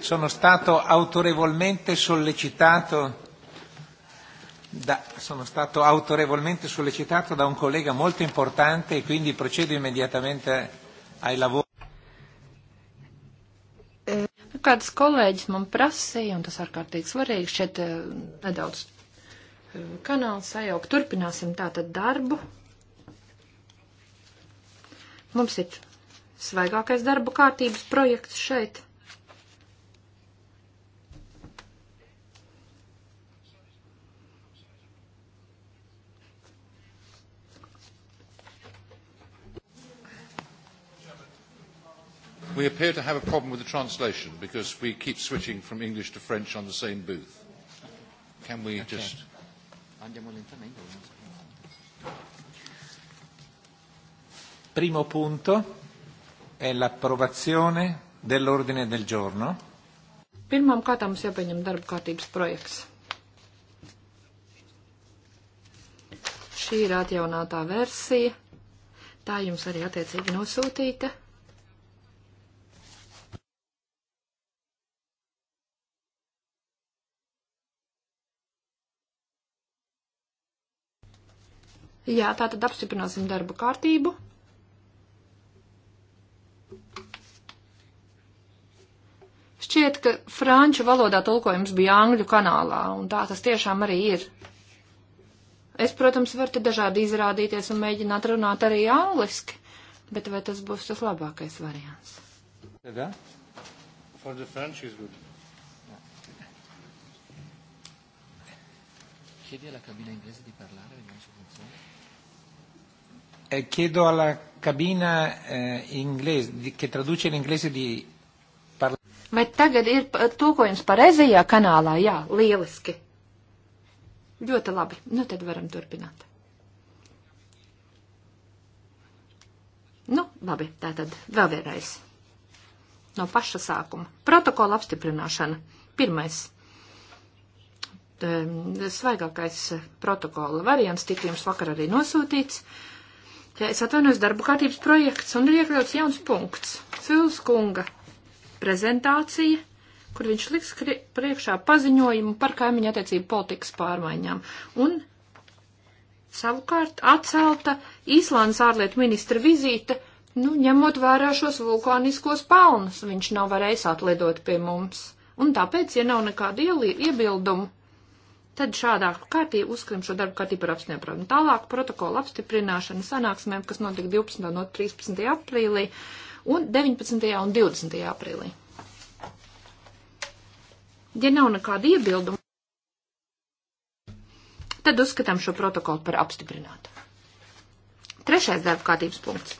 sono stato autorevolmente sollecitato da, sono stato autorevolmente sollecitato da un collega molto importante e quindi procedo immediatamente ai lavori. Nu, Kāds kolēģis man prasīja, un tas ārkārtīgi svarīgi, šeit eh, nedaudz eh, kanāls sajauk. Turpināsim tātad darbu. Mums ir svaigākais darba kārtības projekts šeit. We appear to have a problem with the translation because we keep switching from English to French on the same booth. Can we okay. just... Andiamo lentamente. Primo punto è l'approvazione dell'ordine del giorno. Pirmām kārtām mums jāpieņem darba kārtības projekts. Šī ir atjaunātā versija. Tā jums arī attiecīgi nosūtīta. Jā, tā tad apstiprināsim darba kārtību. Šķiet, ka franču valodā tulkojums bija angļu kanālā, un tā tas tiešām arī ir. Es, protams, varu te dažādi izrādīties un mēģināt runāt arī angliski, bet vai tas būs tas labākais variants? Yeah, for the French is good. Chiedi alla cabina inglese di parlare, vediamo se eh, chiedo alla cabina eh, inglese, di, che traduce in inglese di parlare. Vai tagad ir tūkojums pareizajā kanālā, jā, lieliski. Ļoti labi, nu tad varam turpināt. Nu, labi, tātad vēl vienreiz. No paša sākuma. Protokola apstiprināšana. Pirmais svaigākais protokola variants tika jums vakar arī nosūtīts. Es atvainojos darba kārtības projekts un ir iekļauts jauns punkts. Cils kunga prezentācija, kur viņš liks priekšā paziņojumu par kaimiņu attiecību politikas pārmaiņām. Un savukārt atcelta Īslandes ārlietu ministra vizīte, nu, ņemot vērā šos vulkāniskos pelnus, viņš nav varējis atlidot pie mums. Un tāpēc, ja nav nekādu iebildumu, Tad šādā kārtībā uzskatām šo darbu kārtību par apstiprinātu. Tālāk protokola apstiprināšana sanāksmēm, kas notika 12. un no 13. aprīlī un 19. un 20. aprīlī. Ja nav nekāda iebilduma, tad uzskatām šo protokolu par apstiprinātu. Trešais darba kārtības punkts.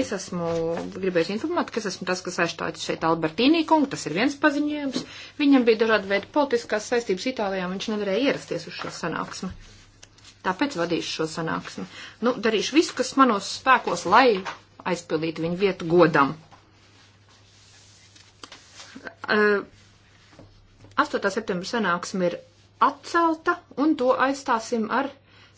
Es esmu gribējis informēt, ka es esmu tas, kas aizstājas šeit Albertīnī kungu, tas ir viens paziņojums. Viņam bija dažādi veidi politiskās saistības Itālijā, un viņš nevarēja ierasties uz šo sanāksmi. Tāpēc vadīšu šo sanāksmi. Nu, darīšu visu, kas manos spēkos, lai aizpildītu viņu vietu godam. Uh, 8. septembra sanāksme ir atcelta, un to aizstāsim ar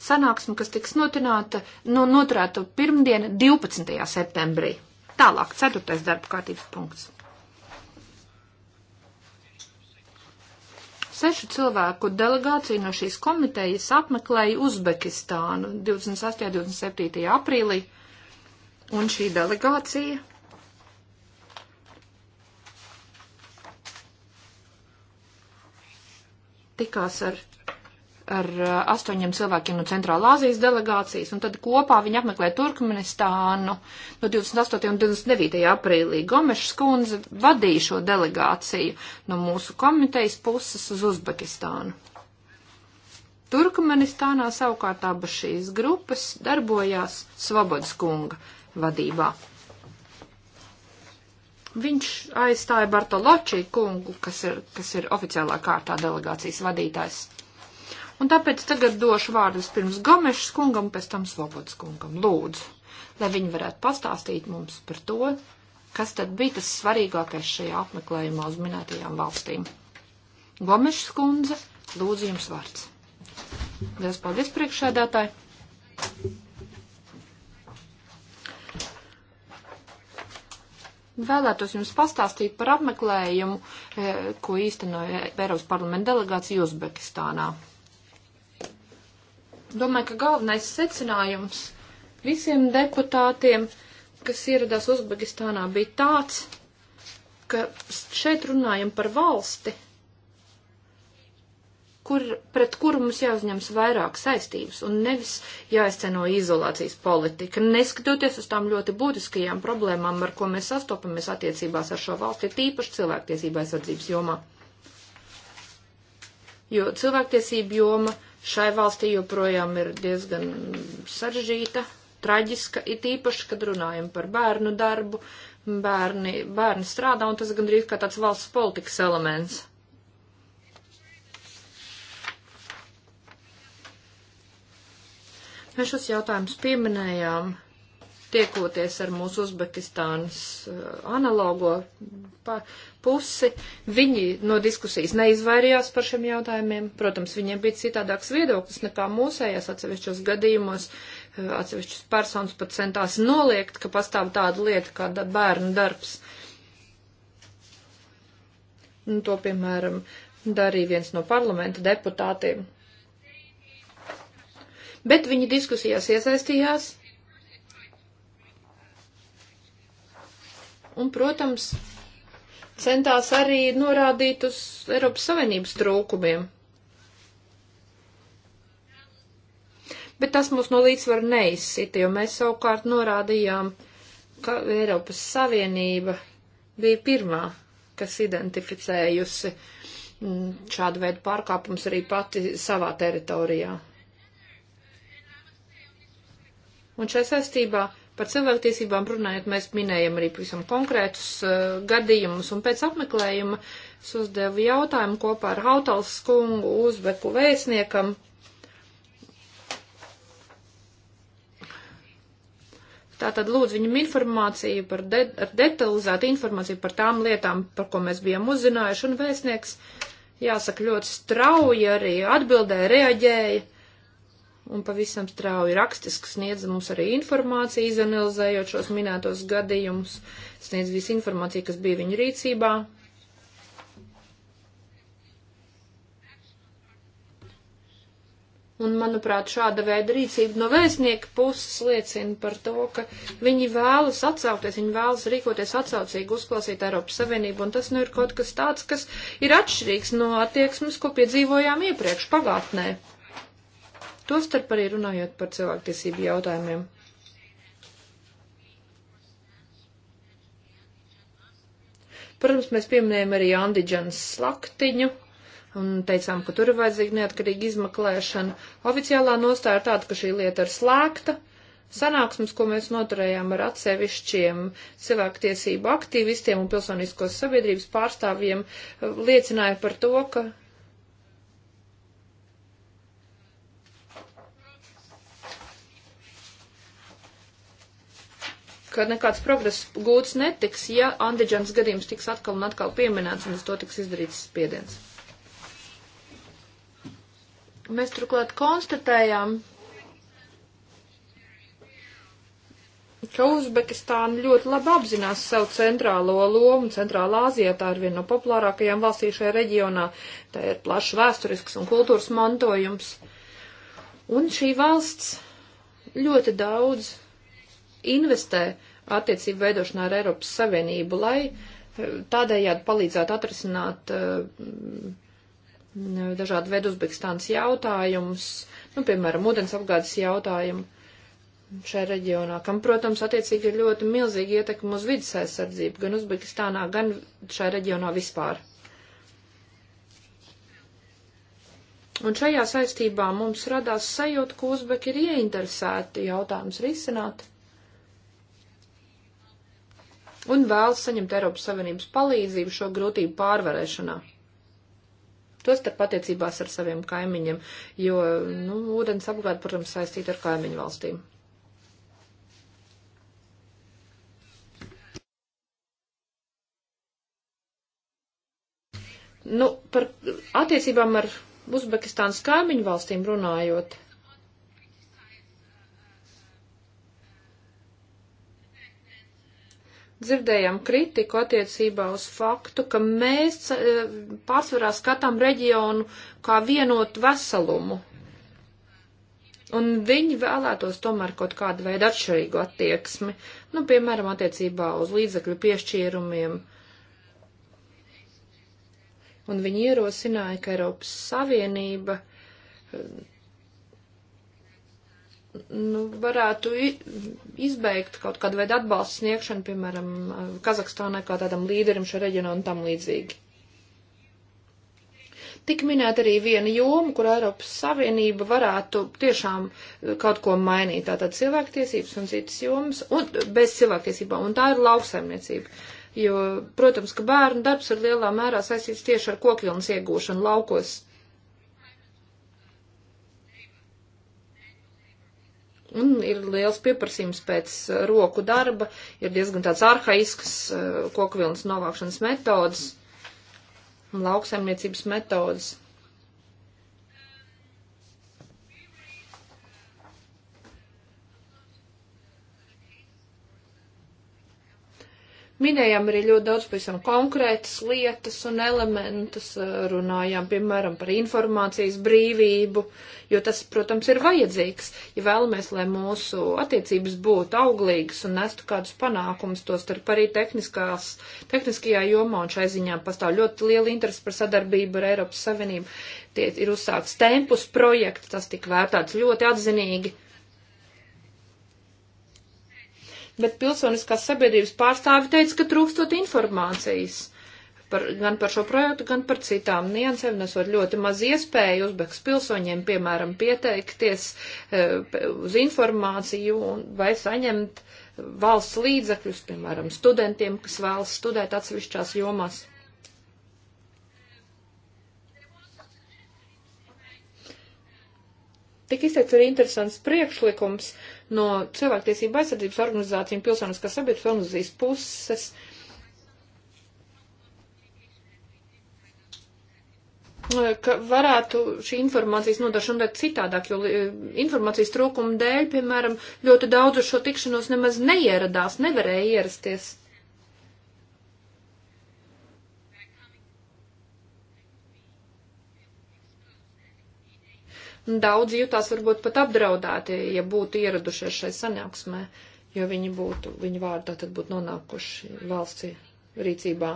sanāksmi, kas tiks notināta, no, nu, noturēta pirmdien 12. septembrī. Tālāk, ceturtais darba kārtības punkts. Sešu cilvēku delegācija no šīs komitejas apmeklēja Uzbekistānu 28. un 27. aprīlī, un šī delegācija tikās ar ar eh, astoņiem cilvēkiem no Centrālā Azijas delegācijas, un tad kopā viņi apmeklē Turkmenistānu no 28. un 29. aprīlī. Gomešs kundze vadīja šo delegāciju no mūsu komitejas puses uz Uzbekistānu. Turkmenistānā savukārt abas šīs grupas darbojās Svobodas kunga vadībā. Viņš aizstāja Bartoloči kungu, kas ir, kas ir oficiālā kārtā delegācijas vadītājs. Un tāpēc tagad došu vārdus pirms Gomešas kungam, pēc tam Svobodas kungam. Lūdzu, lai viņi varētu pastāstīt mums par to, kas tad bija tas svarīgākais šajā apmeklējumā uz minētajām valstīm. Gomešas kundze, lūdzu jums vārds. Liels paldies priekšsēdētāji. Vēlētos jums pastāstīt par apmeklējumu, eh, ko īstenoja Eiropas parlamenta delegācija Uzbekistānā. Domāju, ka galvenais secinājums visiem deputātiem, kas ieradās Uzbekistānā, bija tāds, ka šeit runājam par valsti, kur, pret kuru mums jāuzņems vairāk saistības un nevis jāizceno izolācijas politika, neskatoties uz tām ļoti būtiskajām problēmām, ar ko mēs sastopamies attiecībās ar šo valsti, tīpaši cilvēktiesība aizsardzības jomā. Jo cilvēktiesība joma šai valstī joprojām ir diezgan sarežģīta, traģiska, it īpaši, kad runājam par bērnu darbu, bērni, bērni strādā, un tas gandrīz kā tāds valsts politikas elements. Mēs šos jautājumus pieminējām tiekoties ar mūsu Uzbekistānas eh, analogo pusi, viņi no diskusijas neizvairījās par šiem jautājumiem. Protams, viņiem bija citādāks viedoklis nekā mūsējās atsevišķos gadījumos. Eh, atsevišķas personas pat centās noliegt, ka pastāv tāda lieta kā bērnu darbs. Un nu, to, piemēram, darīja viens no parlamenta deputātiem. Bet viņi diskusijās iesaistījās, un, protams, centās arī norādīt uz Eiropas Savienības trūkumiem. Bet tas mūs no līdzsvara neizsita, jo mēs savukārt norādījām, ka Eiropas Savienība bija pirmā, kas identificējusi mm, šādu veidu pārkāpums arī pati savā teritorijā. Un šai saistībā Par cilvēktiesībām runājot, mēs minējam arī pavisam konkrētus uh, gadījumus, un pēc apmeklējuma es uzdevu jautājumu kopā ar Hautals skungu uzbeku vēstniekam. Tātad lūdzu viņam informāciju par de detalizētu informāciju par tām lietām, par ko mēs bijām uzzinājuši, un vēstnieks, jāsaka, ļoti strauji arī atbildēja, reaģēja un pavisam strauji rakstiski sniedz mums arī informāciju, izanalizējot šos minētos gadījumus, sniedz visu informāciju, kas bija viņa rīcībā. Un, manuprāt, šāda veida rīcība no vēstnieka puses liecina par to, ka viņi vēlas atsaukties, viņi vēlas rīkoties atsaucīgi, uzklausīt Eiropas Savienību, un tas nu ir kaut kas tāds, kas ir atšķirīgs no attieksmes, ko piedzīvojām iepriekš pagātnē. Tostarp arī runājot par cilvēktiesību jautājumiem. Protams, mēs pieminējam arī Andiģanas slaktiņu un teicām, ka tur ir vajadzīga neatkarīga izmeklēšana. Oficiālā nostāja ir tāda, ka šī lieta ir slēgta. Sanāksmes, ko mēs noturējām ar atsevišķiem cilvēktiesību aktīvistiem un pilsoniskos sabiedrības pārstāvjiem, liecināja par to, ka ka nekāds progress gūts netiks, ja Andiģens gadījums tiks atkal un atkal pieminēts un uz to tiks izdarīts spiediens. Mēs turklāt konstatējām, ka Uzbekistāna ļoti labi apzinās savu centrālo lomu. Centrālā Āzijā tā ir viena no populārākajām valstī šajā reģionā. Tā ir plašs vēsturisks un kultūras mantojums. Un šī valsts ļoti daudz investē attiecību veidošanā ar Eiropas Savienību, lai eh, tādējādi palīdzētu atrisināt eh, dažādu veidu Uzbekistānas jautājumus, nu, piemēram, ūdens apgādes jautājumu šajā reģionā, kam, protams, attiecīgi ir ļoti milzīgi ietekmi uz vidas aizsardzību gan Uzbekistānā, gan šajā reģionā vispār. Un šajā saistībā mums radās sajūta, ka Uzbeki ir ieinteresēti jautājums risināt un vēlas saņemt Eiropas Savienības palīdzību šo grūtību pārvarēšanā. Tostarp attiecībās ar saviem kaimiņiem, jo nu, ūdens apgāde, protams, saistīta ar kaimiņu valstīm. Nu, par attiecībām ar Uzbekistānas kaimiņu valstīm runājot. dzirdējām kritiku attiecībā uz faktu, ka mēs eh, pārsvarā skatām reģionu kā vienotu veselumu. Un viņi vēlētos tomēr kaut kādu veidu atšķirīgu attieksmi, nu, piemēram, attiecībā uz līdzekļu piešķīrumiem. Un viņi ierosināja, ka Eiropas Savienība eh, nu, varētu izbeigt kaut kādu veidu atbalstu sniegšanu, piemēram, Kazahstānai kā tādam līderim šo reģionu un tam līdzīgi. Tik minēt arī viena joma, kur Eiropas Savienība varētu tiešām kaut ko mainīt, tātad cilvēktiesības un citas jomas, un bez cilvēktiesībām, un tā ir lauksaimniecība. Jo, protams, ka bērnu darbs ir lielā mērā saistīts tieši ar kokvilnas iegūšanu laukos, Un ir liels pieprasījums pēc eh, roku darba, ir diezgan tāds arhaisks eh, koku vilnas novākšanas metodas, lauksaimniecības metodas. Minējām arī ļoti daudz pavisam konkrētas lietas un elementus, eh, runājām, piemēram, par informācijas brīvību, jo tas, protams, ir vajadzīgs, ja vēlamies, lai mūsu attiecības būtu auglīgas un nestu kādus panākumus, to starp arī tehniskās, tehniskajā jomā, un šai ziņā pastāv ļoti liela interese par sadarbību ar Eiropas Savienību. Tie ir uzsākts tempus projekts, tas tika vērtāts ļoti atzinīgi bet pilsoniskās sabiedrības pārstāvi teica, ka trūkstot informācijas par, gan par šo projektu, gan par citām niansēm, nesot ļoti maz iespēju uzbeks pilsoņiem, piemēram, pieteikties eh, uz informāciju vai saņemt eh, valsts līdzekļus, piemēram, studentiem, kas vēlas studēt atsevišķās jomās. Tik izteicis arī interesants priekšlikums no cilvēktiesība aizsardzības organizācijām, pilsoniskās sabiedrības organizācijas puses. ka varētu šī informācijas nodošana citādāk, jo eh, informācijas trūkuma dēļ, piemēram, ļoti daudz uz šo tikšanos nemaz neieradās, nevarēja ierasties. daudz jūtās varbūt pat apdraudēti, ja būtu ieradušies šai sanāksmē, jo viņi būtu, viņu vārdā tad būtu nonākuši valsts rīcībā.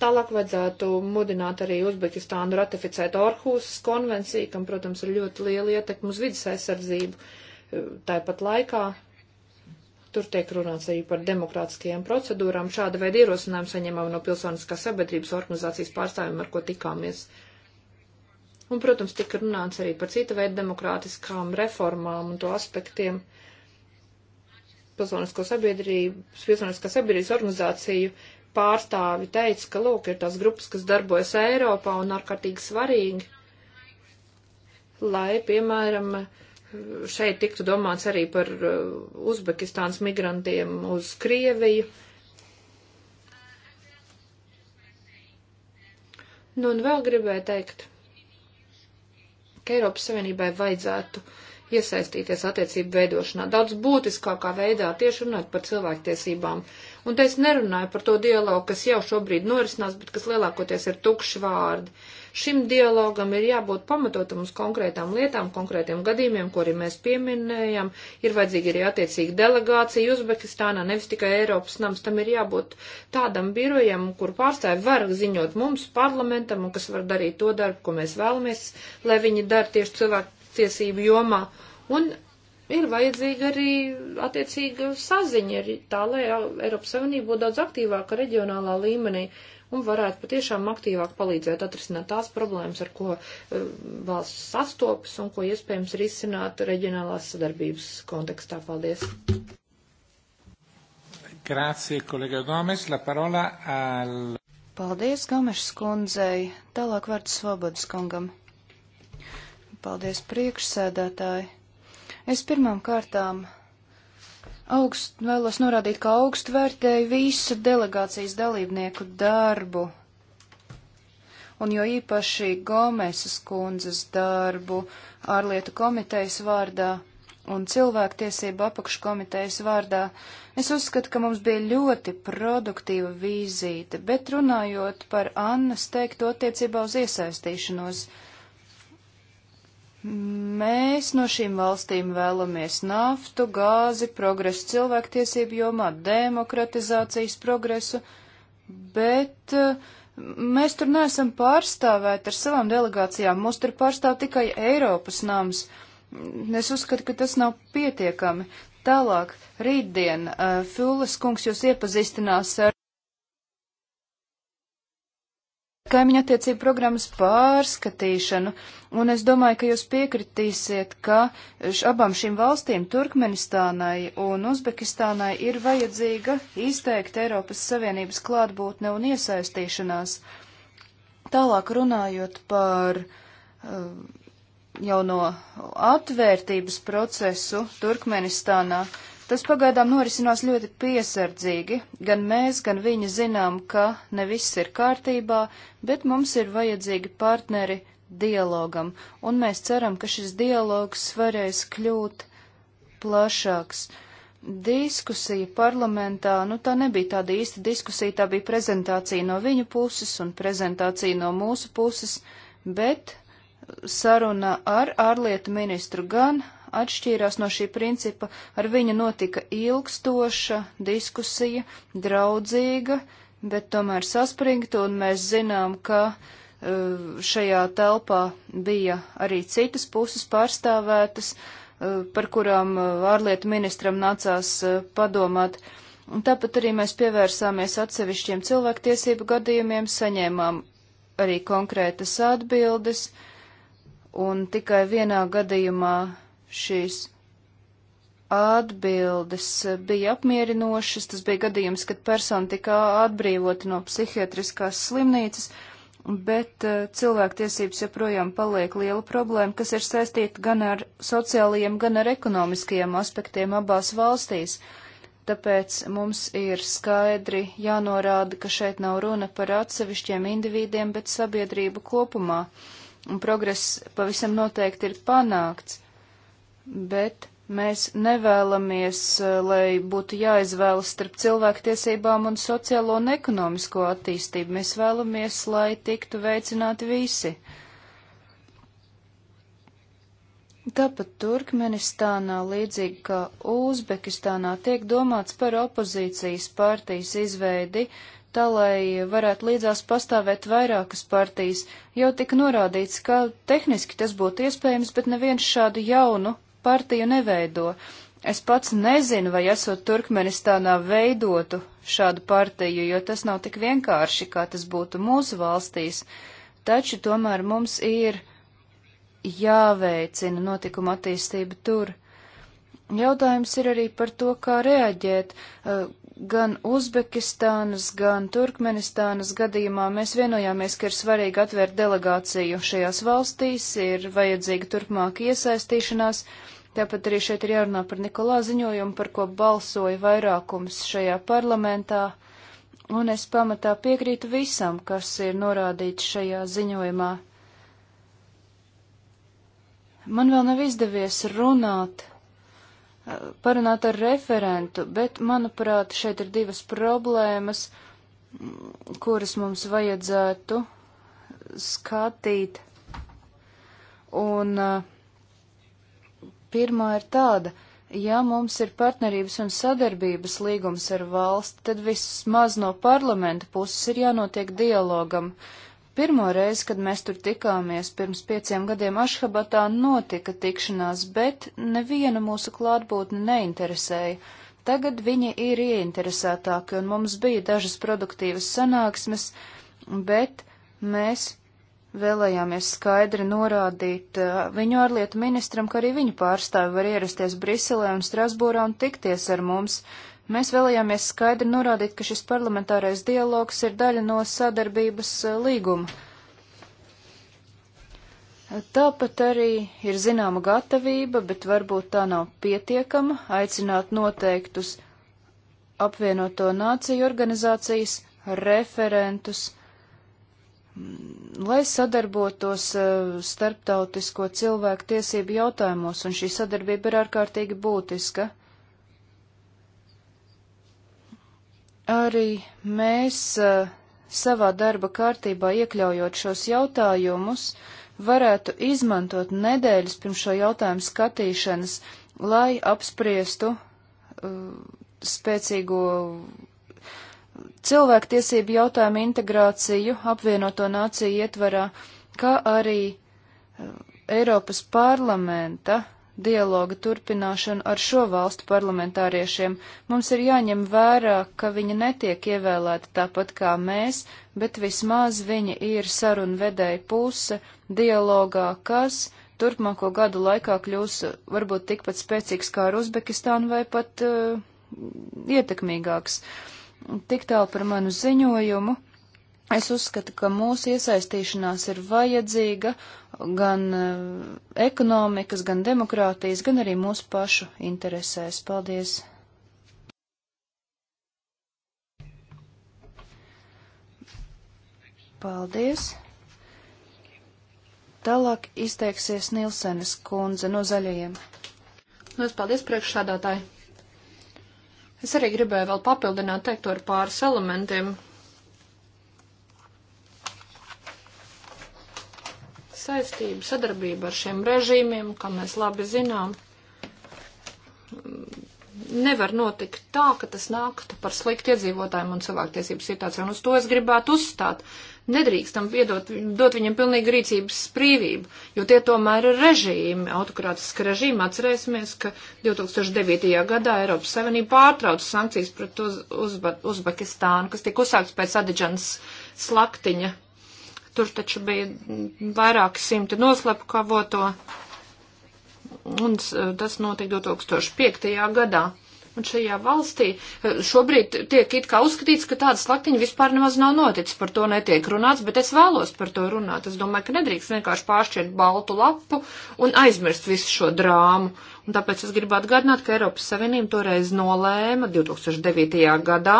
Tālāk vajadzētu mudināt arī Uzbekistānu ratificēt Orhusas konvenciju, kam, protams, ir ļoti liela ietekma uz vidas aizsardzību. Tāpat laikā tur tiek runāts arī par demokrātiskajām procedūrām. Šāda veida ierosinājumu saņemam no pilsoniskās sabiedrības organizācijas pārstāvjiem, ar ko tikāmies. Uh, Un, protams, tika runāts arī par cita veida demokrātiskām reformām un to aspektiem pilsonisko sabiedrību, pilsoniskā sabiedrības organizāciju pārstāvi teica, ka, lūk, ir tās grupas, kas darbojas Eiropā un ārkārtīgi svarīgi, lai, piemēram, šeit tiktu domāts arī par uh, Uzbekistānas migrantiem uz Krieviju. Nu, un vēl gribēju teikt ka Eiropas Savienībai vajadzētu iesaistīties attiecību veidošanā daudz būtiskākā veidā, tieši runāt par cilvēktiesībām, Un te es nerunāju par to dialogu, kas jau šobrīd norisinās, bet kas lielākoties ir tukši vārdi. Šim dialogam ir jābūt pamatotam uz konkrētām lietām, konkrētiem gadījumiem, ko arī mēs pieminējam. Ir vajadzīga arī attiecīga delegācija Uzbekistānā, nevis tikai Eiropas nams. Tam ir jābūt tādam birojam, kur pārstāvi var ziņot mums, parlamentam, un kas var darīt to darbu, ko mēs vēlamies, lai viņi dara tieši cilvēku tiesību jomā. Un ir vajadzīga arī attiecīga saziņa, arī tā, lai Eiropas Savienība būtu daudz aktīvāka reģionālā līmenī un varētu patiešām aktīvāk palīdzēt atrisināt tās problēmas, ar ko eh, valsts sastopas un ko iespējams risināt reģionālās sadarbības kontekstā. Paldies! Grācie, kolega Gomes, la parola al... Paldies, Gomešs kundzei. Tālāk vārds Svobodas kungam. Paldies, priekšsēdētāji. Es pirmām kārtām augst, vēlos norādīt, ka augstu vērtēju visu delegācijas dalībnieku darbu, un jo īpaši Gomesas kundzes darbu ārlietu komitejas vārdā un cilvēktiesību apakškomitejas vārdā. Es uzskatu, ka mums bija ļoti produktīva vizīte, bet runājot par Annas teikto attiecībā uz iesaistīšanos, Mēs no šīm valstīm vēlamies naftu, gāzi, progresu cilvēktiesību jomā, demokratizācijas progresu, bet eh, mēs tur neesam pārstāvēti ar savām delegācijām. Mūs tur pārstāv tikai Eiropas nams. Es uzskatu, ka tas nav pietiekami. Tālāk, rītdien, eh, Fūles kungs jūs iepazīstinās ar. kaimiņa attiecību programmas pārskatīšanu, un es domāju, ka jūs piekritīsiet, ka abām šīm valstīm, Turkmenistānai un Uzbekistānai, ir vajadzīga izteikta Eiropas Savienības klātbūtne un iesaistīšanās. Tālāk runājot par uh, jauno atvērtības procesu Turkmenistānā, uh, Tas pagaidām norisinās ļoti piesardzīgi, gan mēs, gan viņi zinām, ka ne viss ir kārtībā, bet mums ir vajadzīgi partneri dialogam, un mēs ceram, ka šis dialogs varēs kļūt plašāks. Diskusija parlamentā, nu tā nebija tāda īsta diskusija, tā bija prezentācija no viņu puses un prezentācija no mūsu puses, bet saruna ar ārlietu ministru gan atšķīrās no šī principa, ar viņu notika ilgstoša diskusija, draudzīga, bet tomēr saspringta, un mēs zinām, ka uh, šajā telpā bija arī citas puses pārstāvētas, uh, par kurām uh, ārlietu ministram nācās padomāt. Un tāpat arī mēs pievērsāmies atsevišķiem cilvēktiesību gadījumiem, saņēmām arī konkrētas atbildes, un tikai vienā gadījumā šīs atbildes bija apmierinošas. Tas bija gadījums, kad persona tika atbrīvota no psihiatriskās slimnīcas, bet eh, cilvēktiesības joprojām paliek liela problēma, kas ir saistīta gan ar sociālajiem, gan ar ekonomiskajiem aspektiem abās valstīs. Tāpēc mums ir skaidri jānorāda, ka šeit nav runa par atsevišķiem individiem, bet sabiedrību kopumā, un progress pavisam noteikti ir panākts bet mēs nevēlamies, eh, lai būtu jāizvēlas starp cilvēktiesībām un sociālo un ekonomisko attīstību. Mēs vēlamies, lai tiktu veicināti visi. Tāpat Turkmenistānā, līdzīgi kā Uzbekistānā, tiek domāts par opozīcijas partijas izveidi, tā lai varētu līdzās pastāvēt vairākas partijas. Jau tika norādīts, ka tehniski tas būtu iespējams, bet neviens šādu jaunu partiju neveido. Es pats nezinu, vai esot Turkmenistānā veidotu šādu partiju, jo tas nav tik vienkārši, kā tas būtu mūsu valstīs, taču tomēr mums ir jāveicina notikuma attīstība tur. Jautājums ir arī par to, kā reaģēt. Eh, gan Uzbekistānas, gan Turkmenistānas gadījumā mēs vienojāmies, ka ir svarīgi atvērt delegāciju šajās valstīs, ir vajadzīga turpmāka iesaistīšanās. Uh, Tāpat arī šeit ir jārunā par Nikolā ziņojumu, par ko balsoja vairākums šajā parlamentā, un es pamatā piekrītu visam, kas ir norādīts šajā ziņojumā. Man vēl nav izdevies runāt, parunāt ar referentu, bet, manuprāt, šeit ir divas problēmas, kuras mums vajadzētu skatīt. Un uh, Pirmā ir tāda, ja mums ir partnerības un sadarbības līgums ar valsti, tad vismaz no parlamenta puses ir jānotiek dialogam. Pirmo reizi, kad mēs tur tikāmies pirms pieciem gadiem Ašhabatā, notika tikšanās, bet neviena mūsu klātbūtne neinteresēja. Tagad viņi ir ieinteresētāki, un mums bija dažas produktīvas sanāksmes, bet mēs vēlējāmies skaidri norādīt uh, viņu ārlietu ministram, ka arī viņu pārstāvi var ierasties Briselē un Strasbūrā un tikties ar mums. Mēs vēlējāmies skaidri norādīt, ka šis parlamentārais dialogs ir daļa no sadarbības uh, līguma. Tāpat arī ir zināma gatavība, bet varbūt tā nav pietiekama, aicināt noteiktus apvienoto nāciju organizācijas referentus lai sadarbotos eh, starptautisko cilvēku tiesību jautājumos, un šī sadarbība ir ārkārtīgi būtiska. Arī mēs eh, savā darba kārtībā iekļaujot šos jautājumus, varētu izmantot nedēļas pirms šo jautājumu skatīšanas, lai apspriestu uh, spēcīgo cilvēktiesību jautājumu integrāciju apvienoto nāciju ietvarā, kā arī uh, Eiropas parlamenta dialoga turpināšanu ar šo valstu parlamentāriešiem. Mums ir jāņem vērā, ka viņi netiek ievēlēti tāpat kā mēs, bet vismaz viņi ir sarunvedēja puse dialogā, kas turpmāko gadu laikā kļūs uh, varbūt tikpat spēcīgs kā ar Uzbekistānu vai pat uh, ietekmīgāks. Uh, Tik tālu par manu ziņojumu. Es uzskatu, ka mūsu iesaistīšanās ir vajadzīga gan eh, ekonomikas, gan demokrātijas, gan arī mūsu pašu interesēs. Paldies! Paldies! Tālāk izteiksies Nilsenes kundze no zaļajiem. Lielas paldies priekšsādātāji! Es arī gribēju vēl papildināt teikto ar pāris elementiem. Saistība, sadarbība ar šiem režīmiem, kā mēs labi zinām, nevar notikt tā, ka tas nāktu par sliktu iedzīvotājiem un cilvēktiesību situācijām. Uz to es gribētu uzstāt. Uh, Nedrīkstam iedot, dot viņam pilnīgi rīcības brīvību, jo tie tomēr ir režīmi, autokrātiski režīmi. Atcerēsimies, ka 2009. gadā Eiropas Savienība pārtrauca sankcijas pret uz, Uzba, Uzbekistānu, kas tika uzsākts pēc Adiģanas slaktiņa. Tur taču bija vairāki simti noslepkavoto, un tas notika 2005. gadā. Un šajā valstī eh, šobrīd tiek it kā uzskatīts, ka tāda slaktiņa vispār nemaz nav noticis, par to netiek runāts, bet es vēlos par to runāt. Es domāju, ka nedrīkst vienkārši pāršķirt baltu lapu un aizmirst visu šo drāmu. Un tāpēc es gribu atgādināt, ka Eiropas Savienība toreiz nolēma 2009. gadā.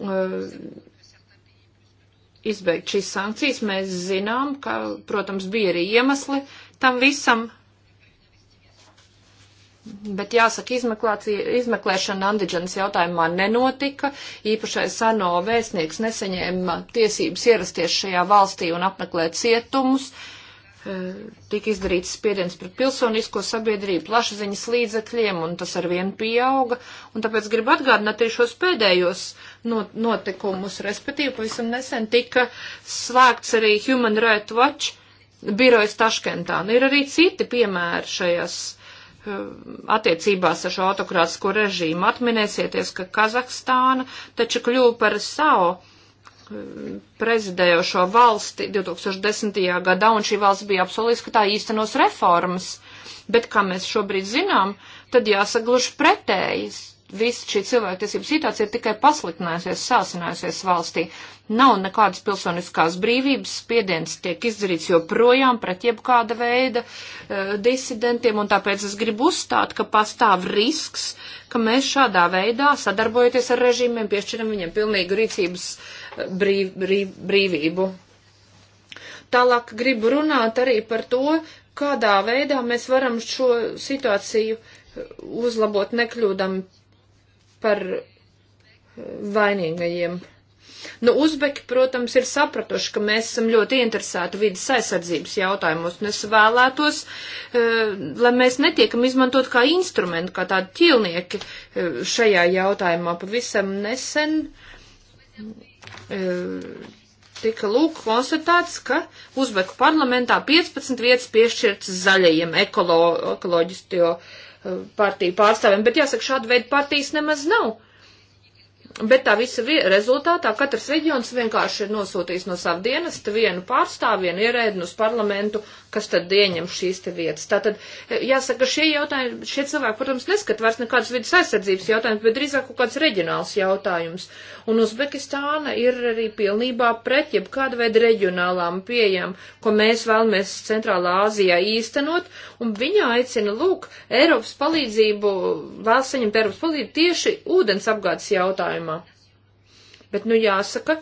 Uh, izbeigt šīs sankcijas. Mēs zinām, ka, protams, bija arī iemesli tam visam, Bet jāsaka, izmeklēšana Andiģenas jautājumā nenotika. Īpašais seno vēstnieks nesaņēma tiesības ierasties šajā valstī un apmeklēt cietumus. E, tika izdarīts spiediens pret pilsonisko sabiedrību, plašsaziņas līdzekļiem, un tas arvien pieauga. Un tāpēc gribu atgādināt arī šos pēdējos notikumus, respektīvi pavisam nesen tika slēgts arī Human Rights Watch birojas Taškentā. Un ir arī citi piemēri šajās Eh, attiecībās ar šo autokrātisko režīmu. Atminēsieties, ka Kazahstāna taču kļuva par savu eh, prezidējošo valsti 2010. gadā, un šī valsts bija apsolījusi, ka tā īstenos reformas. Bet, kā mēs šobrīd zinām, tad jāsagluž pretējas visa šī cilvēktiesība situācija ir tikai pasliktinājusies, sāsinājusies valstī. Nav nekādas pilsoniskās brīvības, spiediens tiek izdarīts joprojām pret jebkāda veida uh, disidentiem, un tāpēc es gribu uzstāt, ka pastāv risks, ka mēs šādā veidā, sadarbojoties ar režīmiem, piešķiram viņiem pilnīgu rīcības eh, brīv, brīv, brīvību. Tālāk gribu runāt arī par to, kādā veidā mēs varam šo situāciju eh, uzlabot, nekļūdam par eh, vainīgajiem. Nu, Uzbeki, protams, ir sapratuši, ka mēs esam ļoti interesēti vidas aizsardzības jautājumos, un es vēlētos, eh, lai mēs netiekam izmantot kā instrumentu, kā tādi ķilnieki eh, šajā jautājumā. Pavisam nesen tika lūk konstatēts, ka Uzbeku parlamentā 15 vietas piešķirts zaļajiem ekolo, ekoloģisto Eh, partiju pārstāvjiem, bet jāsaka, šāda veida partijas nemaz nav. Bet tā visa rezultātā katrs reģions vienkārši ir nosūtījis no savu dienestu vienu pārstāvu, vienu ierēdnu uz parlamentu, kas tad ieņem šīs te vietas. Tātad, e, jāsaka, šie jautājumi, šie cilvēki, protams, neskat vairs nekādas vidas aizsardzības jautājumus, bet drīzāk kaut kāds reģionāls jautājums. Un Uzbekistāna ir arī pilnībā pret jebkāda veida reģionālām pieejām, ko mēs vēlamies Centrālā Āzijā īstenot, un viņa aicina, lūk, Eiropas palīdzību, vēl saņemt Eiropas palīdzību tieši ūdens apgādes jautājumā jomā. Bet, nu, jāsaka,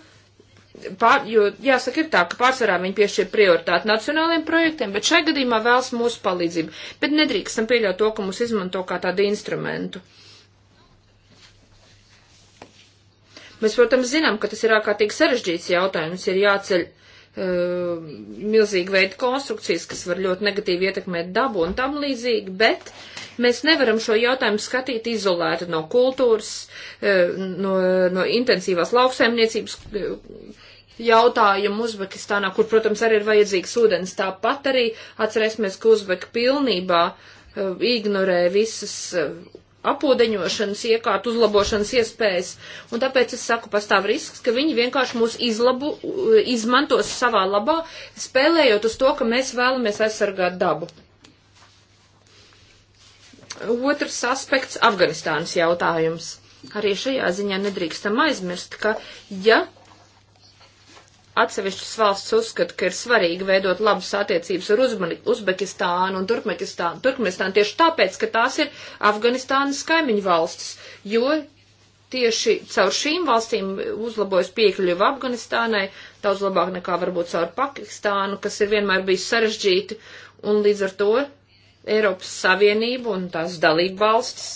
pār, jo jāsaka ir tā, ka pārsvarā viņi piešķir prioritāti nacionāliem projektiem, bet šai gadījumā vēlas mūsu palīdzību. Bet nedrīkstam pieļaut to, ka mūs izmanto kā tādu instrumentu. Mēs, protams, zinām, ka tas ir ārkārtīgi sarežģīts jautājums, ir jāceļ uh, milzīgi veidi konstrukcijas, kas var ļoti negatīvi ietekmēt dabu un tam līdzīgi, bet Mēs nevaram šo jautājumu skatīt izolēti no kultūras, e, no, no intensīvās lauksaimniecības e, jautājumu Uzbekistānā, kur, protams, arī ir vajadzīgs ūdens. Tāpat arī atcerēsimies, ka Uzbeki pilnībā e, ignorē visas apūdeņošanas, iekārtu uzlabošanas iespējas, un tāpēc es saku, pastāv risks, ka viņi vienkārši mūs izlabu, izmantos savā labā, spēlējot uz to, ka mēs vēlamies aizsargāt dabu. Otrs aspekts - Afganistānas jautājums. Arī šajā ziņā nedrīkstam aizmirst, ka ja atsevišķas valsts uzskata, ka ir svarīgi veidot labas attiecības ar Uzmani, Uzbekistānu un Turkmenistānu, Turkmenistānu tieši tāpēc, ka tās ir Afganistānas kaimiņu valstis, jo tieši caur šīm valstīm uzlabojas piekļuva Afganistānai, daudz labāk nekā varbūt caur Pakistānu, kas ir vienmēr bijis sarežģīti, un līdz ar to Eiropas Savienību un tās dalību valstis,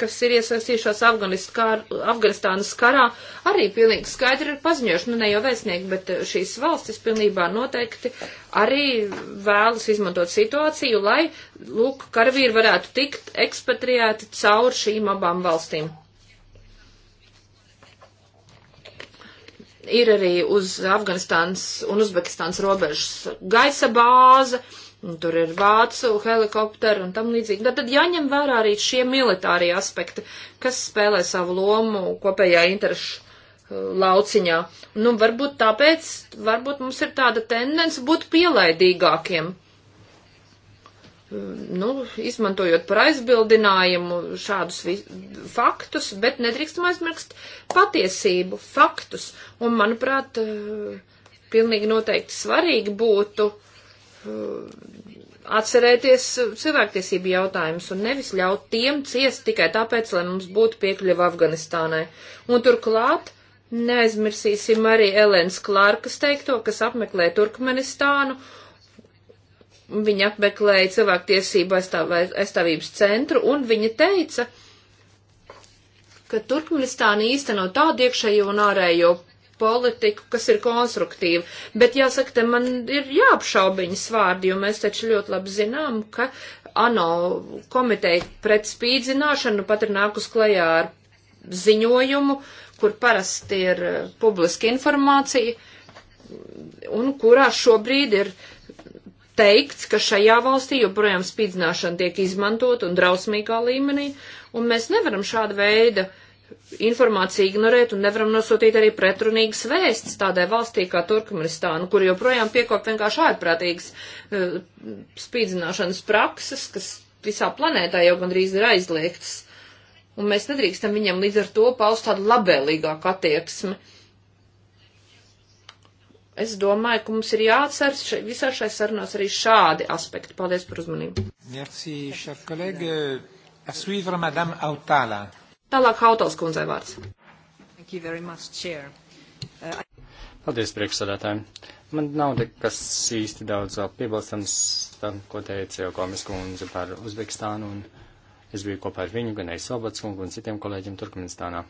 kas ir iesaistījušās Afganistānas karā, arī pilnīgi skaidri ir paziņojuši, nu ne jau vēstnieki, bet eh, šīs valstis pilnībā noteikti arī vēlas izmantot situāciju, lai, lūk, karavīri varētu tikt ekspatriēti caur šīm abām valstīm. ir arī uz Afganistānas un Uzbekistānas robežas gaisa bāze, Tur ir vācu helikopteri un tam līdzīgi. Tad, tad jāņem vērā arī šie militārie aspekti, kas spēlē savu lomu kopējā interešu uh, lauciņā. Nu, varbūt tāpēc, varbūt mums ir tāda tendence būt pielaidīgākiem. Mm, nu, izmantojot par aizbildinājumu šādus faktus, bet nedrīkstam aizmirst patiesību, faktus. Un, manuprāt, uh, pilnīgi noteikti svarīgi būtu uh, Uh, atcerēties uh, cilvēktiesību jautājumus un nevis ļaut tiem ciest tikai tāpēc, lai mums būtu piekļuva Afganistānai. Un turklāt neaizmirsīsim arī Elēnas Klārkas teikto, kas apmeklē Turkmenistānu. Viņa apmeklēja cilvēktiesību aizstāvības centru un viņa teica, ka Turkmenistāna īsteno tādu iekšējo un ārējo politiku, kas ir konstruktīva. Bet jāsaka, te man ir jāapšaubiņas vārdi, jo mēs taču ļoti labi zinām, ka ANO komiteja pret spīdzināšanu pat ir nākus klajā ar ziņojumu, kur parasti ir eh, publiska informācija un kurā šobrīd ir teikts, ka šajā valstī joprojām spīdzināšana tiek izmantot un drausmīgā līmenī, un mēs nevaram šāda veida uh, informāciju ignorēt un nevaram nosūtīt arī pretrunīgas vēsts tādai valstī kā Turkmenistānu, kur joprojām piekop vienkārši ārprātīgas uh, spīdzināšanas prakses, kas visā planētā jau gandrīz ir aizliegtas. Un mēs nedrīkstam viņam līdz ar to paust tādu labēlīgāku attieksmi. Es domāju, ka mums ir jāatceras še, visā šai sarunās arī šādi aspekti. Paldies par uzmanību. Merci, cher collègue. À suivre, Madame Autala. Tālāk Hautals kundzei vārds. Much, uh, Paldies, priekšsādātājiem. Man nav nekas īsti daudz piebilstams tam, ko teica jau komis kundze par Uzbekistānu, un es biju kopā ar viņu, gan arī Sobats kungu un citiem kolēģiem Turkmenistānā.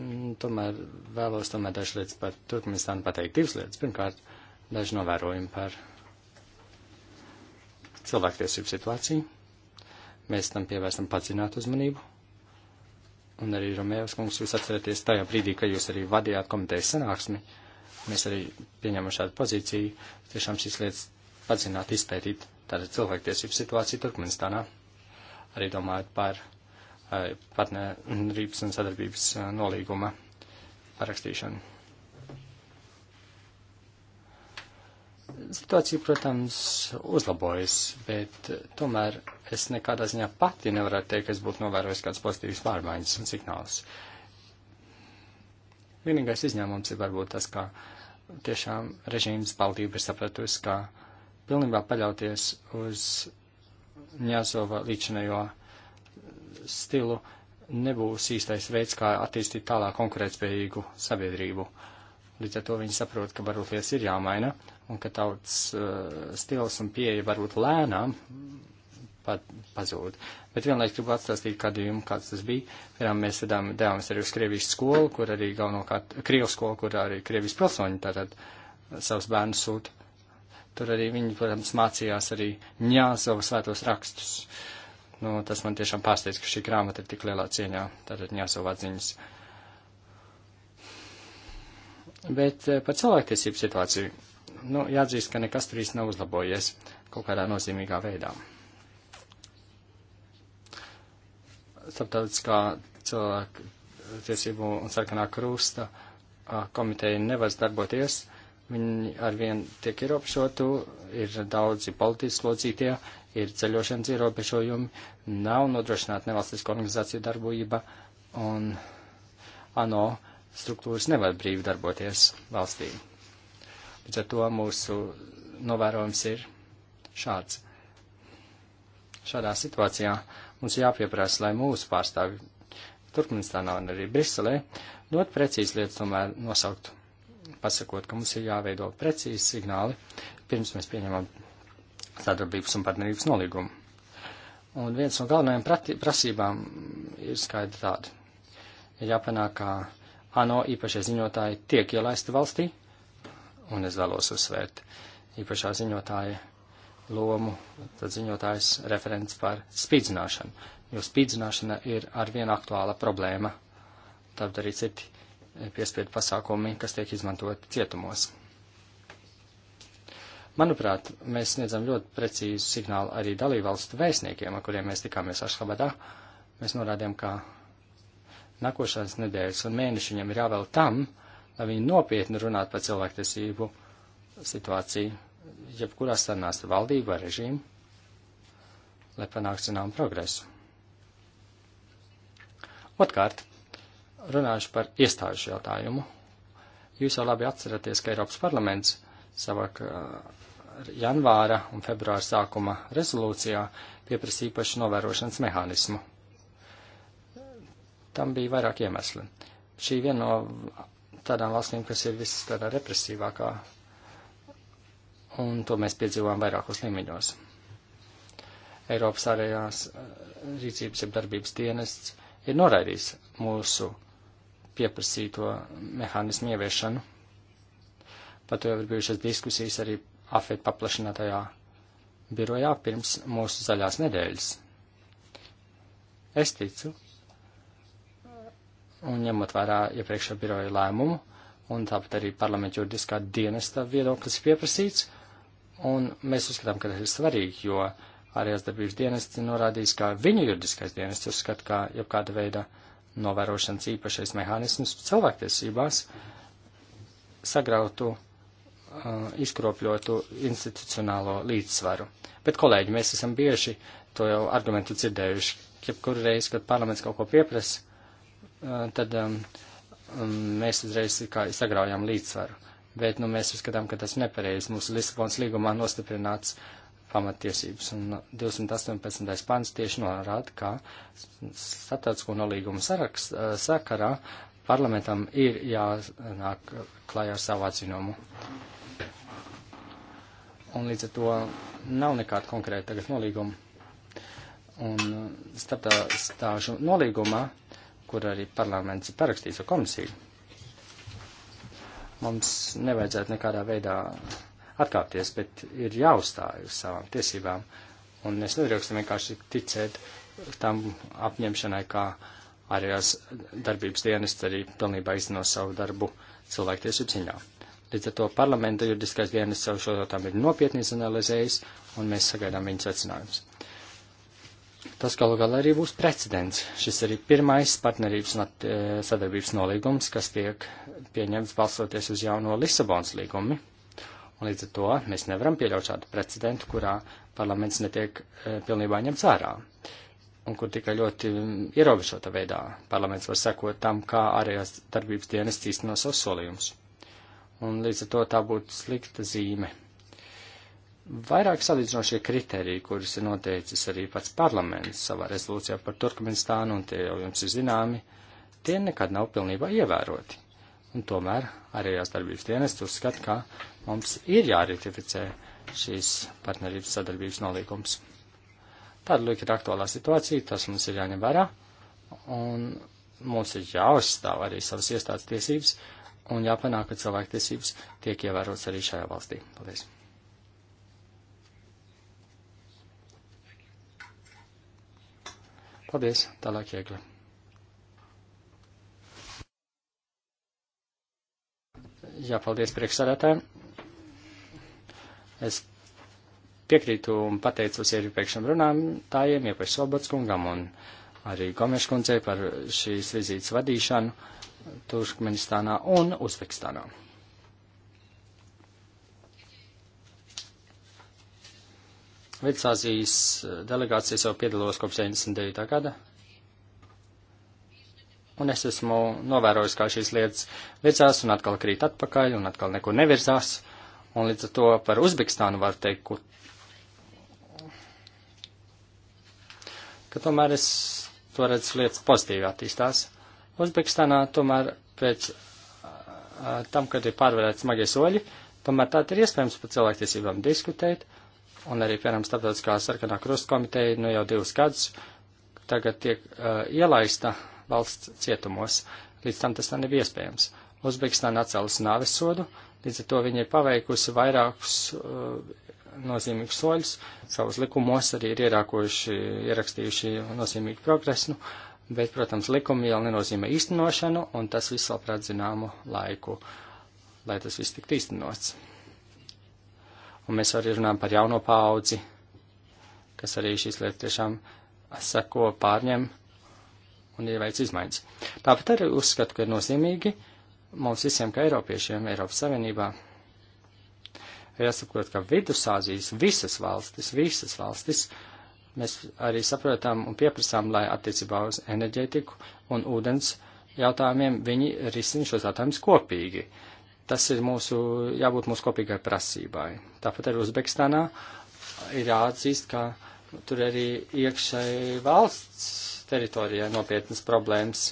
Mm, tomēr vēlos tomēr dažas lietas par Turkmenistānu pateikt. Divas lietas. Pirmkārt, daži novērojumi par cilvēktiesību situāciju. Mēs tam pievērstam padzinātu uzmanību un arī Romēvs kungs, jūs atceraties tajā brīdī, kad jūs arī vadījāt komitejas sanāksmi, mēs arī pieņemam šādu pozīciju, tiešām šīs lietas padzināt, izpētīt tāda cilvēktiesību situācija Turkmenistānā. Arī domājot par eh, partnerības un sadarbības eh, nolīguma parakstīšanu. situācija, protams, uzlabojas, bet eh, tomēr es nekādā ziņā pati nevarētu teikt, ka es būtu novērojis kādas pozitīvas pārmaiņas un signālus. Vienīgais izņēmums ir varbūt tas, ka tiešām režīms valdība ir sapratusi, ka pilnībā paļauties uz Ņāzova līdzinējo stilu nebūs īstais veids, kā attīstīt tālāk konkurētspējīgu sabiedrību. Uh, Līdz ar to viņi saprot, ka varbūt lietas ir jāmaina un ka tauts uh, stils un pieeja varbūt lēnām pat pazūd. Bet vienlaikus gribu atstāstīt gadījumu, kāds tas bija. Piemēram, mēs sedām, devāmies arī uz Krievijas skolu, kur arī galvenokārt Krievijas skolu, kur arī Krievijas pilsoņi tātad uh, savus bērnus sūta. Tur arī viņi, protams, mācījās arī Ņāzova svētos rakstus. Nu, tas man tiešām pārsteidz, ka šī grāmata ir tik lielā cieņā, tātad Ņāzova atziņas. Uh, Bet eh, par cilvēktiesību situāciju, nu, jāatzīst, ka nekas tur īsti nav uzlabojies kaut kādā nozīmīgā veidā. Starptautiskā cilvēku tiesību un sarkanā krusta komiteja nevar darboties, viņi arvien tiek ierobežotu, ir daudzi politiski slodzītie, ir ceļošanas ierobežojumi, nav nodrošināta nevalstisko organizāciju darbība un ANO struktūras nevar brīvi darboties valstī. Līdz ar to mūsu novērojums ir šāds. Šādā situācijā mums jāpieprasa, lai mūsu pārstāvi Turkmenistānā un arī Briselē ļoti precīzi lietas tomēr nosaukt, pasakot, ka mums ir jāveido precīzi signāli, pirms mēs pieņemam sadarbības un partnerības nolīgumu. Un viens no galvenajām prasībām ir skaidri tāda. Ir jāpanāk, ka ANO īpašie ziņotāji tiek ielaisti valstī, un es vēlos uzsvērt īpašā ziņotāja lomu, tad ziņotājs referents par spīdzināšanu, jo spīdzināšana ir arvien aktuāla problēma, tāpat arī citi piespiedu pasākumi, kas tiek izmantot cietumos. Manuprāt, mēs sniedzam ļoti precīzu signālu arī dalībvalstu vēstniekiem, ar kuriem mēs tikāmies Ašhabadā. Mēs norādījām, ka nākošās nedēļas un mēneši viņam ir jāvēl tam, lai viņi nopietni runātu par cilvēktiesību situāciju, jebkurā sarunās ar valdību vai režīmu, lai panāktu zināmu progresu. Otkārt, runāšu par iestāžu jautājumu. Jūs jau labi atceraties, ka Eiropas parlaments savā uh, janvāra un februāra sākuma rezolūcijā pieprasīja pašu novērošanas mehānismu Tam bija vairāk iemesli. Šī viena no tādām valstīm, kas ir viss tādā represīvākā, un to mēs piedzīvojam vairākos līmeņos. Eiropas ārējās eh, rīcības ir darbības dienests, ir noraidījis mūsu pieprasīto mehānismu ieviešanu. Par to jau ir bijušas diskusijas arī AFET paplašinātajā birojā pirms mūsu zaļās nedēļas. Es ticu, un ņemot vērā iepriekšā ja biroja lēmumu, un tāpat arī parlamenta juridiskā dienesta viedoklis pieprasīts, un mēs uzskatām, ka tas ir svarīgi, jo ārējās darbības dienests norādījis, ka viņu juridiskais dienests uzskata, ka jebkāda veida novērošanas īpašais mehānisms cilvēktiesībās sagrautu, uh, izkropļotu institucionālo līdzsvaru. Bet, kolēģi, mēs esam bieži to jau argumentu dzirdējuši. Jebkuru reizi, kad parlaments kaut ko pieprasa, Eh, tad um, mēs uzreiz kā sagraujām līdzsvaru. Bet nu, mēs uzskatām, ka tas nepareizi. Mūsu Lisabonas līgumā nostiprināts pamatiesības. Un 218. Eh, pants tieši norāda, ka starptautisko nolīgumu saraks, eh, sakarā parlamentam ir jānāk klājā ar savu atzinumu. Un līdz ar to nav nekāda konkrēta tagad nolīguma. Un starptautiskā nolīgumā kur arī parlaments ir parakstījis ar komisiju, mums nevajadzētu nekādā veidā atkāpties, bet ir jāuzstāj uz savām tiesībām. Un mēs nedrīkstam vienkārši ticēt tam apņemšanai, kā arī darbības dienas arī pilnībā izno savu darbu cilvēktiesību ciņā. Līdz ar to parlamenta juridiskais dienas savu šo jautājumu ir nopietni izanalizējis, un mēs sagaidām viņas secinājumus. Tas galu galā arī būs precedents. Šis arī pirmais partnerības un eh, sadarbības nolīgums, kas tiek pieņemts balsoties uz jauno Lisabonas līgumi. Un līdz ar to mēs nevaram pieļaut šādu precedentu, kurā parlaments netiek eh, pilnībā ņemts ārā. Un kur tikai ļoti mm, ierobežota veidā parlaments var sekot tam, kā ārējās darbības dienas īsteno savus solījumus. Un līdz ar to tā būtu slikta zīme vairāk salīdzinošie kriteriji, kurus ir noteicis arī pats parlaments savā rezolūcijā par Turkmenistānu, un tie jau jums ir zināmi, tie nekad nav pilnībā ievēroti. Un tomēr ārējās darbības dienests uzskata, ka mums ir jāratificē šīs partnerības sadarbības nolīgums. Tāda lūk ir aktuālā situācija, tas mums ir jāņem vērā, un mums ir jāuzstāv arī savas iestādes tiesības, un jāpanāk, ka cilvēktiesības tiek ievērotas arī šajā valstī. Paldies! Paldies, tālāk iegla. Jā, paldies priekšsādātājiem. Es piekrītu un pateicos iepriekšam runātājiem, iepriekš Sobats kungam un arī Gomeša kundzei par šīs vizītes vadīšanu Turkmenistānā un Uzbekistānā. Vidusāzijas eh, delegācijas jau piedalos kopš 99. gada. Un es esmu novērojis, kā šīs lietas virzās un atkal krīt atpakaļ un atkal nekur nevirzās. Un līdz ar to par Uzbekistānu var teikt, ka tomēr es to redzu lietas pozitīvi attīstās. Uzbekistānā tomēr pēc eh, tam, kad ir pārvarēti smagie soļi, tomēr tā ir iespējams par cilvēktiesībām diskutēt un arī, piemēram, Startautiskā sarkanā krusta komiteja nu jau divus gadus tagad tiek uh, ielaista valsts cietumos. Līdz tam tas nebija iespējams. Uzbekistāna atcēlus nāves sodu, līdz ar to viņa ir paveikusi vairākus uh, nozīmīgus soļus, savus likumos arī ir ierākojuši, ierakstījuši nozīmīgu progresu, bet, protams, likumi jau nenozīmē īstenošanu, un tas viss vēl prāt zināmu laiku, lai tas viss tiktu īstenots. Un mēs arī runājam par jauno paudzi, kas arī šīs lietas tiešām sako, pārņem un ieveic izmaiņas. Tāpat arī uzskatu, ka ir nozīmīgi mums visiem, kā Eiropiešiem, Eiropas Savienībā, jāsaprot, ka Vidusāzijas visas valstis, visas valstis, mēs arī saprotam un pieprasām, lai attiecībā uz enerģētiku un ūdens jautājumiem viņi risina šos jautājumus kopīgi. Uh, Tas ir mūsu, jābūt mūsu kopīgai prasībai. Tāpat arī Uzbekistānā ir jāatzīst, ka tur arī iekšēji valsts teritorijā nopietnas problēmas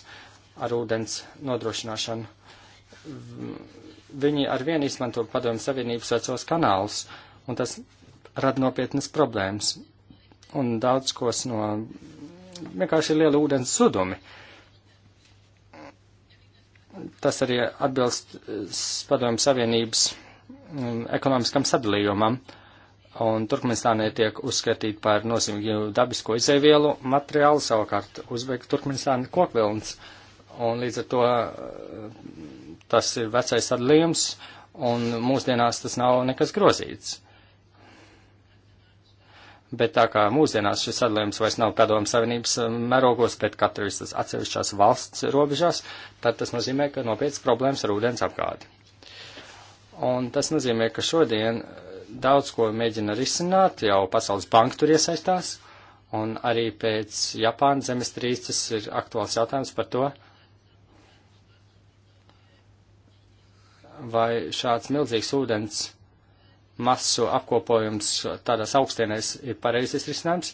ar ūdens nodrošināšanu. Viņi ar vienu izmanto padomu savienības vecos kanālus, un tas rada nopietnas problēmas. Un daudz kos no vienkārši liela ūdens sudumi. Uh, tas arī atbilst eh, Padomu Savienības mm, ekonomiskam sadalījumam, un Turkmenistānai tiek uzskatīta par nozīmīgu dabisko izēvielu materiālu, savukārt uzbeik Turkmenistāna kokvilns, un līdz ar to eh, tas ir vecais sadalījums, un mūsdienās tas nav nekas grozīts bet tā kā mūsdienās šis sadalījums vairs nav padomu savienības um, mērogos, bet katru visas atsevišķās valsts robežās, tad tas nozīmē, ka nopietnas problēmas ar ūdens apgādi. Un tas nozīmē, ka šodien uh, daudz ko mēģina risināt, jau Pasaules banka tur iesaistās, un arī pēc Japāna zemestrīces ir aktuāls jautājums par to, vai šāds milzīgs ūdens masu apkopojums tādās augstienēs ir pareizes risinājums.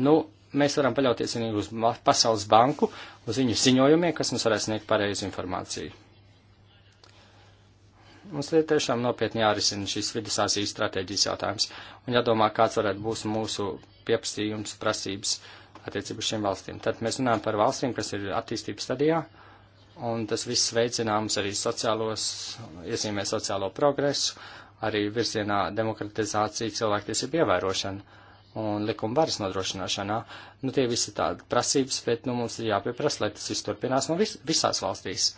Nu, mēs varam paļauties arī uz Pasaules banku, uz viņu ziņojumiem, kas mums varēs sniegt pareizu informāciju. Mums ir tiešām nopietni jārisina šis vidusāzijas stratēģijas jautājums un jādomā, kāds varētu būt mūsu pieprasījums, prasības attiecību šiem valstīm. Tad mēs runājam par valstīm, kas ir attīstības stadijā, un tas viss veicināms arī sociālos, iezīmē sociālo progresu, arī virzienā demokratizācija, cilvēktiesība ievērošana un likuma varas nodrošināšanā. Nu, tie visi tādi prasības, bet nu, mums ir jāpieprasa, lai tas viss turpinās no vis visās valstīs.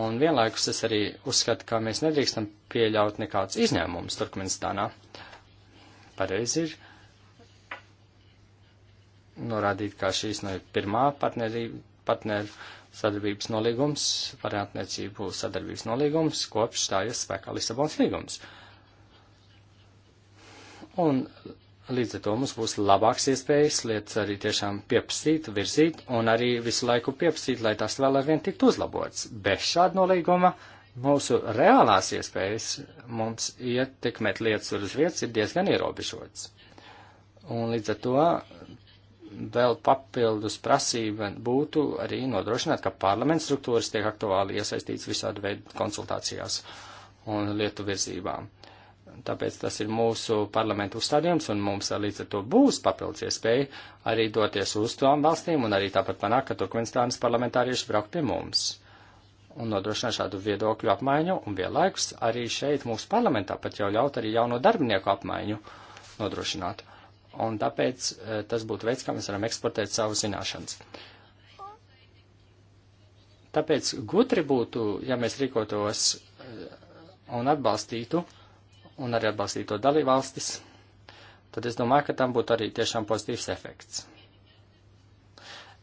Un vienlaikus es arī uzskatu, ka mēs nedrīkstam pieļaut nekādus izņēmumus Turkmenistānā. Pareizi ir norādīt, ka šīs no nu, pirmā partneru sadarbības nolīgums, parātniecību sadarbības nolīgums, kopš stājas spēkā Lisabons līgums. Un līdz ar to mums būs labāks iespējas lietas arī tiešām pieprasīt, virzīt un arī visu laiku pieprasīt, lai tas vēl arvien tiktu uzlabots. Bez šāda nolīguma mūsu reālās iespējas mums ietekmēt lietas uz vietas ir diezgan ierobežots. Un līdz ar to vēl papildus prasība būtu arī nodrošināt, ka parlaments struktūras tiek aktuāli iesaistīts visādi veidu konsultācijās un lietu virzībām. Tāpēc tas ir mūsu parlamentu uzstādījums, un mums līdz ar to būs papildus iespēja arī doties uz tām valstīm, un arī tāpat panākt, ka Turkmenistānas parlamentārieši braukt pie mums un nodrošināt šādu viedokļu apmaiņu, un vienlaikus arī šeit mūsu parlamentā pat jau ļaut arī jauno darbinieku apmaiņu nodrošināt un tāpēc eh, tas būtu veids, kā mēs varam eksportēt savu zināšanas. Tāpēc gudri būtu, ja mēs rīkotos eh, un atbalstītu, un arī atbalstītu to dalībvalstis, tad es domāju, ka tam būtu arī tiešām pozitīvs efekts.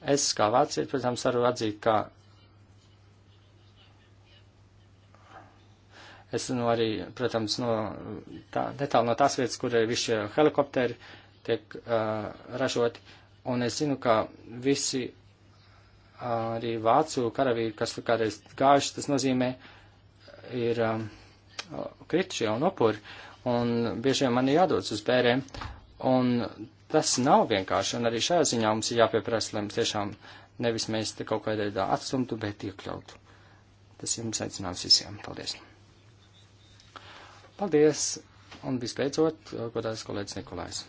Es kā vācietis, protams, varu atzīt, ka Es nu arī, protams, no tā, netālu no tās vietas, kur ir visi šie helikopteri, uh, tiek uh, ražoti. Un es zinu, ka visi uh, arī vācu karavīri, kas kādreiz gājuši, tas nozīmē, ir um, kritušie un upuri. Un bieži vien man ir jādodas uz bērēm. Un tas nav vienkārši. Un arī šajā ziņā mums ir jāpieprasa, lai mums tiešām nevis mēs te kaut kādā veidā atstumtu, bet iekļautu. Tas ir mums aicinājums visiem. Paldies! Paldies! Un visbeidzot, godās kolēģis Nikolais.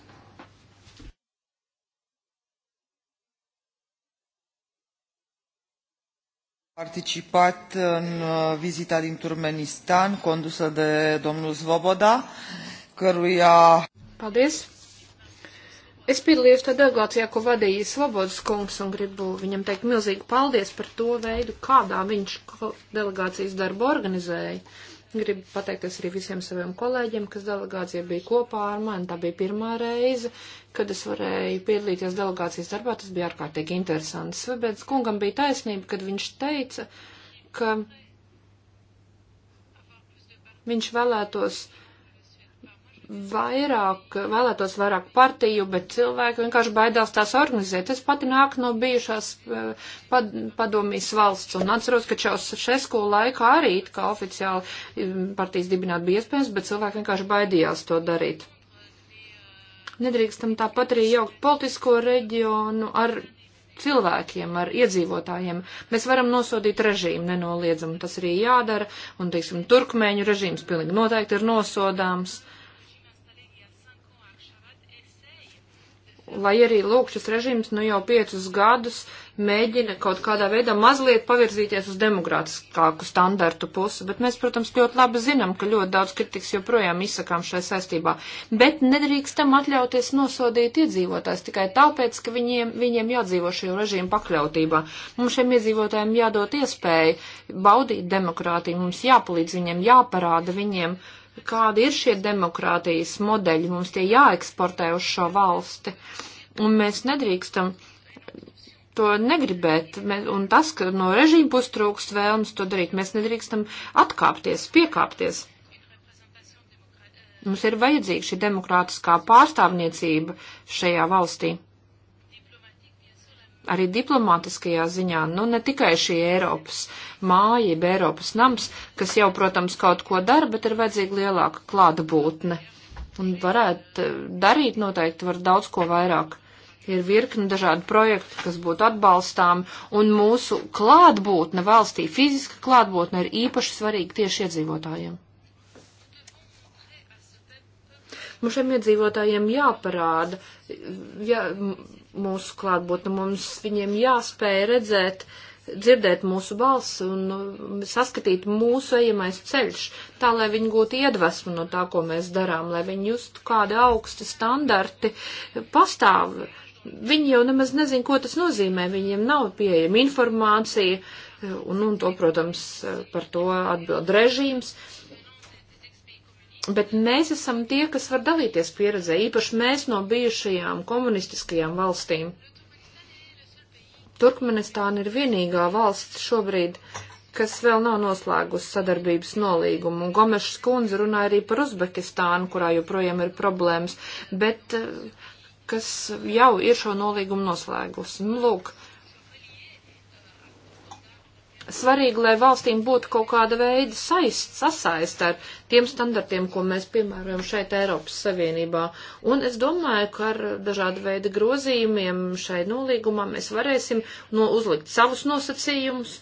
participat în uh, vizita din Turmenistan, condusă de domnul Svoboda, căruia... Paldies! Es piedalījos tajā delegācijā, ko vadīja Svobodas kungs, un gribu viņam teikt milzīgi paldies par to veidu, kādā viņš delegācijas darbu organizēja. Gribu pateikties arī visiem saviem kolēģiem, kas delegācija bija kopā ar mani. Tā bija pirmā reize, kad es varēju piedalīties delegācijas darbā. Tas bija ārkārtīgi interesants. Svebēdz kungam bija taisnība, kad viņš teica, ka viņš vēlētos uh, vairāk, vēlētos vairāk partiju, bet cilvēki vienkārši baidās tās organizēt. Es pati nāku no bijušās eh, pad, padomijas valsts un atceros, ka Čaušesko laikā arī it kā oficiāli mm, partijas dibināt bija iespējams, bet cilvēki vienkārši baidījās to darīt. Nedrīkstam tāpat arī jaukt politisko reģionu ar cilvēkiem, ar iedzīvotājiem. Mēs varam nosodīt režīmu, nenoliedzam, tas arī jādara, un, teiksim, turkmēņu režīms pilnīgi noteikti ir nosodāms lai arī lūk šis režīms nu jau piecus gadus mēģina kaut kādā veidā mazliet pavirzīties uz demokrātiskāku standartu pusi, bet mēs, protams, ļoti labi zinām, ka ļoti daudz kritikas joprojām izsakām šai saistībā, bet nedrīkstam atļauties nosodīt iedzīvotājs tikai tāpēc, ka viņiem, viņiem jādzīvo šajā režīmu pakļautībā. Mums šiem iedzīvotājiem jādod iespēju baudīt demokrātiju, mums jāpalīdz viņiem, jāparāda viņiem. Uh, kādi ir šie demokrātijas modeļi, mums tie jāeksportē uz šo valsti, un mēs nedrīkstam to negribēt, un tas, ka no režīma puses trūkst vēlmes to darīt, mēs nedrīkstam atkāpties, piekāpties. Mums ir vajadzīga šī demokrātiskā pārstāvniecība šajā valstī arī diplomātiskajā ziņā, nu ne tikai šī Eiropas māja, Eiropas nams, kas jau, protams, kaut ko dara, bet ir vajadzīga lielāka klāta būtne. Un varētu darīt noteikti var daudz ko vairāk. Ir virkni dažādi projekti, kas būtu atbalstām, un mūsu klātbūtne valstī, fiziska klātbūtne ir īpaši svarīga tieši iedzīvotājiem. Mums šiem iedzīvotājiem jāparāda, jā, mūsu klātbūtni. Mums viņiem jāspēj redzēt, dzirdēt mūsu balsi un um, saskatīt mūsu ejamais ceļš, tā lai viņi gūtu iedvesmu no tā, ko mēs darām, lai viņi justu, kādi augsti standarti pastāv. Viņi jau nemaz nezin, ko tas nozīmē, viņiem nav pieejama informācija, un, un to, protams, par to atbild režīms, Bet mēs esam tie, kas var dalīties pieredzē, īpaši mēs no bijušajām komunistiskajām valstīm. Turkmenistāna ir vienīgā valsts šobrīd, kas vēl nav noslēgusi sadarbības nolīgumu, un Gomešs kundze runāja arī par Uzbekistānu, kurā joprojām ir problēmas, bet eh, kas jau ir šo nolīgumu noslēgusi. Nu, lūk, uh, Svarīgi, lai valstīm būtu kaut kāda veida saist, sasaist ar tiem standartiem, ko mēs piemērojam šeit Eiropas Savienībā. Un es domāju, ka ar dažādu veidu grozījumiem šai nolīgumā mēs varēsim no uzlikt savus nosacījumus.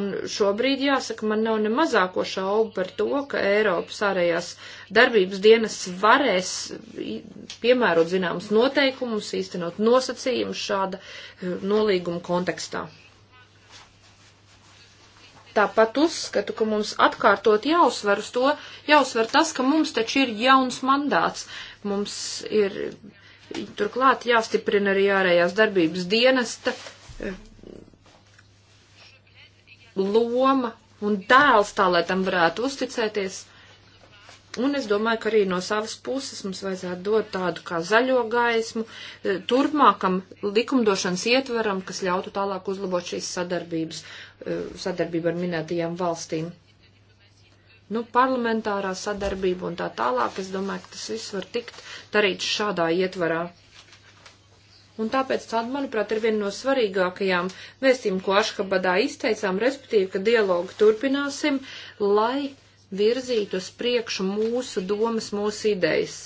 Un šobrīd, jāsaka, man nav ne mazāko šaubu par to, ka Eiropas ārējās darbības dienas varēs piemērot zināmas noteikumus, īstenot nosacījumus šāda eh, nolīguma kontekstā. Tāpat uzskatu, ka mums atkārtot jāuzsver uz to, jāuzsver tas, ka mums taču ir jauns mandāts. Mums ir turklāt jāstiprina arī ārējās darbības dienesta eh, loma un dēls tā, lai tam varētu uzticēties. Un es domāju, ka arī no savas puses mums vajadzētu dot tādu kā zaļo gaismu eh, turpmākam likumdošanas ietveram, kas ļautu tālāk uzlabot šīs sadarbības. Eh, sadarbību ar minētajām valstīm. Nu, parlamentārā sadarbība un tā tālāk, es domāju, ka tas viss var tikt darīts šādā ietvarā. Un tāpēc tāda, manuprāt, ir viena no svarīgākajām vēstīm, ko Aškabadā izteicām, respektīvi, ka dialogu turpināsim, lai virzītu uz priekšu mūsu domas, mūsu idejas.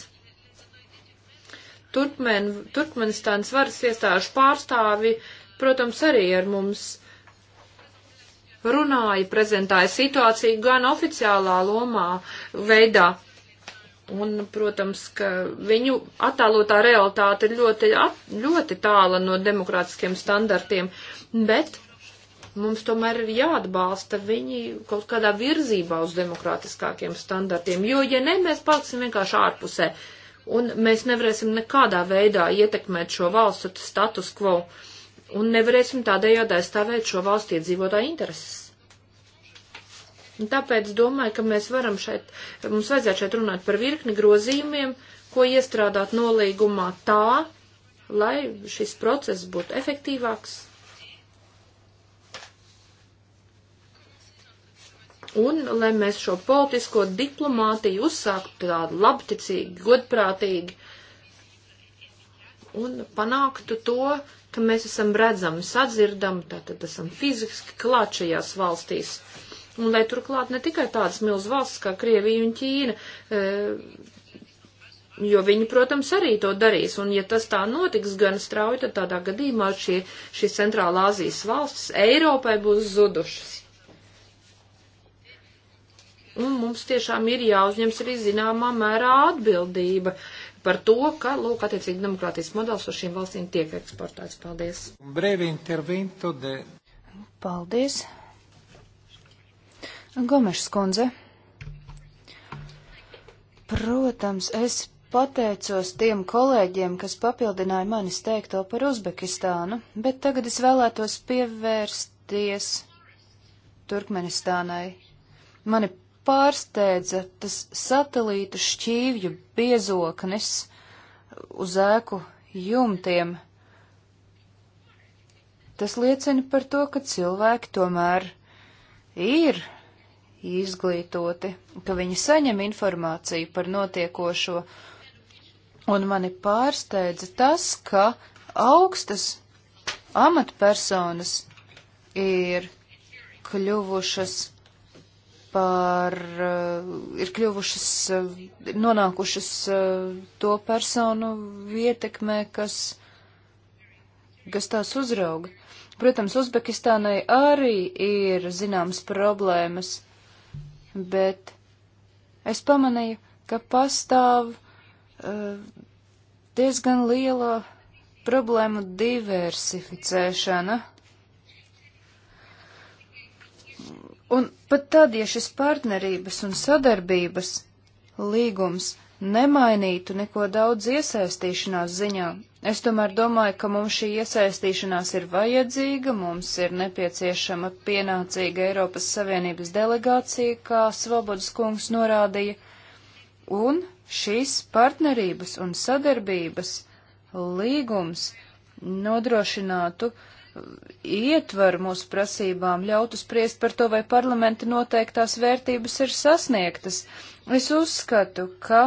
Turkmen, Turkmenistānas varas iestāžu pārstāvi, protams, arī ar mums runāja, prezentēja situāciju gan oficiālā lomā veidā. Un, protams, ka viņu attēlotā realitāte ir ļoti, at, ļoti tāla no demokrātiskiem standartiem, bet mums tomēr ir jāatbalsta viņi kaut kādā virzībā uz demokrātiskākiem standartiem, jo, ja ne, mēs paliksim vienkārši ārpusē, un mēs nevarēsim nekādā veidā ietekmēt šo valstu status quo. Uh, un nevarēsim tādējādi aizstāvēt šo valstu iedzīvotāju intereses. Un tāpēc domāju, ka mēs varam šeit, mums vajadzētu šeit runāt par virkni grozījumiem, ko iestrādāt nolīgumā tā, lai šis process būtu efektīvāks. Un lai mēs šo politisko diplomātiju uzsāktu tādu labticīgi, godprātīgi un panāktu to, ka mēs esam redzami, sadzirdami, tātad esam fiziski klāt šajās valstīs. Un lai turklāt ne tikai tādas milz valsts kā Krievija un Ķīna, e, jo viņi, protams, arī to darīs. Un ja tas tā notiks gan strauji, tad tādā gadījumā šie, šīs centrālā Azijas valstis Eiropai būs zudušas. Un mums tiešām ir jāuzņems arī zināmā mērā atbildība par to, ka, lūk, attiecīgi demokrātijas modelis uz šīm valstīm tiek eksportēts. Paldies. Brevi intervento de. Paldies. Gomešs kundze. Protams, es pateicos tiem kolēģiem, kas papildināja manis teikto par Uzbekistānu, bet tagad es vēlētos pievērsties Turkmenistānai. Mani pārsteidza tas satelītu šķīvju biezoknis uz ēku jumtiem. Tas liecina par to, ka cilvēki tomēr ir izglītoti, ka viņi saņem informāciju par notiekošo, un mani pārsteidza tas, ka augstas amatpersonas ir kļuvušas par, eh, ir kļuvušas, eh, nonākušas eh, to personu ietekmē, kas, kas tās uzrauga. Protams, Uzbekistānai arī ir zināmas problēmas, bet es pamanīju, ka pastāv uh, diezgan liela problēmu diversificēšana. Un pat tad, ja šis partnerības un sadarbības līgums nemainītu neko daudz iesaistīšanās ziņā, es tomēr domāju, ka mums šī iesaistīšanās ir vajadzīga, mums ir nepieciešama pienācīga Eiropas Savienības delegācija, kā Svobodas kungs norādīja, un šīs partnerības un sadarbības līgums nodrošinātu uh, ietvaru mūsu prasībām ļautu spriest par to, vai parlamenta noteiktās vērtības ir sasniegtas. Es uzskatu, ka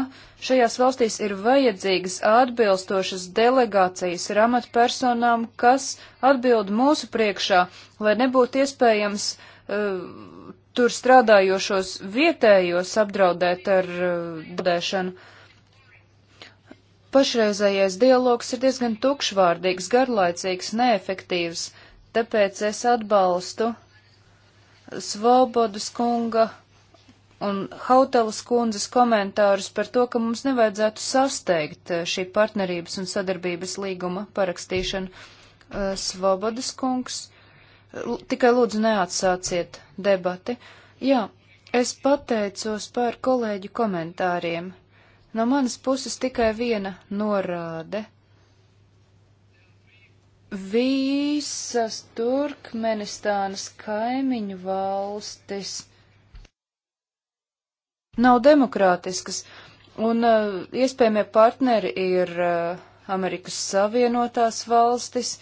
šajās valstīs ir vajadzīgas atbilstošas delegācijas ar amatpersonām, kas atbild mūsu priekšā, lai nebūtu iespējams uh, tur strādājošos vietējos apdraudēt ar uh, dēšanu. Uh, Pašreizējais dialogs ir diezgan tukšvārdīgs, garlaicīgs, neefektīvs, tāpēc es atbalstu Svobodas kunga un Hautelas kundzes komentārus par to, ka mums nevajadzētu sasteigt eh, šī partnerības un sadarbības līguma parakstīšanu. Eh, Svobodas kungs, tikai lūdzu neatsāciet debati. Jā, es pateicos par kolēģu komentāriem. No manas puses tikai viena norāde. Visas Turkmenistānas kaimiņu valstis nav demokrātiskas, un uh, iespējamie partneri ir uh, Amerikas Savienotās valstis,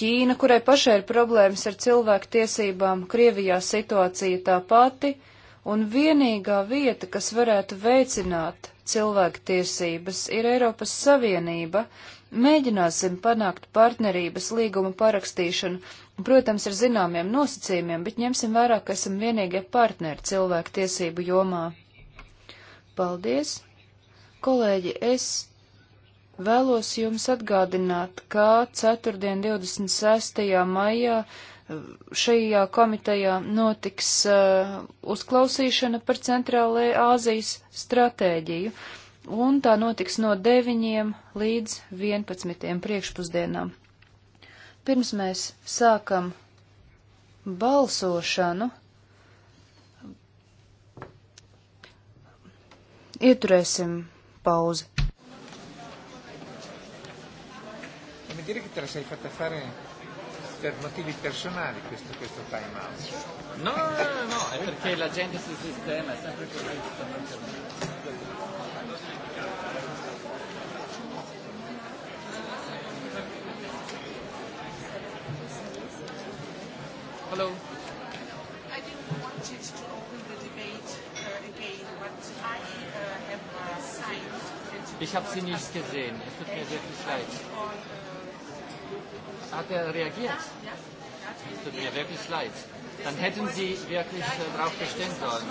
Ķīna, kurai pašai ir problēmas ar cilvēku tiesībām, Krievijā situācija tā pati. Uh, un vienīgā vieta, kas varētu veicināt cilvēktiesības, ir Eiropas Savienība. Mēģināsim panākt partnerības līguma parakstīšanu, protams, ar zināmiem nosacījumiem, bet ņemsim vērā, ka esam vienīgie partneri cilvēktiesību jomā. Paldies! Kolēģi, es vēlos jums atgādināt, kā ceturtdien 26. maijā šajā komitejā notiks uh, uzklausīšana par Centrālajā Āzijas stratēģiju, un tā notiks no 9 līdz 11 priekšpusdienām. Pirms mēs sākam balsošanu, ieturēsim pauzi. Mi dire che te la sei fatta fare per motivi personali questo, questo time out. No, no, no, no, no, è perché la gente si sistema, è sempre così. Hello. I didn't want it to open the debate uh, again, but I uh, have uh, signed. Ich habe sie nicht gesehen. Es tut mir wirklich leid. On, uh, hat er reagiert. Es tut mir wirklich leid. Dann hätten Sie wirklich äh, darauf bestehen sollen.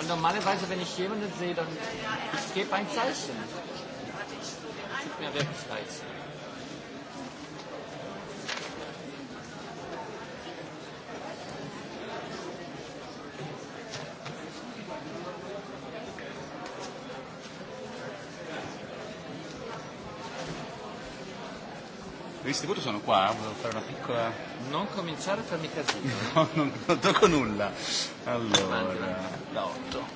Und normalerweise, wenn ich jemanden sehe, dann ich gebe ein Zeichen. Es tut mir wirklich leid. visti voto sono qua, eh, volevo fare una piccola... Non cominciare a farmi casino. no, non, non tocco nulla. Allora, avanti, avanti. la 8.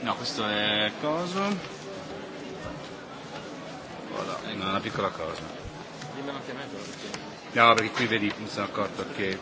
No, questo è coso. Voilà, ecco. una piccola cosa. Dimmelo anche a me però perché... No, perché qui vedi, mi sono accorto che...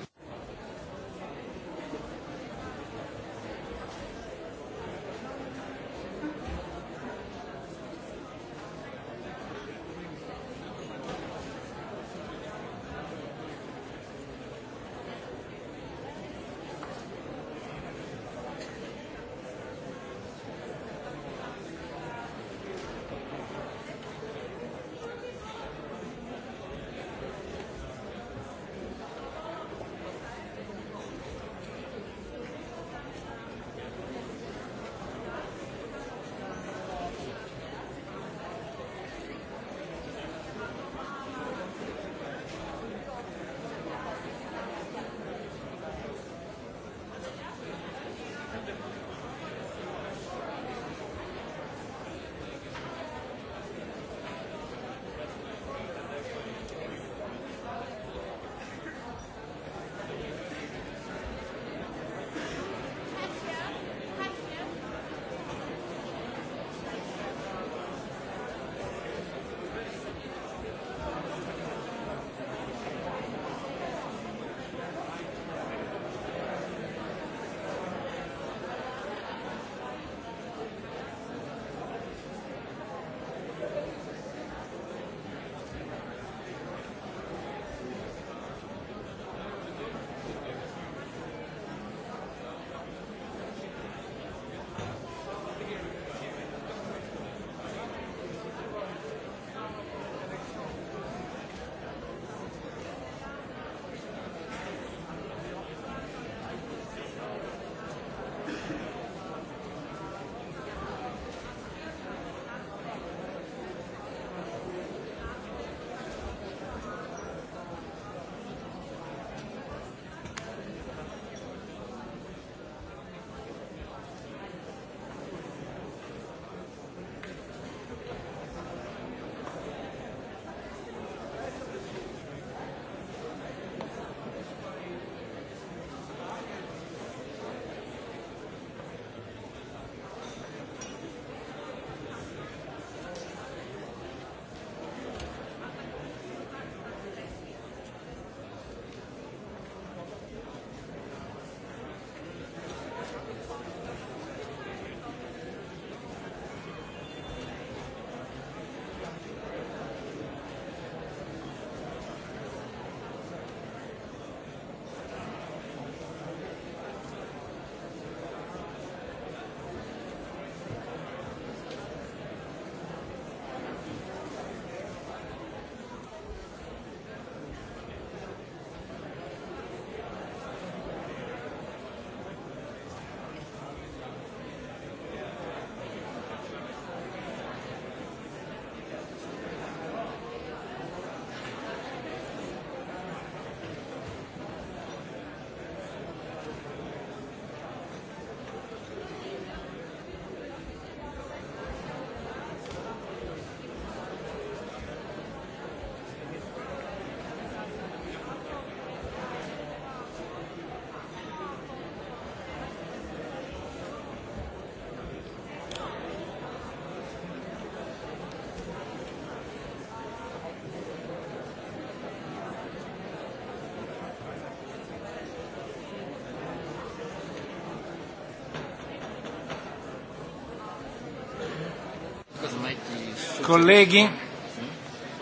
Colleghi.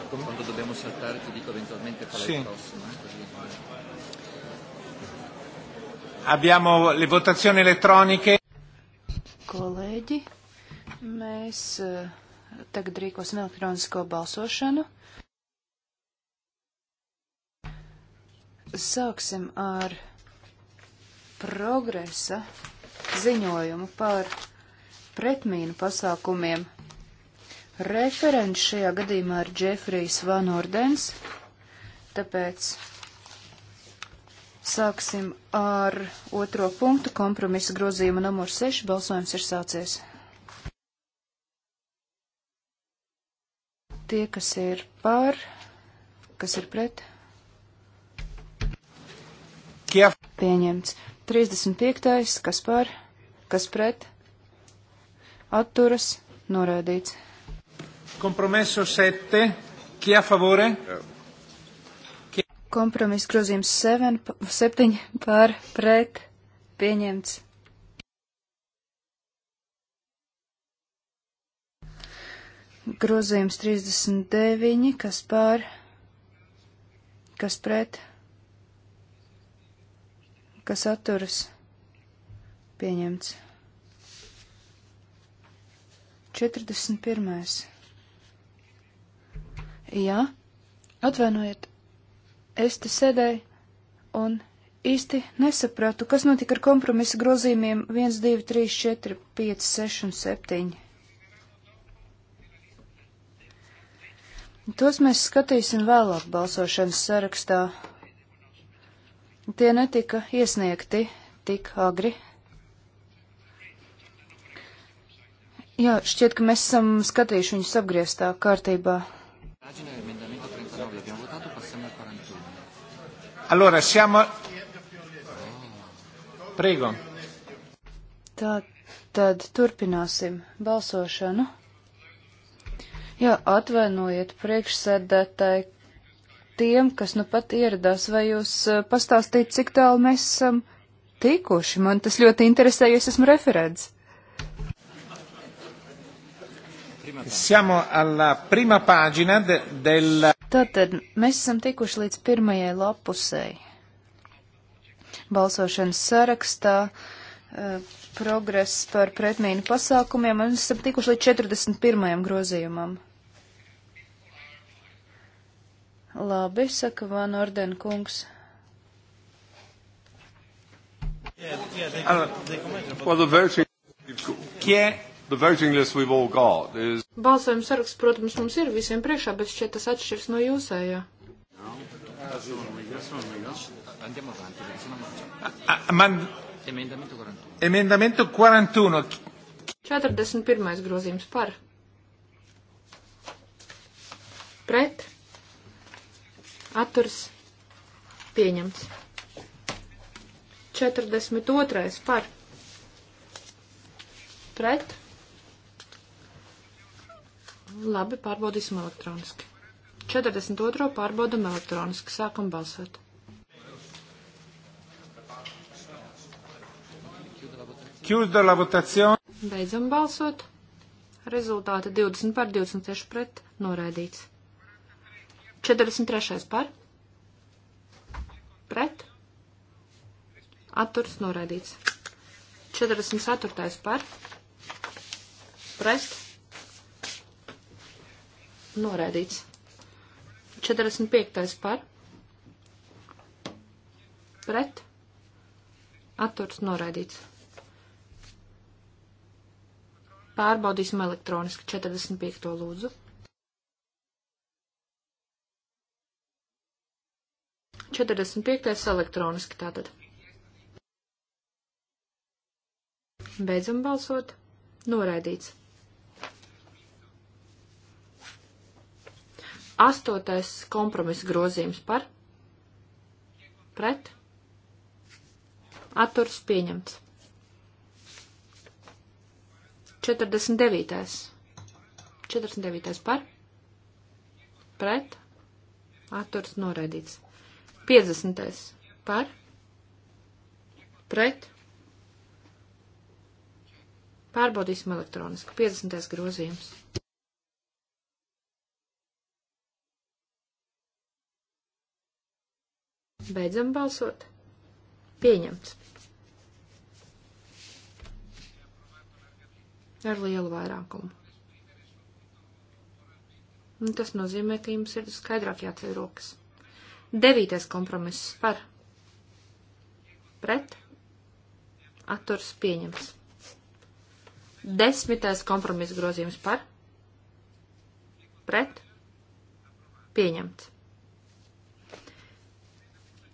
Quando dobbiamo saltare ti dico eventualmente qual è sì. il prossimo. Eh? Abbiamo le votazioni elettroniche. Kolēģi, mēs eh, tagad rīkosim elektronisko balsošanu. Sāksim ar progresa ziņojumu par pretmīnu pasākumiem Referents šajā gadījumā ir Džefrijs Van Ordens, tāpēc sāksim ar otro punktu kompromisa grozījuma numur 6. Balsojums ir sācies. Tie, kas ir par, kas ir pret? Jā. Pieņemts. 35. kas par, kas pret? Atturas, norādīts. Kompromiso 7. Chi a favore? Kie... Kompromiss grozījums 7, 7 par pret pieņemts. Grozījums 39, kas pār, kas pret, kas atturas pieņemts. 41. Jā, atvainojiet, es te sēdēju un īsti nesapratu, kas notika ar kompromisa grozījumiem 1, 2, 3, 4, 5, 6 un 7. Tos mēs skatīsim vēlāk balsošanas sarakstā. Tie netika iesniegti tik agri. Jā, šķiet, ka mēs esam skatījuši viņus apgrieztā kārtībā pagina dell'emendamento 39, abbiamo votato, passiamo al 41. Allora, siamo... Oh. Prego. Tā, tad turpināsim balsošanu. Jā, atvainojiet priekšsēdētāji tiem, kas nu pat ieradās, vai jūs eh, pastāstīt, cik tālu mēs esam tikuši. Man tas ļoti interesē, jo es esmu referents. Siamo alla prima pagina de, del. Tātad mēs esam tikuši līdz pirmajai lapusei. Balsošanas sarakstā uh, progress par pretmīnu pasākumiem, un esam tikuši līdz 41. grozījumam. Labi, saka Van Orden kungs. Yeah, yeah, they, they comment, but... well, the version... Chi è Is... Balsojums saraksts, protams, mums ir visiem priekšā, bet šķiet tas atšķirs no jūsējā. Emendamentu 41. 41. grozījums par. Pret. Atturs. Pieņemts. 42. par. Pret Labi, pārbaudīsim elektroniski. 42. pārbaudam elektroniski. Sākam balsot. Beidzam balsot. Rezultāti 20 par 26 pret noraidīts. 43. par. Pret. Atturs noraidīts. 44. par. Pret noraidīts. 45. par, pret, atturs noraidīts. Pārbaudīsim elektroniski 45. lūdzu. Četrdesmit piektais elektroniski tātad. Beidzam balsot. Noraidīts. Astotais kompromiss grozījums par pret atturs pieņemts. 49. 49. par pret atturs noraidīts. 50. par pret pārbaudīsim elektroniski. 50. grozījums. Beidzam balsot. Pieņemts. Ar lielu vairākumu. Un tas nozīmē, ka jums ir skaidrāk jāceļ rokas. Devītais kompromiss par. Pret. Atturs pieņems. Desmitais kompromiss grozījums par. Pret. Pieņemts.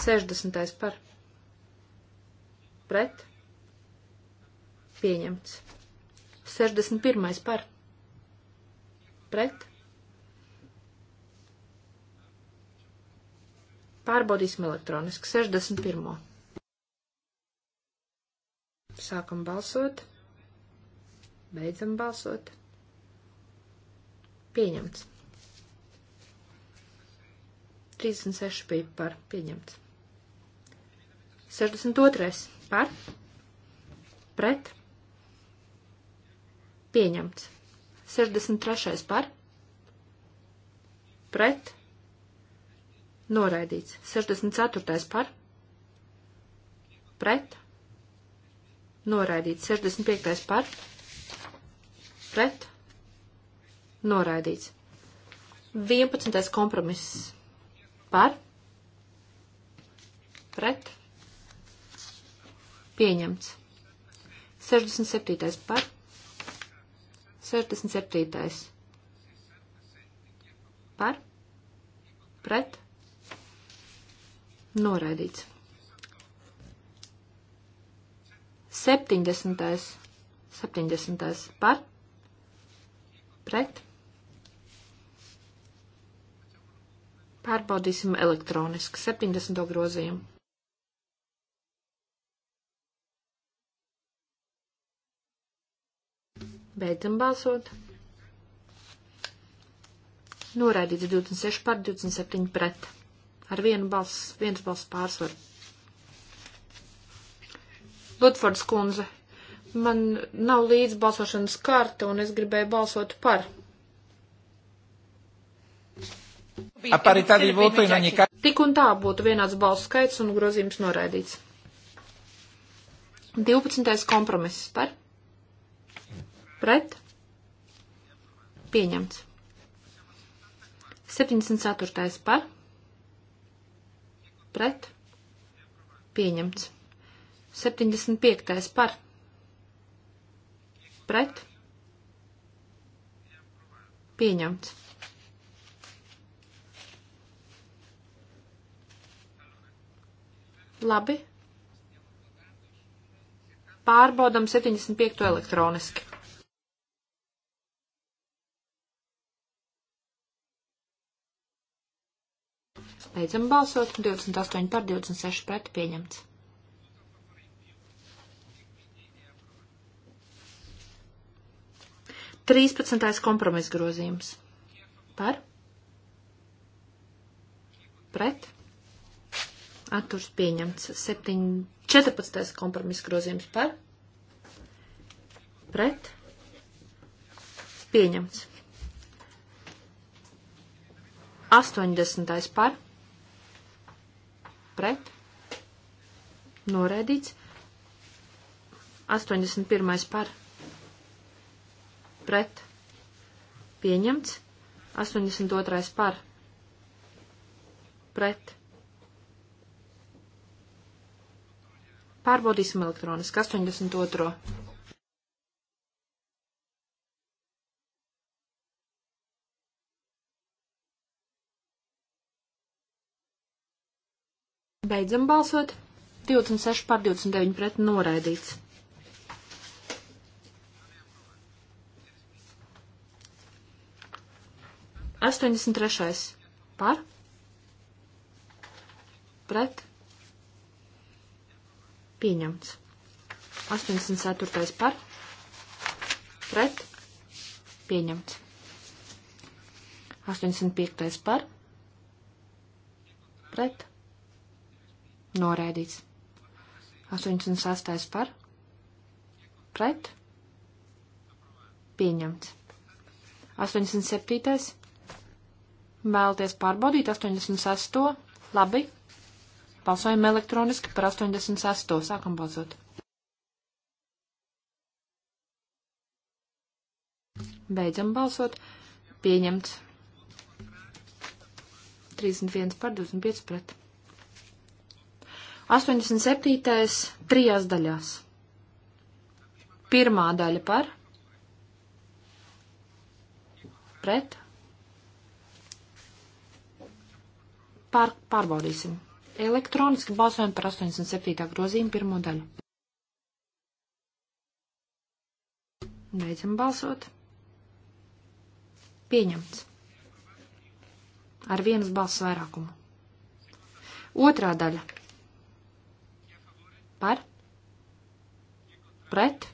60. par pret pieņemts. 61. par pret pārbaudīsim elektroniski. 61. Sākam balsot. Beidzam balsot. Pieņemts. 36 bija par pieņemts. 62. par, pret, pieņemts. 63. par, pret, noraidīts. 64. par, pret, noraidīts. 65. par, pret, noraidīts. 11. kompromiss par, pret, Pieņemts. 67. par. 67. par. Pret. Noraidīts. 70. 70. par. Pret. Pārbaudīsim elektroniski 70. grozījumu. Beidzam balsot. Noraidīts 26 par 27 pret. Ar vienu balsu, viens balsu pārsvaru. Lutfords kundze, man nav līdz balsošanas karta un es gribēju balsot par. Tik un tā būtu vienāds balsu skaits un grozījums noraidīts. 12. kompromiss par Pret. Pieņemts. 74. par. Pret. Pieņemts. 75. par. Pret. Pieņemts. Labi. Pārbaudam 75. elektroniski. Beidzam balsot. 28 par 26 pret pieņemts. Trīspadsmitais kompromiss grozījums. Par? Pret? Atturs pieņemts. 7, 14. kompromiss grozījums par? Pret? Pieņemts. 80. par? pret, noraidīts, 81. par, pret, pieņemts, 82. par, pret. Pārbaudīsim elektroniski 82. Beidzam balsot. 26 pār 29 pret noraidīts. Astoņdesmit trešais par, pret, pieņemts. Astoņdesmit ceturtais par, pret, pieņemts. 85. par, pret, Noraidīts. 86. par. Pret. Pieņemts. 87. Vēlties pārbaudīt 86. Labi. Balsojam elektroniski par 86. Sākam balsot. Beidzam balsot. Pieņemts. 31 par 25 pret. 87. trijās daļās. Pirmā daļa par, pret, pār, pārbaudīsim. Elektroniski balsojam par 87. grozījumu pirmo daļu. Beidzam balsot. Pieņemts. Ar vienas balss vairākumu. Otrā daļa Par? Pret?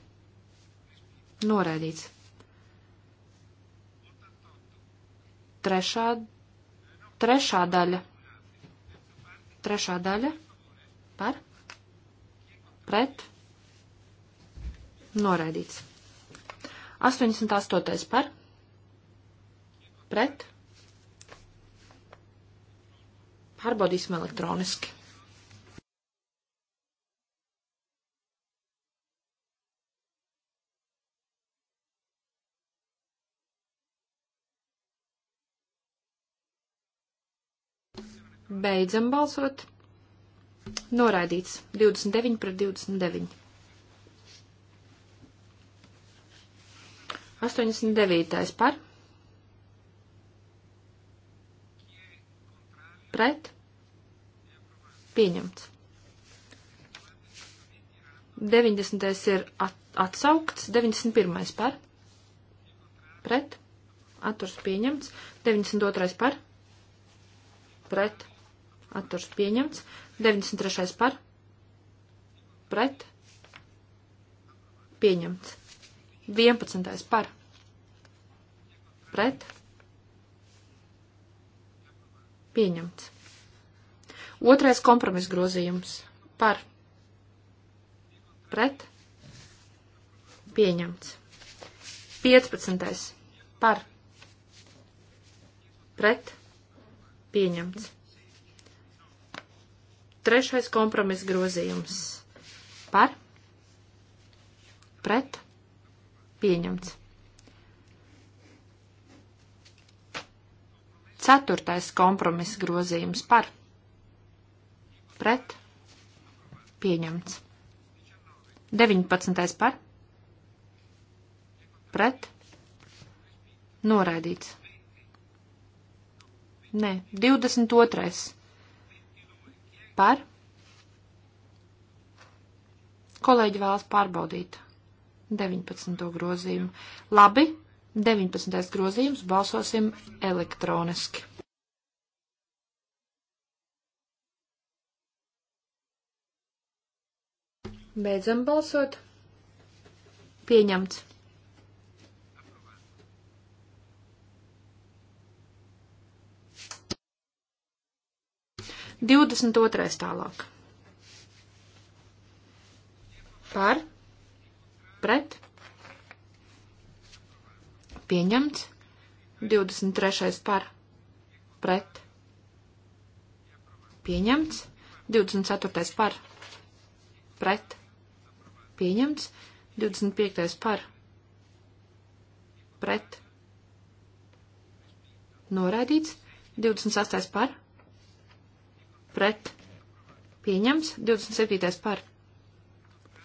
Noraidīts. Trešā, trešā daļa. Trešā daļa. Par? Pret? Noraidīts. 88. par? Pret? Pārbaudīsim elektroniski. Beidzam balsot. Noraidīts 29 pret 29. 89. par. Pret. Pieņemts. 90. ir at, atsaukts, 91. par. Pret. Atturs pieņemts. 92. par. Pret atturs pieņemts, 93. par, pret, pieņemts, 11. par, pret, pieņemts. Otrais kompromiss grozījums par, pret, pieņemts. 15. par, pret, pieņemts. Trešais kompromiss grozījums par, pret, pieņemts. Ceturtais kompromiss grozījums par, pret, pieņemts. 19. par, pret, noraidīts. Nē, 22. Par? Kolēģi vēlas pārbaudīt 19. grozījumu. Labi, 19. grozījums balsosim elektroniski. Beidzam balsot. Pieņemts. 22. tālāk. Par, pret, pieņemts. 23. par, pret, pieņemts. 24. par, pret, pieņemts. 25. par, pret, noraidīts. 28. par, pret, pieņems, 27. par,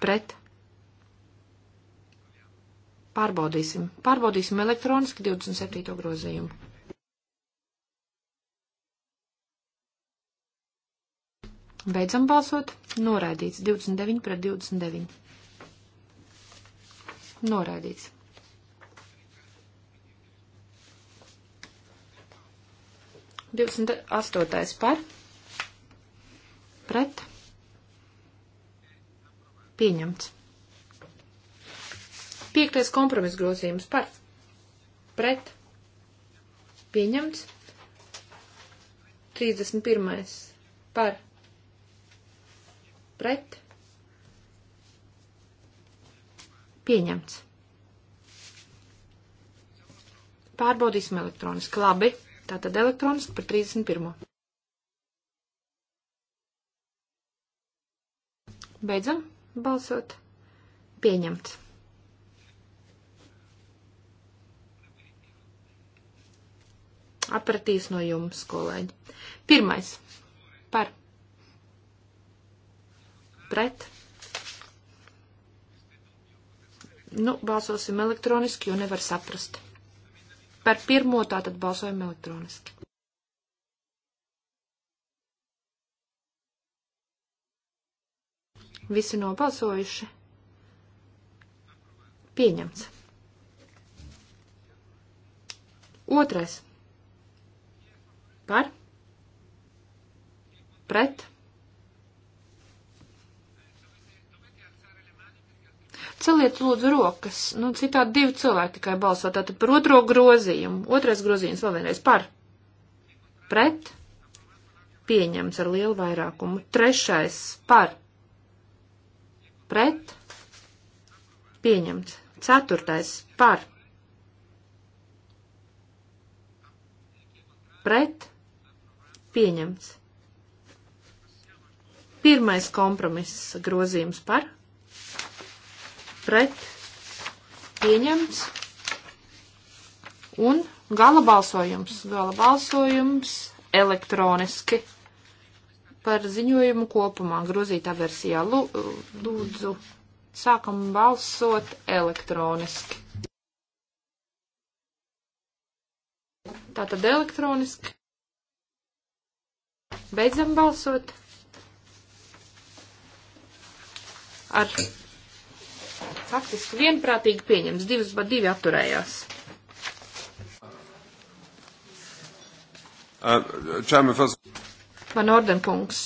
pret, pārbaudīsim, pārbaudīsim elektroniski 27. grozījumu. Beidzam balsot, noraidīts 29 pret 29. Noraidīts. Divdesmit astotais par pret pieņemts. Piektais kompromis grozījums par pret pieņemts. 31. par pret pieņemts. Pārbaudīsim elektroniski. Labi, tātad elektroniski par 31. Beidzam balsot. Pieņemts. Apratīs no jums, kolēģi. Pirmais. Par. Pret. Nu, balsosim elektroniski, jo nevar saprast. Par pirmo tātad balsojam elektroniski. Visi nobalsojuši. Pieņemts. Otrais. Par. Pret. Celiet lūdzu rokas. Nu, citādi divi cilvēki tikai balso. Tātad par otro grozījumu. Otrais grozījums vēl vienreiz par. Pret. Pieņems ar lielu vairākumu. Trešais par pret, pieņemts. Ceturtais par, pret, pieņemts. Pirmais kompromiss grozījums par, pret, pieņemts. Un gala balsojums, gala balsojums elektroniski par ziņojumu kopumā grozītā versijā. Lūdzu, sākam balsot elektroniski. Tātad elektroniski. Beidzam balsot. Ar faktiski vienprātīgi pieņems, divas, bet divi atturējās. Uh, čēma, fas... Van Ordenkungs,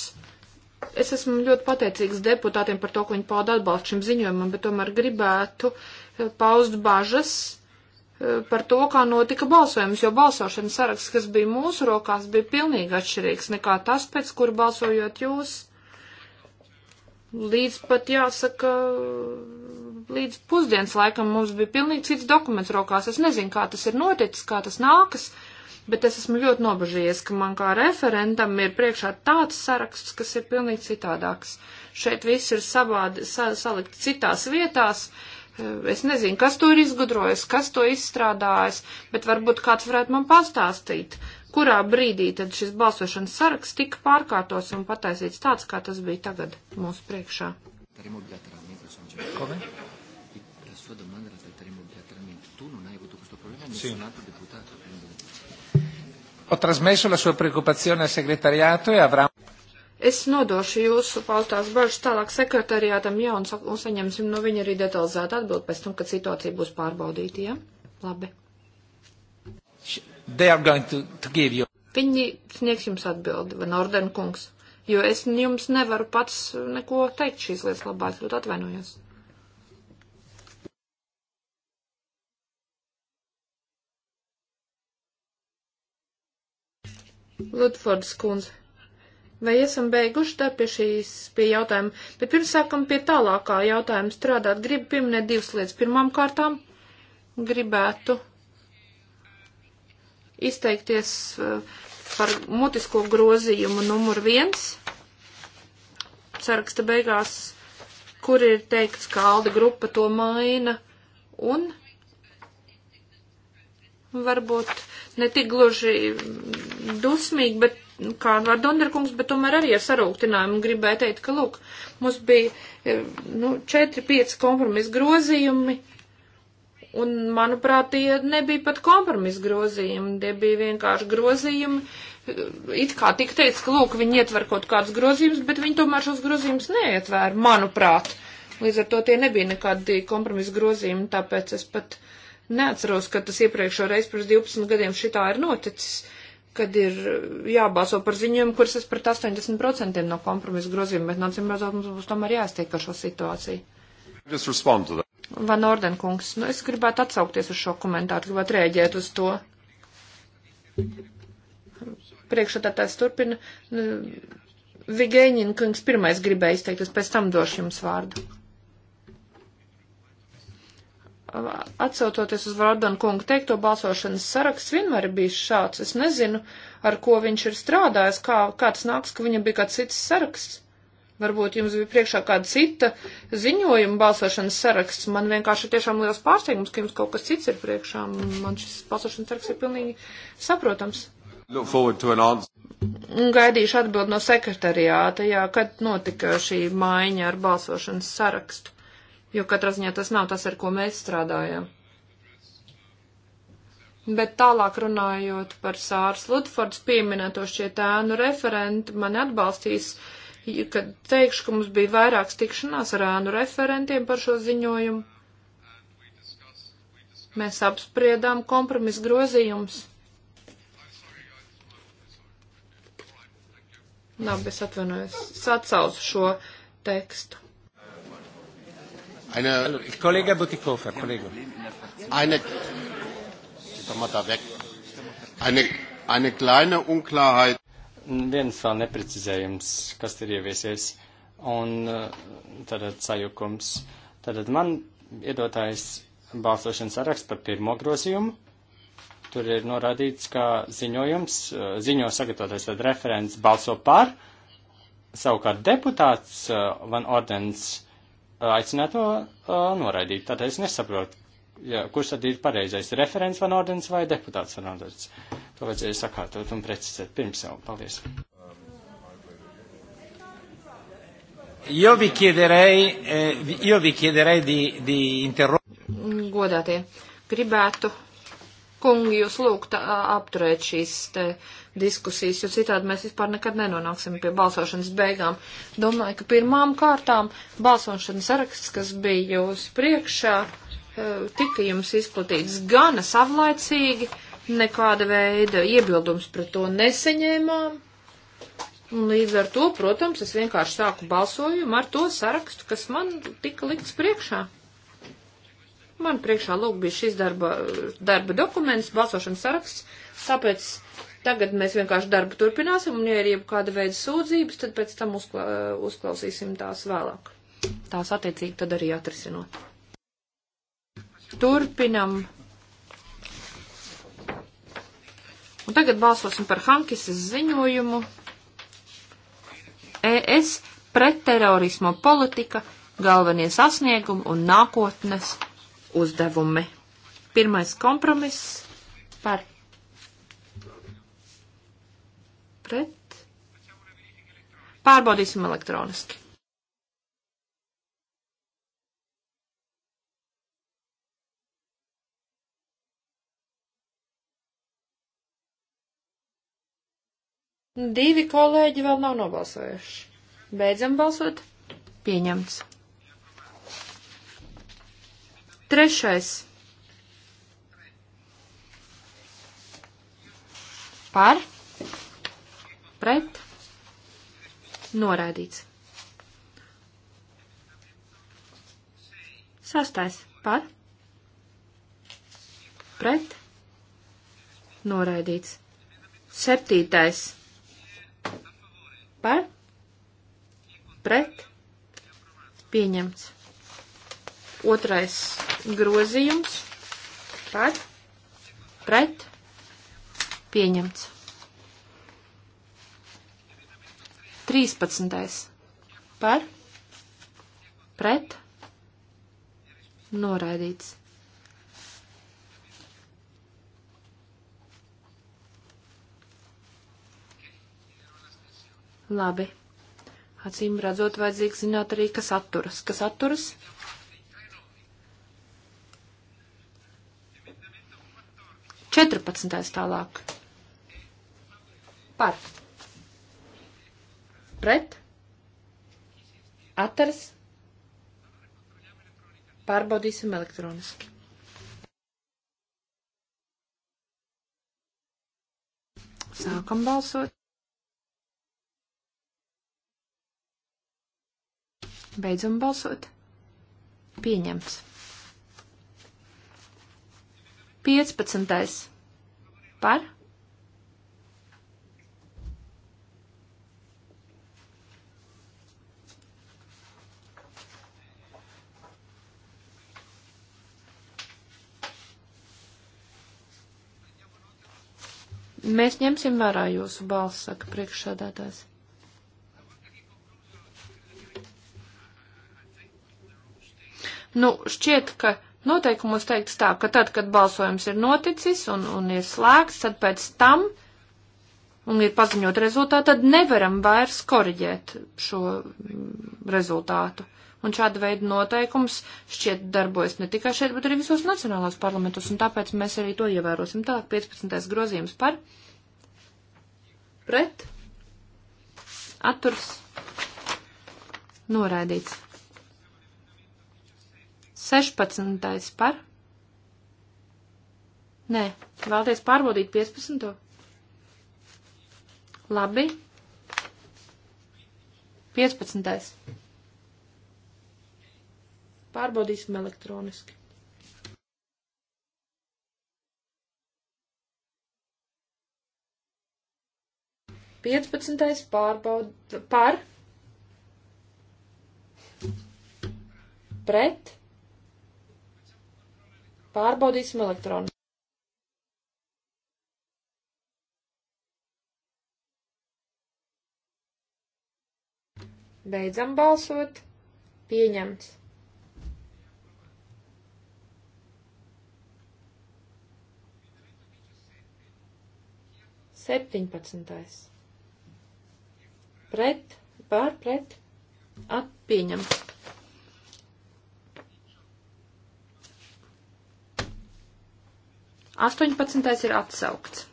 es esmu ļoti pateicīgs deputātiem par to, ka viņi pauda atbalstu šim ziņojumam, bet tomēr gribētu eh, paust bažas eh, par to, kā notika balsojums, jo balsošanas saraksts, kas bija mūsu rokās, bija pilnīgi atšķirīgs nekā tas, pēc kura balsojot jūs. Līdz pat jāsaka, līdz pusdienas laikam mums bija pilnīgi cits dokuments rokās. Es nezinu, kā tas ir noticis, kā tas nākas. Uh, bet es esmu ļoti nobežījies, ka man kā referentam ir priekšā tāds saraksts, kas ir pilnīgi citādāks. Šeit viss ir savādi, sa, salikt citās vietās. Eh, es nezinu, kas to ir izgudrojis, kas to izstrādājis, bet varbūt kāds varētu man pastāstīt, kurā brīdī tad šis balsošanas saraksts tika pārkārtos un pataisīts tāds, kā tas bija tagad mūsu priekšā. Come? sua domanda la tratteremo bilateralmente. Tu non hai avuto questo problema, nessun sì. altro deputato. Quindi... Ho trasmesso la sua preoccupazione al segretariato e avrà. Es nodošu jūsu pautās bažas tālāk sekretariātam, ja, un, un saņemsim no viņa arī detalizētu atbildi pēc tam, kad situācija būs pārbaudīta, ja? Labi. To, to you... Viņi sniegs jums atbildi, vai Norden kungs, jo es jums nevaru pats neko teikt šīs lietas labāk, ļoti atvainojos. Lutfords kundze. Vai esam beiguši tā pie šīs, pie jautājuma? Bet pirms sākam pie tālākā jautājuma strādāt, gribu pieminēt divas lietas. Pirmām kārtām gribētu izteikties eh, par mutisko grozījumu numur viens. Saraksta beigās, kur ir teikts, ka Alda grupa to maina un varbūt ne tik gluži dusmīgi, bet kā var Donderkungs, bet tomēr arī ar sarūktinājumu gribēja teikt, ka, lūk, mums bija, e, nu, 4-5 kompromisa grozījumi, un, manuprāt, tie nebija pat kompromisa grozījumi, tie bija vienkārši grozījumi, it kā tik teica, ka, lūk, viņi ietver kaut kādus grozījumus, bet viņi tomēr šos grozījumus neietvēra, manuprāt. Līdz ar to tie nebija nekādi kompromisa grozījumi, tāpēc es pat Neatceros, ka tas iepriekšā reiz pirms 12 gadiem šitā ir noticis, kad ir uh, jābalso par ziņojumu, kuras es par 80% no kompromisa grozījuma, bet nācim nu, redzot, mums būs tomēr jāstiek ar šo situāciju. Van Ordenkungs, nu es gribētu atsaukties uz šo komentāru, gribētu rēģēt uz to. Priekšsēdētājs turpina. Nu, Vigēņina kungs pirmais gribēja izteikties, pēc tam došu jums vārdu atsaucoties uz Vārdanu kungu teikto, balsošanas saraksts vienmēr ir bijis šāds. Es nezinu, ar ko viņš ir strādājis, kā, kāds nāks, ka viņam bija kāds cits saraksts. Varbūt jums bija priekšā kāda cita ziņojuma balsošanas saraksts. Man vienkārši ir tiešām liels pārsteigums, ka jums kaut kas cits ir priekšā. Man šis balsošanas saraksts ir pilnīgi saprotams. An Gaidīšu atbildi no sekretariāta, jā, kad notika šī maiņa ar balsošanas sarakstu jo katrā ziņā tas nav tas, ar ko mēs strādājam. Bet tālāk runājot par Sārs Ludfords pieminēto šie tēnu referenti, man atbalstīs, kad teikšu, ka mums bija vairāks tikšanās ar ēnu referentiem par šo ziņojumu. Mēs apspriedām kompromisu grozījumus. Labi, es atvainojos, sacausu šo tekstu. Eine, Kollege Butikofer, Kollege. Eine, doch mal da weg. Eine, eine kleine Unklarheit. Viens vēl neprecizējums, kas ir ieviesies, un tātad eh, sajukums. Tātad man iedotājs balsošanas saraksts par pirmo grozījumu. Tur ir norādīts, ka ziņojums, eh, ziņo sagatavotais tad referents balso par, savukārt deputāts eh, Van Ordens Uh, aicinātu to uh, noraidīt. Tātad es nesaprotu, ja, kurš tad ir pareizais - referents van ordens vai deputāts van ordens. To vajadzēja sakārtot un precizēt pirms jau. Paldies. Io vi chiederei, eh, io vi chiederei di, di interrompere. Godātie, gribētu, kungi, jūs lūgt apturēt šīs te diskusijas, jo citādi mēs vispār nekad nenonāksim pie balsošanas beigām. Domāju, ka pirmām kārtām balsošanas saraksts, kas bija jūs priekšā, eh, tika jums izplatīts gana savlaicīgi, nekāda veida iebildums pret to neseņēmām. Un līdz ar to, protams, es vienkārši sāku balsojumu ar to sarakstu, kas man tika likts priekšā. Man priekšā lūk bija šis darba, darba dokuments, balsošanas saraksts, tāpēc Tagad mēs vienkārši darbu turpināsim, un ja ir jebkāda veida sūdzības, tad pēc tam uzkla uh, uzklausīsim tās vēlāk. Tās attiecīgi tad arī atrisinot. Turpinam. Un tagad balsosim par Hankises ziņojumu. ES pretterorismo politika, galvenie sasniegumi un nākotnes uzdevumi. Pirmais kompromiss par pret. Pārbaudīsim elektroniski. Divi kolēģi vēl nav nobalsojuši. Beidzam balsot. Pieņemts. Trešais. Par pret, noraidīts. Sastais par, pret, noraidīts. Septītais par, pret, pieņemts. Otrais grozījums par, pret, pieņemts. 13. par, pret, noraidīts. Labi. Acīm redzot, vajadzīgs zināt arī, kas atturas. Kas atturas? Četrpadsmitais tālāk. Par pret, atturas, pārbaudīsim elektroniski. Sākam balsot. Beidzam balsot. Pieņemts. 15. Par Mēs ņemsim vērā jūsu balsu, saka priekšsādātājs. Nu, šķiet, ka noteikumos teikts tā, ka tad, kad balsojums ir noticis un, un ir slēgts, tad pēc tam, un ir paziņot rezultātu, tad nevaram vairs koriģēt šo rezultātu un šāda veida noteikums šķiet darbojas ne tikai šeit, bet arī visos nacionālās parlamentos, un tāpēc mēs arī to ievērosim. Tālāk 15. grozījums par pret atturs noraidīts. 16. par? Nē, vēlties pārbaudīt 15. Labi. 15. Pārbaudīsim elektroniski. Piecpadsmitais pārbaud par pret pārbaudīsim elektroniski. Beidzam balsot. Pieņemts. 17. Pret, pār, pret, atpieņemts. Astoņpadsmitais ir atsaukts.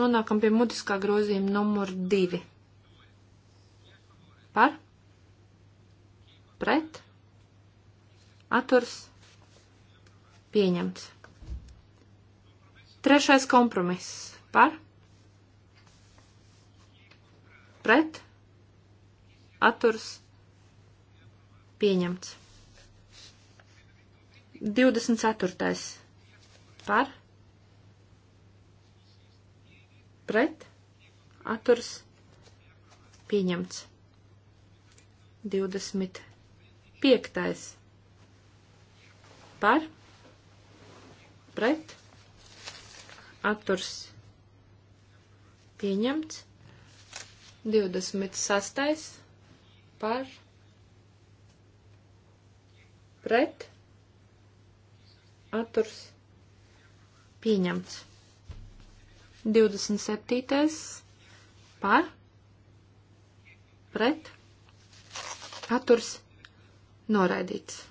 Nonākam pie mutiskā grozījuma numur divi. Par? Pret? Aturs? Pieņemts. Trešais kompromiss par, pret, atturs, pieņemts. 24. par, pret, atturs, pieņemts. 25. par, pret, atturs pieņemts. 26. par pret atturs pieņemts. 27. par pret atturs noraidīts.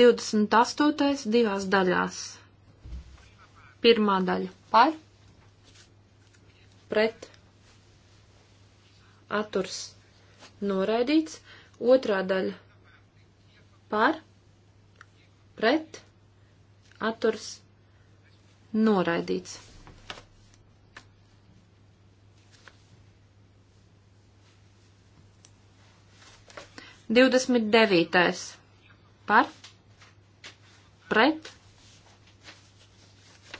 28. divās daļās. Pirmā daļa par, pret, atturs noraidīts. Otrā daļa par, pret, atturs noraidīts. Divdesmit devītais par, pret,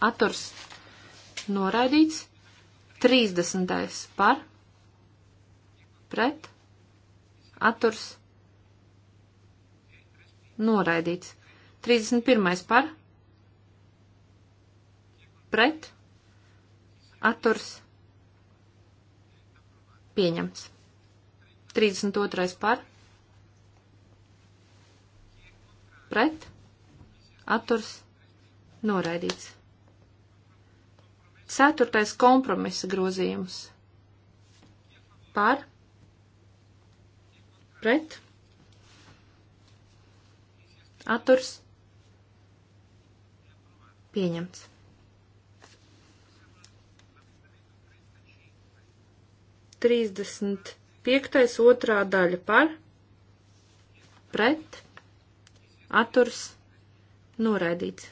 atturs noraidīts. 30. par pret atturs noraidīts. 31. par pret atturs pieņemts. 32. par pret atturs noraidīts. Ceturtais kompromisa grozījums. Par? Pret? Atturs? Pieņemts. Trīsdesmit piektais otrā daļa par? Pret? Atturs? Noraidīts.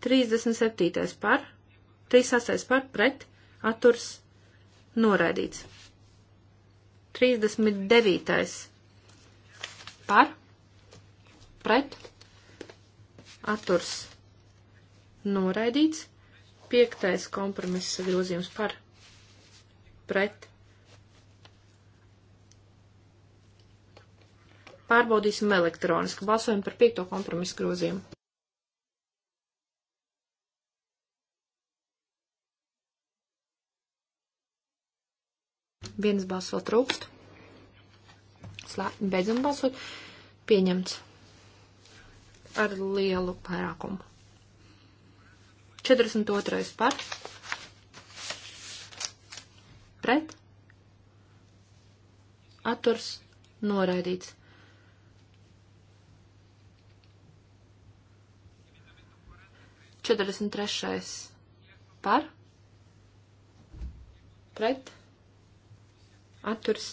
37. par, 38. par, pret, atturs, noraidīts. 39. par, pret, atturs, noraidīts. 5. kompromisa grozījums par, pret. Pārbaudīsim elektroniski. Balsojam par 5. kompromisa grozījumu. Vienas balss vēl trūkst. Slē, beidzam balsot. Pieņemts. Ar lielu vairākumu. 42. par. Pret. Atturs noraidīts. Četrdesmit trešais par, pret, atturs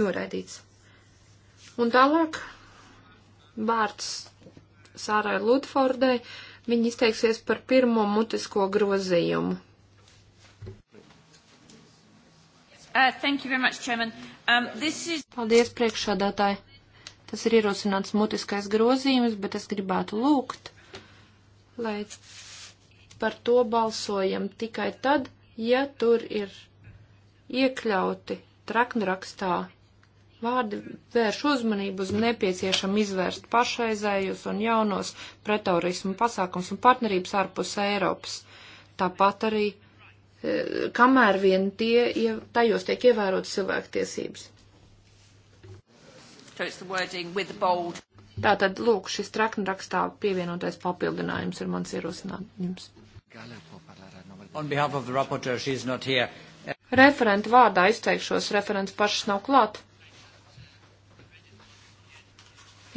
noraidīts. Un tālāk vārds Sārai Lutfordai, viņa izteiksies par pirmo mutisko grozījumu. Uh, thank you very much, Chairman. Um, this is... Paldies, priekšādātāji. Tas ir ierosināts mutiskais grozījums, bet es gribētu lūgt, lai par to balsojam tikai tad, ja tur ir iekļauti traknrakstā vārdi vērš uzmanību uz nepieciešam izvērst pašreizējus un jaunos pretaurismu pasākums un partnerības ārpus Eiropas. Tāpat arī, e, kamēr vien tie, tajos tiek ievērotas cilvēktiesības. Tātad, lūk, šis trakni rakstā pievienotais papildinājums ir mans ierosinājums. On behalf of the rapporteur, she is not here. Referenta vārdā izteikšos, referents pašas nav klāt.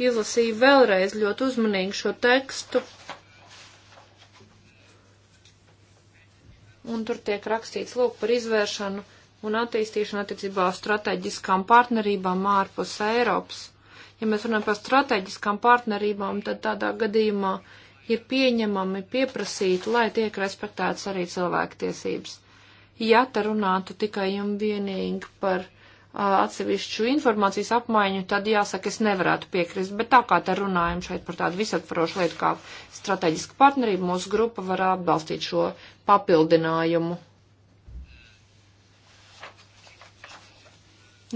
Izlasīju vēlreiz ļoti uzmanīgi šo tekstu. Un tur tiek rakstīts lūk par izvēršanu un attīstīšanu attiecībā uz strateģiskām partnerībām ārpus Eiropas. Ja mēs runājam par strateģiskām partnerībām, tad tādā gadījumā ir pieņemami pieprasīt, lai tiek respektētas arī cilvēktiesības ja te runātu tikai un vienīgi par atsevišķu informācijas apmaiņu, tad jāsaka, es nevarētu piekrist. Bet tā kā te runājam šeit par tādu visaptvarošu lietu kā strateģiska partnerība, mūsu grupa var atbalstīt šo papildinājumu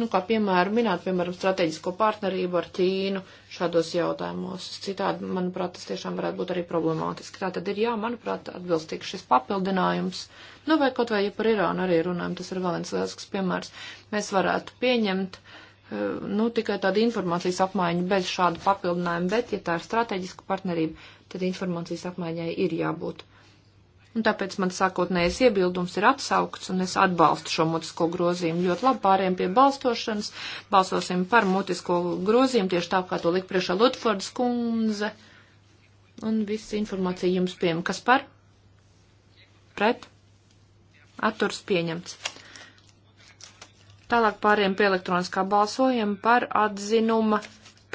nu, kā piemēram, minēt, piemēram, strateģisko partnerību ar Ķīnu šādos jautājumos. Citādi, manuprāt, tas tiešām varētu būt arī problemātiski. Tā tad ir, jā, manuprāt, atbilstīgs šis papildinājums. Nu, vai kaut vai, ja par Irānu arī runājam, tas ir vēl viens lielisks piemērs. Mēs varētu pieņemt, eh, nu, tikai tādu informācijas apmaiņu bez šādu papildinājumu, bet, ja tā ir strateģiska partnerība, tad informācijas apmaiņai ir jābūt un tāpēc man sākotnējais iebildums ir atsaukts, un es atbalstu šo mutisko grozījumu. Ļoti labi pāriem pie balstošanas, balsosim par mutisko grozījumu, tieši tā, kā to lika priekšā Lutfordas kundze, un viss informācija jums pieejama. Kas par? Pret? Atturs pieņemts. Tālāk pāriem pie elektroniskā balsojuma par atzinuma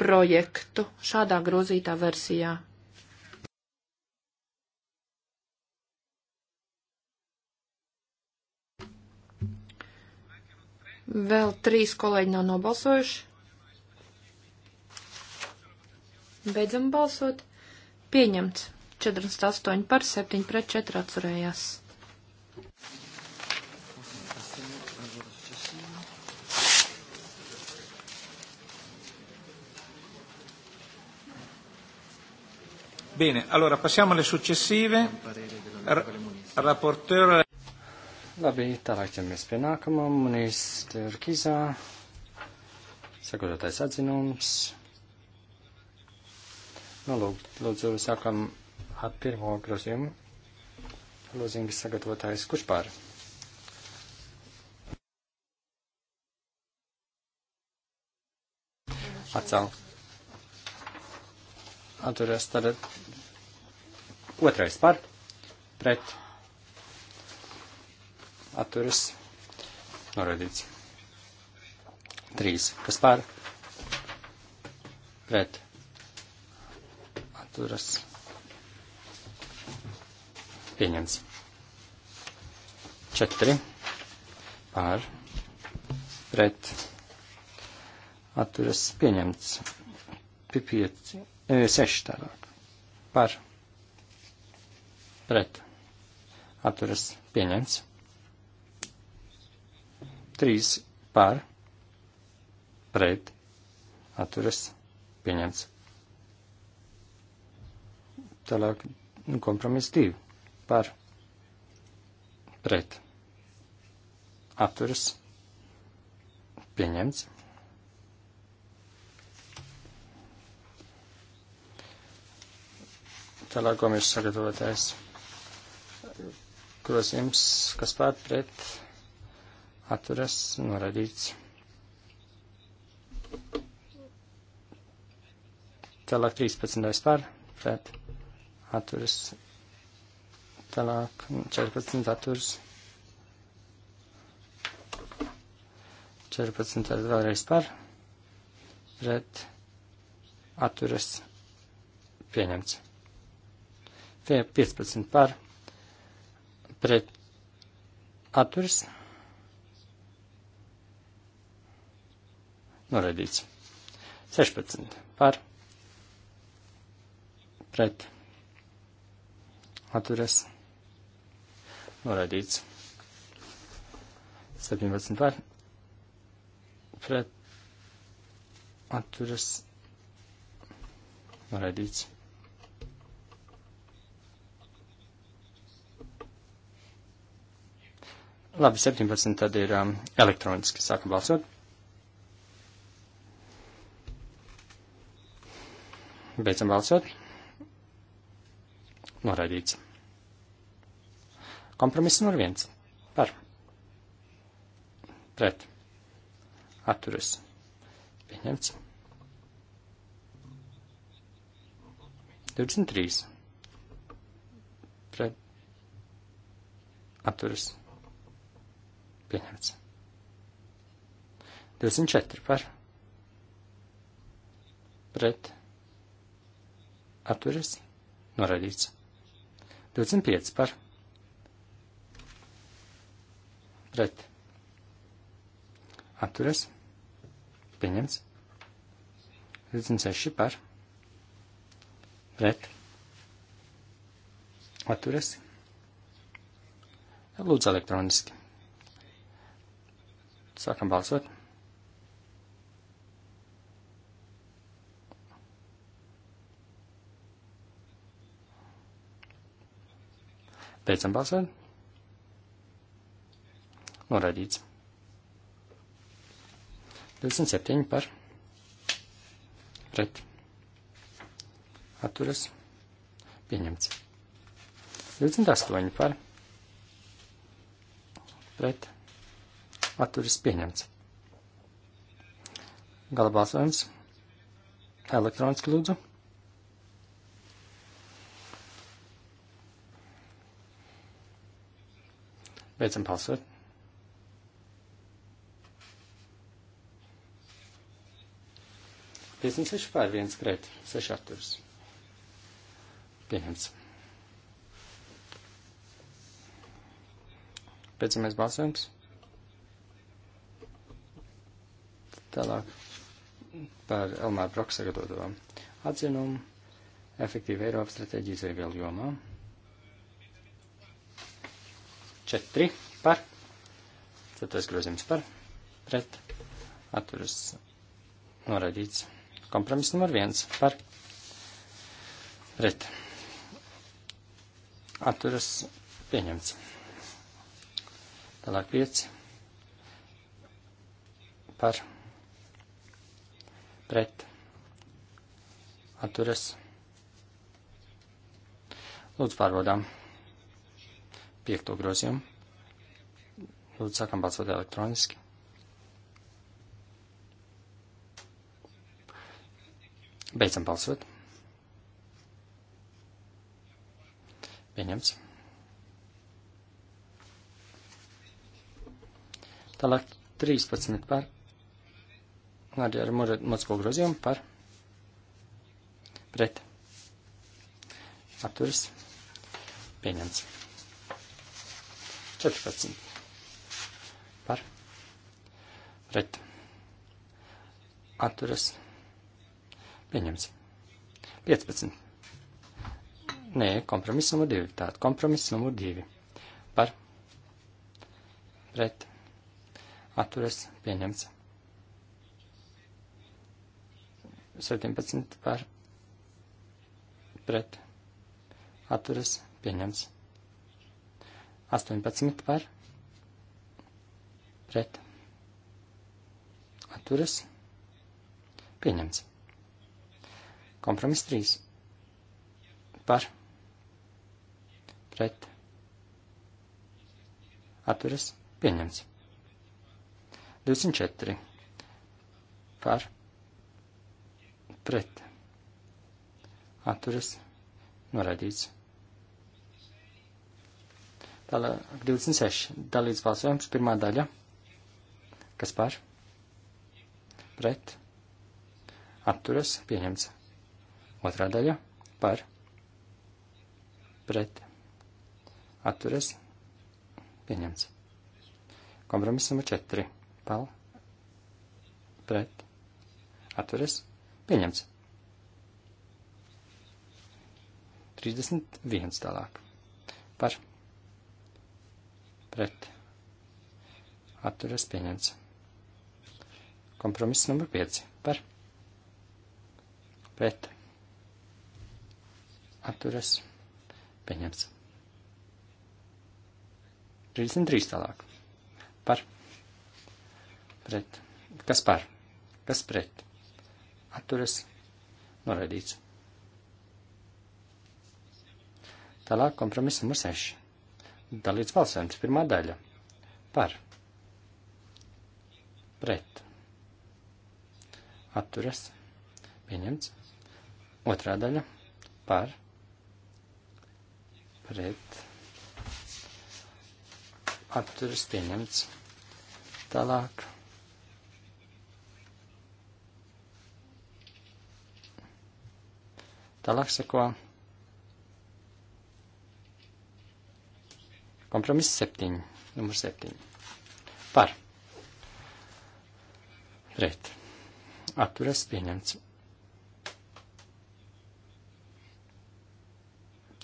projektu šādā grozītā versijā. Vēl trīs kolēģi nav nobalsojuši. Beidzam balsot. Pieņemts. 48 par 7 pret 4 atturējās. Bene, allora passiamo alle successive. Rapporteur. Labi, tālāk ķeramies pie nākamā. Munīs Turkizā. Sakototais atzinums. Nu, lūk, lūdzu, sākam ar pirmo grozījumu. Lūzīgas sagatavotājs, kurš pār? Atcel. Atturēs tad otrais par. Pret atturas noraidīts. 3. Kas par? Pret. Atturas. Pieņems. 4. Pār. Pret. Atturas. Pieņemts. 5. 6. E, tālāk. Pār. Pret. Atturas. Pieņemts. 3 par pret atturas pieņemts. Tālāk kompromiss 2 par pret atturas pieņemts. Tālāk, ko mēs sagatavoties, kuros jums, kas pār pret atturas noraidīts. Tālāk 13. par, pret, atturas, tālāk 14. atturas, 14. vēlreiz par, pret, atturas, pieņemts. 15 par, pret, atturas, pieņemts Noraidīts. 16 par pret atturēs. Noraidīts. 17 par pret atturēs. Noraidīts. 17. Labi, 17 tad ir um, elektroniski sākam balsot. Beidzam balsot. Noraidīts. Kompromiss numur viens. Par. Pret. Atturas. Pieņemts. 23. Pret. Atturas. Pieņemts. 24 par. Pret atturas, noraidīts. 25 par, pret, atturas, pieņemts. 26 par, pret, atturas, lūdzu elektroniski. Sākam balsot. Beidzam balsot. Noraidīts. 27 par. Pret. Atturas. Pieņemts. 28 par. Pret. Atturas pieņemts. Gala balsojums. Elektroniski lūdzu. Beidzam balsot. Piecdesmit seši pār viens pret, seši atturs. Pieņemts. Beidzamais balsojums. Tālāk par Elmāra Broksa gatavoto atzinumu efektīvu Eiropas stratēģiju izvēlu jomā. 4 par, 4 grozījums par, pret, atturas noraidīts. Kompromiss numur 1 par, pret, atturas pieņemts. Tālāk 5 par, pret, atturas. Lūdzu pārbaudām piekto grozījumu. Lūdzu, sākam balsot elektroniski. Beidzam balsot. Pieņemts. Tālāk 13 par. Arī ar mocko grozījumu par. Pret. Atturis. Pieņemts. 14. Par. Pret. Atturas. Pieņemts. 15. Nē, kompromiss numur 2. Tātad kompromiss numur 2. Par. Pret. Atturas. Pieņemts. 17 par pret atturas pieņems. 18 par pret atturas pieņemts. Kompromiss 3 par pret atturas pieņemts. 204 par pret atturas noraidīts. Tālāk 26. Dalīts balsojums. Pirmā daļa. Kas par? Pret. Atturas. Pieņemts. Otrā daļa. Par. Pret. Atturas. Pieņemts. Kompromiss numur 4. Pal. Pret. Atturas. Pieņemts. 31 tālāk. Par pret atturas pieņemts. Kompromiss numur 5 par pret atturas pieņemts. 33 tālāk par pret. Kas par? Kas pret? Atturas noraidīts. Tālāk kompromiss numur 6 Dalīts balsojums. Pirmā daļa. Par. Pret. Atturas. Pieņemts. Otrā daļa. Par. Pret. Atturas. Pieņemts. Tālāk. Tālāk sako. Kompromiss 7. Numur 7. Par. Pret. Atturas pieņemts.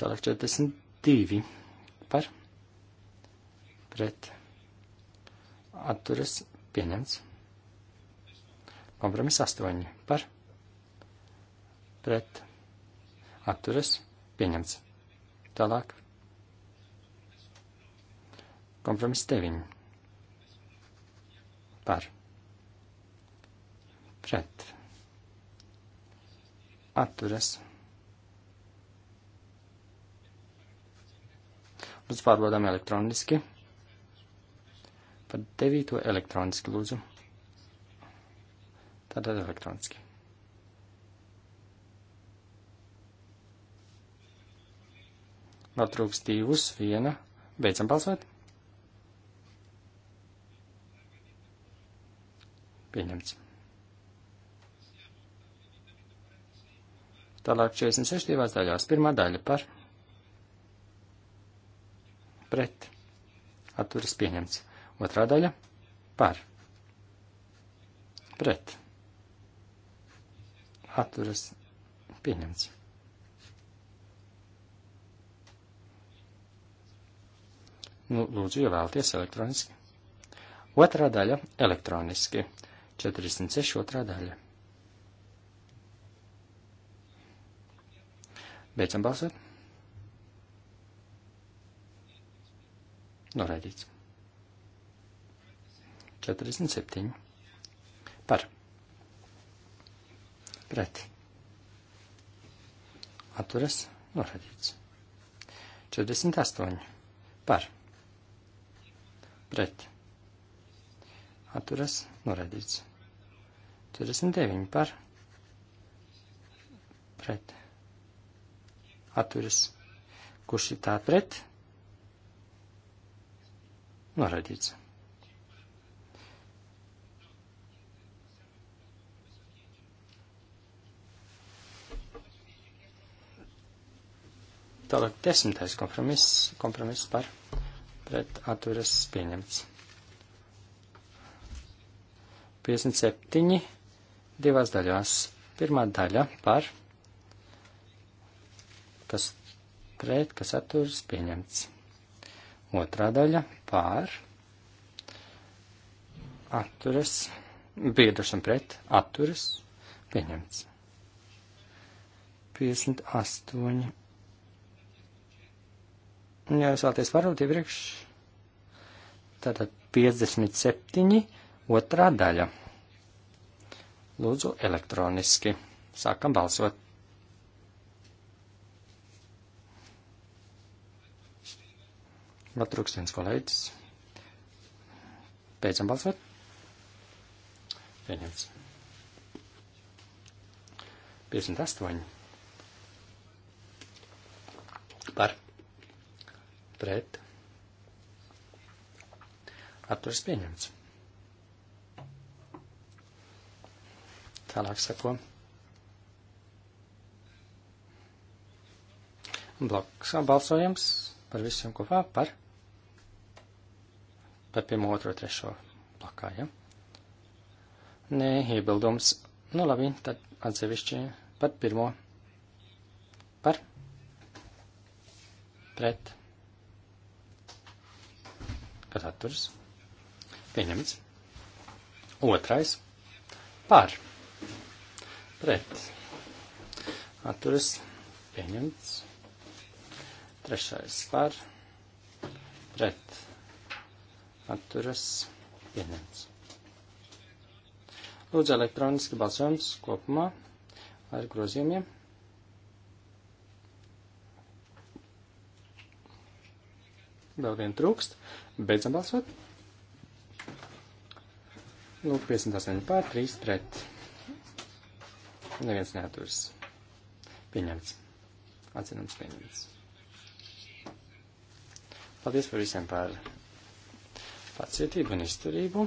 Tālāk 42. Par. Pret. Atturas pieņemts. Kompromiss 8. Par. Pret. Atturas pieņemts. Tālāk Kompromiss 9. Par. Pret. Atturas. Lūdzu, pārbaudām elektroniski. Par devīto elektroniski lūdzu. Tātad elektroniski. Vēl trūkst divus, viena. Beidzam balsot. Pieņemts. Tālāk 46. divās daļās. Pirmā daļa par pret atturas pieņemts. Otrā daļa par pret atturas pieņemts. Nu, lūdzu, ievēlties elektroniski. Otrā daļa - elektroniski. 46. otrā daļa. Beidzam balsot. Noraidīts. 47. Par. Pret. Atturas. Noraidīts. 48. Par. Pret. Atturas. Noraidīts. 49 par. Pret. Atturas. Kurš ir tā pret? Noraidīts. Tālāk desmitais kompromiss, kompromiss par pret atturas pieņemts. 57 divās daļās. Pirmā daļa par, kas pret, kas atturas pieņemts. Otrā daļa pār, atturas, biedrošana pret, atturas, pieņemts. 58. Ja jūs vēlaties varot iepriekš, tātad 57 Otrā daļa. Lūdzu elektroniski. Sākam balsot. Vēl trūkst viens kolēģis. Beidzam balsot. Pieņemts. 58. Par. Pret. Atturs pieņemts. Tālāk sako. Bloks balsojums par visiem kopā par. Par pirmo, otro, trešo blakā, ja? Nē, iebildums. Nu labi, tad atsevišķi par pirmo. Par. Pret. Kad atturs. Pieņemts. Otrais. Par. Pret. Atturas. Pieņemts. Trešais par. Pret. Atturas. Pieņemts. Lūdzu elektroniski balsojums kopumā ar grozījumiem. Vēl vien trūkst. Beidzam balsot. Lūk, nu, 58 pār 3 pret. Neviens neaturas. Pieņemts. Atzinums pieņemts. Paldies par visiem par pacietību un izturību.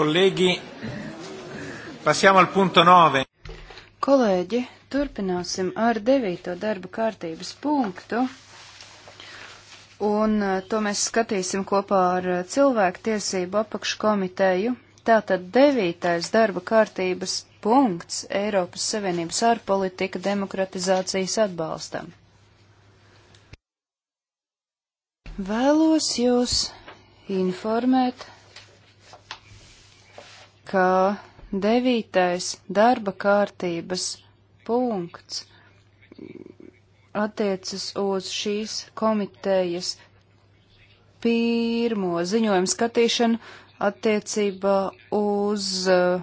Colleghi, passiamo al punto 9. Kolēģi, turpināsim ar devīto darba kārtības punktu. Un eh, to mēs skatīsim kopā ar eh, cilvēktiesību apakškomiteju. Tātad devītais darba kārtības punkts Eiropas Savienības ārpolitika demokratizācijas atbalstam. Vēlos jūs informēt ka devītais darba kārtības punkts attiecas uz šīs komitejas pirmo ziņojumu skatīšanu attiecībā uz eh,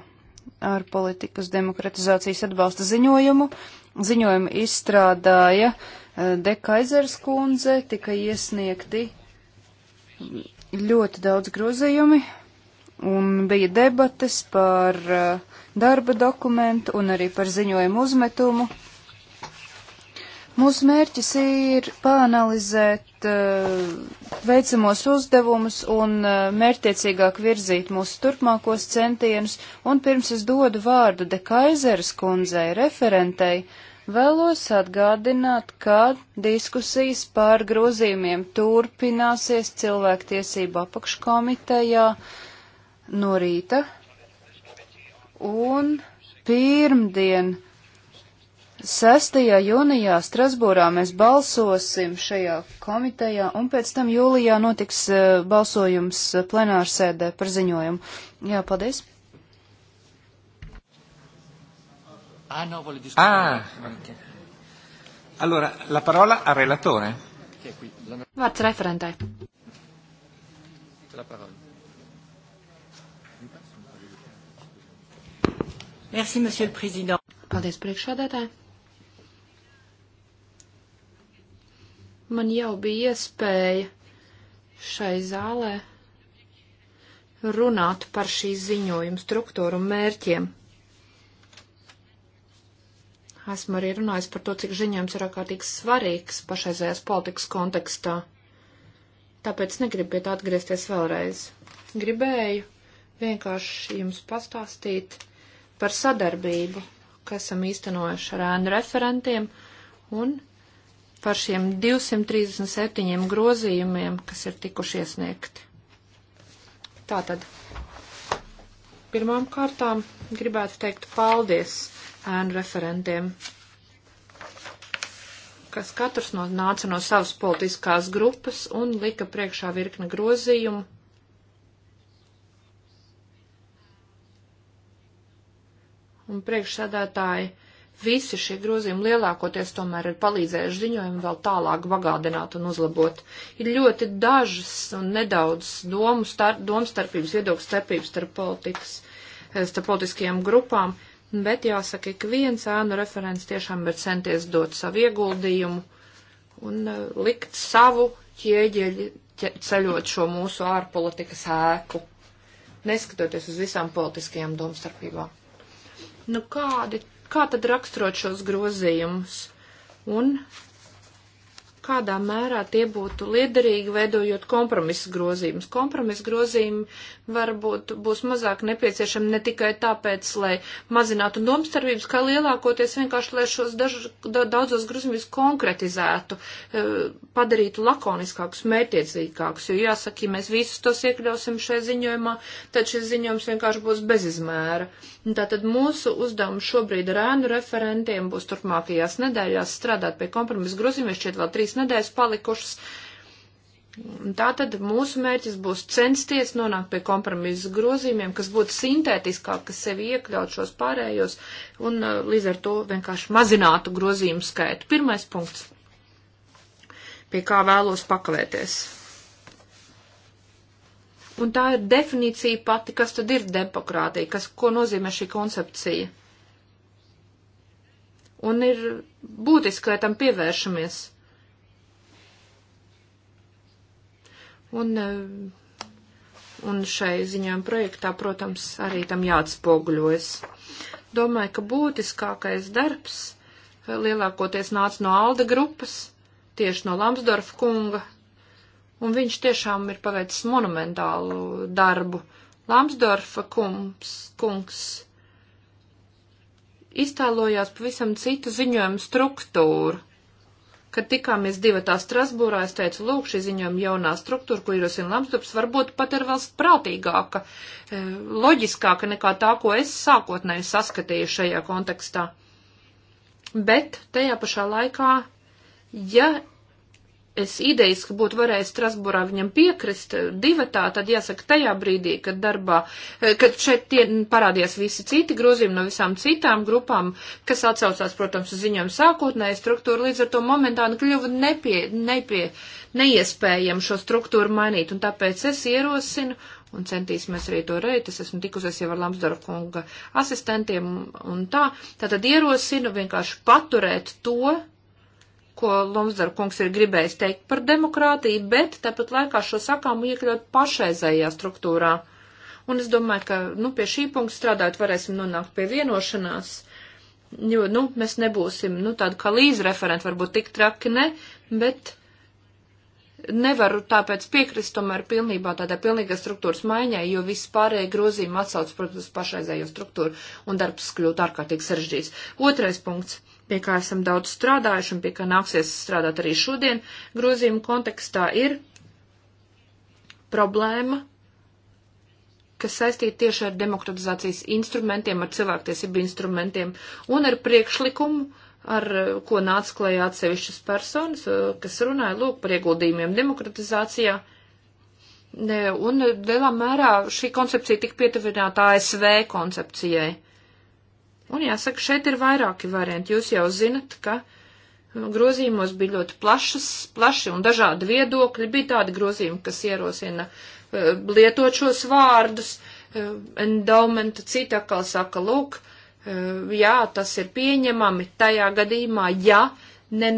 ārpolitikas demokratizācijas atbalsta ziņojumu. Ziņojumu izstrādāja eh, Dekaizers kundze, tika iesniegti ļoti daudz grozījumi, un bija debates par uh, darba dokumentu un arī par ziņojumu uzmetumu. Mūsu mērķis ir pāanalizēt uh, veicamos uzdevumus un uh, mērķtiecīgāk virzīt mūsu turpmākos centienus, un pirms es dodu vārdu de Kaizeras kundzei referentei, vēlos atgādināt, ka diskusijas par grozījumiem turpināsies cilvēktiesību apakškomitejā. Uh, no rīta, un pirmdien, 6. jūnijā Strasbūrā mēs balsosim šajā komitejā, un pēc tam jūlijā notiks uh, balsojums plenārsēdē par ziņojumu. Jā, paldies. Ah, ah okay. Allora, la parola al relatore. Vārds referentai. La parola. Merci, monsieur le président. Paldies, priekšādātāji. Man jau bija iespēja šai zālē runāt par šī ziņojuma struktūru un mērķiem. Esmu arī runājis par to, cik ziņojums ir ārkārtīgi svarīgs pašreizējās politikas kontekstā. Tāpēc negribu pie tā atgriezties vēlreiz. Gribēju vienkārši jums pastāstīt par sadarbību, ko esam īstenojuši ar ēnu referentiem un par šiem 237 grozījumiem, kas ir tikuši iesniegti. Tātad, pirmām kārtām gribētu teikt paldies ēnu referentiem, kas katrs no nāca no savas politiskās grupas un lika priekšā virkni grozījumu un priekšsēdētāji, visi šie grozījumi lielākoties tomēr ir palīdzējuši ziņojumu vēl tālāk bagādināt un uzlabot. Ir ļoti dažas un nedaudz domu star domstarpības, viedokļu starpības starp politikas, starp politiskajām grupām, bet jāsaka, ik viens ēnu referents tiešām ir centies dot savu ieguldījumu un uh, likt savu ķieģeļu ceļot šo mūsu ārpolitikas ēku, neskatoties uz visām politiskajām domstarpībām. Nu kādi, kā tad raksturot šos grozījumus? Un kādā mērā tie būtu liederīgi, veidojot kompromisu grozījumus. Kompromisu grozījumi varbūt būs mazāk nepieciešami ne tikai tāpēc, lai mazinātu domstarpības, kā lielākoties vienkārši, lai šos daž, da, daudzos grozījumus konkretizētu, e, padarītu lakoniskākus, mērķiecīgākus, jo jāsaka, ja mēs visus tos iekļausim šajā ziņojumā, tad šis ziņojums vienkārši būs bezizmēra. Tātad mūsu uzdevums šobrīd ar ēnu referentiem būs turpmākajās nedēļās strādāt pie kompromisu grozījumiem, šķiet vēl trīs pāris nedēļas palikušas. Tātad mūsu mērķis būs censties nonākt pie kompromisu grozījumiem, kas būtu sintētiskāk, kas sevi iekļaut šos pārējos un uh, līdz ar to vienkārši mazinātu grozījumu skaitu. Pirmais punkts, pie kā vēlos pakavēties. Un tā ir definīcija pati, kas tad ir demokrātija, kas, ko nozīmē šī koncepcija. Un ir būtiski, lai tam pievēršamies Un, eh, un šai ziņām projektā, protams, arī tam jāatspoguļojas. Domāju, ka būtiskākais darbs eh, lielākoties nāca no Alda grupas, tieši no Lamsdorfa kunga, un viņš tiešām ir paveicis monumentālu darbu. Lamsdorfa kungs, kungs iztēlojās pavisam citu ziņojumu struktūru, Kad tikāmies divatā Strasbūrā, es teicu, lūk, šī ziņojuma jaunā struktūra, ko ierosina Lamsdorps, varbūt pat ir vēl prātīgāka, eh, loģiskāka nekā tā, ko es sākotnēji saskatīju šajā kontekstā. Bet tajā pašā laikā, ja es idejas, ka būtu varējis Strasburā viņam piekrist divatā, tad jāsaka tajā brīdī, kad darbā, eh, kad šeit tie parādījās visi citi grozījumi no visām citām grupām, kas atsaucās, protams, uz ziņām sākotnēja struktūra, līdz ar to momentāni kļuva nepie, nepie, neiespējami šo struktūru mainīt, un tāpēc es ierosinu, un centīsimies arī to reiķi, es esmu tikusies jau ar Lamsdora kunga asistentiem un tā, tātad ierosinu vienkārši paturēt to, ko Lomsdar kungs ir gribējis teikt par demokrātiju, bet tāpat laikā šo sakāmu iekļaut pašreizējā struktūrā. Un es domāju, ka, nu, pie šī punkta strādājot varēsim nonākt pie vienošanās, jo, nu, mēs nebūsim, nu, tādi kā līdzreferenti, varbūt tik traki ne, bet nevaru tāpēc piekrist tomēr pilnībā tādā pilnīga struktūras maiņai, jo viss pārējie grozījumi atsauc, protams, pašreizējo struktūru un darbs kļūt ārkārtīgi sarežģīts. Otrais punkts pie kā esam daudz strādājuši un pie kā nāksies strādāt arī šodien, grozījuma kontekstā ir problēma, kas saistīta tieši ar demokratizācijas instrumentiem, ar cilvēktiesību instrumentiem un ar priekšlikumu, ar ko nāca klajā atsevišķas personas, kas runāja, lūk, par ieguldījumiem demokratizācijā. Un lielā mērā šī koncepcija tika pietuvināta ASV koncepcijai. Un jāsaka, šeit ir vairāki varianti. Jūs jau zinat, ka uh, grozījumos bija ļoti plašas, plaši un dažādi viedokļi. Bija tādi grozījumi, kas ierosina uh, lietot šos vārdus. Uh, endowment cita atkal saka, lūk, jā, tas ir pieņemami tajā gadījumā, ja ne,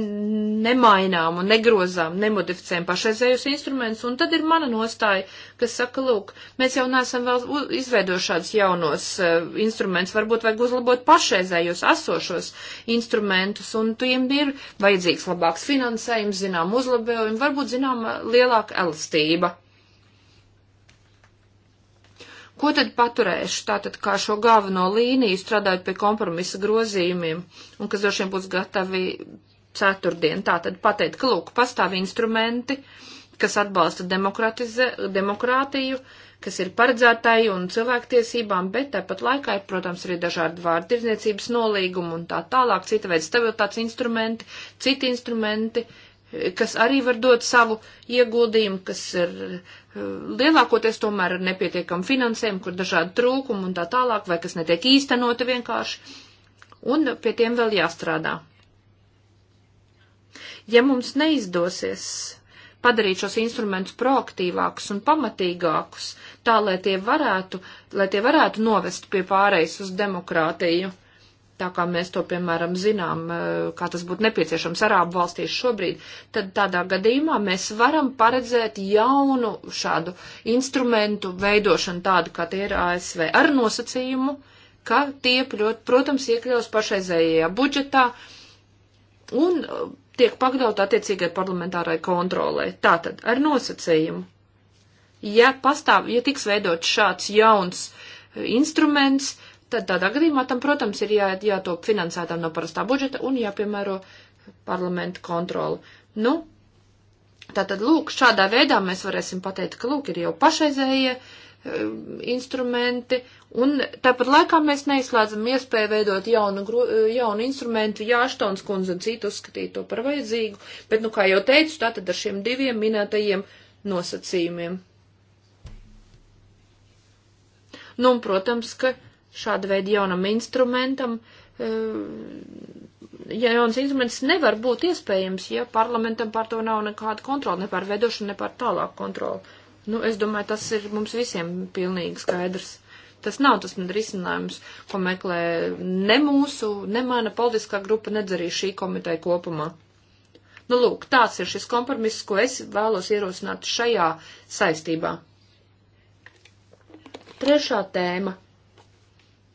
nemainām un negrozām, nemodificējam pašreizējus instrumentus, un tad ir mana nostāja, kas saka, lūk, mēs jau neesam vēl izveidojuši šādus jaunos uh, instrumentus, varbūt vajag uzlabot pašreizējos esošos instrumentus, un tiem ir vajadzīgs labāks finansējums, zinām, uzlabojumi, varbūt, zinām, lielāka elastība. Ko tad paturēšu tātad kā šo galveno līniju strādājot pie kompromisa grozījumiem, un kas droši vien būs gatavi ceturtdien. Tātad pateikt, ka lūk, pastāv instrumenti, kas atbalsta demokrātiju, kas ir paredzētāji un cilvēktiesībām, bet tāpat laikā ir, protams, arī dažādi vārdu tirdzniecības nolīgumi un tā tālāk, cita veida stabilitātes instrumenti, citi instrumenti, kas arī var dot savu ieguldījumu, kas ir eh, lielākoties tomēr ar nepietiekam finansēm, kur dažādi trūkumi un tā tālāk, vai kas netiek īstenoti vienkārši, un pie tiem vēl jāstrādā. Ja mums neizdosies padarīt šos instrumentus proaktīvākus un pamatīgākus, tā lai tie varētu, lai tie varētu novest pie pārejas uz demokrātiju, tā kā mēs to, piemēram, zinām, eh, kā tas būtu nepieciešams Arābu valstīs šobrīd, tad tādā gadījumā mēs varam paredzēt jaunu šādu instrumentu veidošanu tādu, kā tie ir ASV, ar nosacījumu, ka tie, protams, iekļaus pašreizējajā budžetā un tiek pakļaut attiecīgai parlamentārai kontrolē. Tātad ar nosacījumu. Ja pastāv, ja tiks veidot šāds jauns e, instruments, tad tādā gadījumā tam, protams, ir jā, jātop finansētam no parastā budžeta un jāpiemēro parlamenta kontroli. Nu, tātad, lūk, šādā veidā mēs varēsim pateikt, ka, lūk, ir jau pašreizējie. Ja Eh, instrumenti, un tāpat laikā mēs neizslēdzam iespēju veidot jaunu, eh, jaunu instrumentu, ja Aštons kundze un citu uzskatīja to par vajadzīgu, bet, nu, kā jau teicu, tātad ar šiem diviem minētajiem nosacījumiem. Nu, un, protams, ka šāda veida jaunam instrumentam, eh, ja jauns instruments nevar būt iespējams, ja parlamentam par to nav nekāda kontrola, ne par vedošanu, ne par tālāku kontroli. Nu, es domāju, tas ir mums visiem pilnīgi skaidrs. Tas nav tas risinājums, ko meklē ne mūsu, ne mana politiskā grupa, nedz arī šī komiteja kopumā. Nu, lūk, tāds ir šis kompromiss, ko es vēlos ierosināt šajā saistībā. Trešā tēma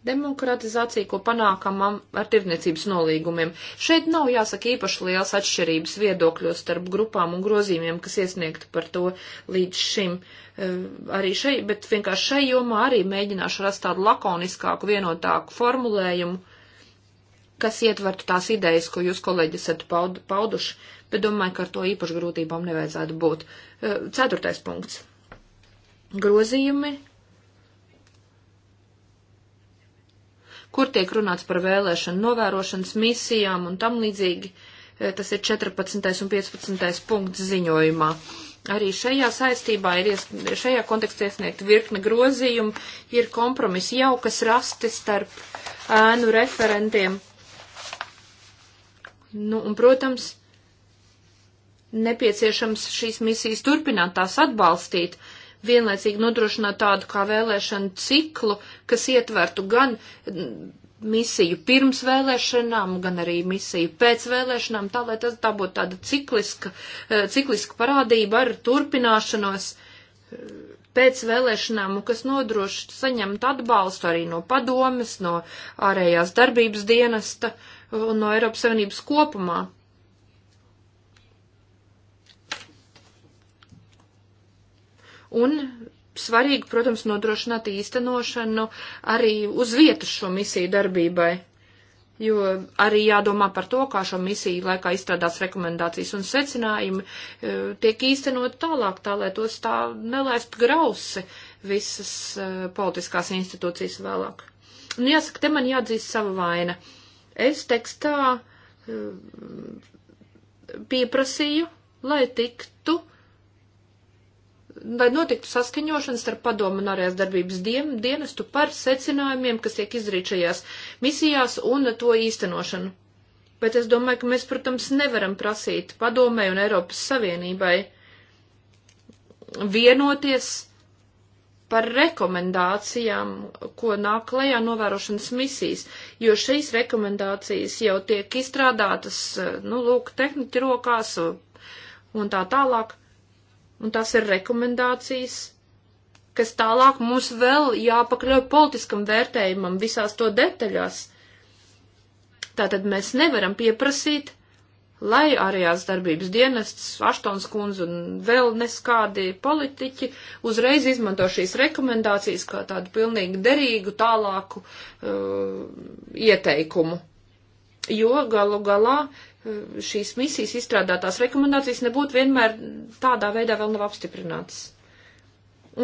demokratizācija, ko panākam ar tirdzniecības nolīgumiem. Šeit nav jāsaka īpaši liels atšķirības viedokļos starp grupām un grozījumiem, kas iesniegti par to līdz šim. E, arī šeit, bet vienkārši šai jomā arī mēģināšu rast tādu lakoniskāku, vienotāku formulējumu, kas ietvertu tās idejas, ko jūs kolēģi esat pauduši, bet domāju, ka ar to īpaši grūtībām nevajadzētu būt. E, ceturtais punkts. Grozījumi kur tiek runāts par vēlēšanu novērošanas misijām un tam līdzīgi. E, tas ir 14. un 15. punkts ziņojumā. Arī šajā saistībā ir, ies, šajā kontekstā iesniegt virkne grozījumu, ir kompromisi jau, kas rasti starp ēnu referentiem. Nu, un, protams, nepieciešams šīs misijas turpināt tās atbalstīt, uh, vienlaicīgi nodrošināt tādu kā vēlēšanu ciklu, kas ietvertu gan mm, misiju pirms vēlēšanām, gan arī misiju pēc vēlēšanām, tā lai tas tā būtu tāda cikliska, eh, cikliska parādība ar turpināšanos eh, pēc vēlēšanām, kas nodroši saņemt atbalstu arī no padomes, no ārējās darbības dienesta un no Eiropas Savienības kopumā. un svarīgi, protams, nodrošināt īstenošanu arī uz vietas šo misiju darbībai. Jo arī jādomā par to, kā šo misiju laikā izstrādās rekomendācijas un secinājumi e, tiek īstenot tālāk, tā lai tos tā nelaistu grausi visas e, politiskās institūcijas vēlāk. Nu, jāsaka, te man jāatzīst sava vaina. Es tekstā e, pieprasīju, lai tiktu uh, lai notiktu saskaņošana starp padomu un ārējās darbības diem, dienestu par secinājumiem, kas tiek izdarīt šajās misijās un to īstenošanu. Bet es domāju, ka mēs, protams, nevaram prasīt padomē un Eiropas Savienībai vienoties par rekomendācijām, ko nāk klajā novērošanas misijas, jo šīs rekomendācijas jau tiek izstrādātas, nu, lūk, tehniķi rokās un tā tālāk. Un tās ir rekomendācijas, kas tālāk mums vēl jāpakļauj politiskam vērtējumam visās to detaļās. Tātad mēs nevaram pieprasīt, lai ārējās darbības dienests, Aštons kundze un vēl neskādi politiķi uzreiz izmanto šīs rekomendācijas kā tādu pilnīgi derīgu tālāku uh, ieteikumu. Jo galu galā šīs misijas izstrādātās rekomendācijas nebūtu vienmēr tādā veidā vēl nav apstiprinātas.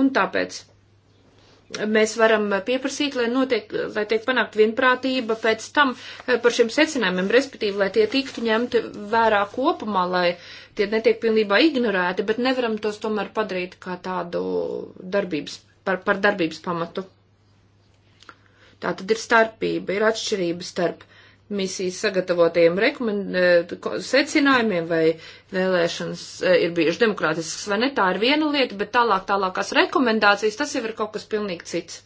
Un tāpēc mēs varam pieprasīt, lai, notiek, lai tiek panākt vienprātība pēc tam eh, par šiem secinājumiem, respektīvi, lai tie tiktu ņemti vērā kopumā, lai tie netiek pilnībā ignorēti, bet nevaram tos tomēr padarīt kā tādu darbības, par, par darbības pamatu. Tā tad ir starpība, ir atšķirība starp uh, misijas sagatavotajiem e, secinājumiem vai vēlēšanas e, ir bijušas demokrātiskas vai ne, tā ir viena lieta, bet tālāk tālākās rekomendācijas, tas jau ir kaut kas pilnīgi cits.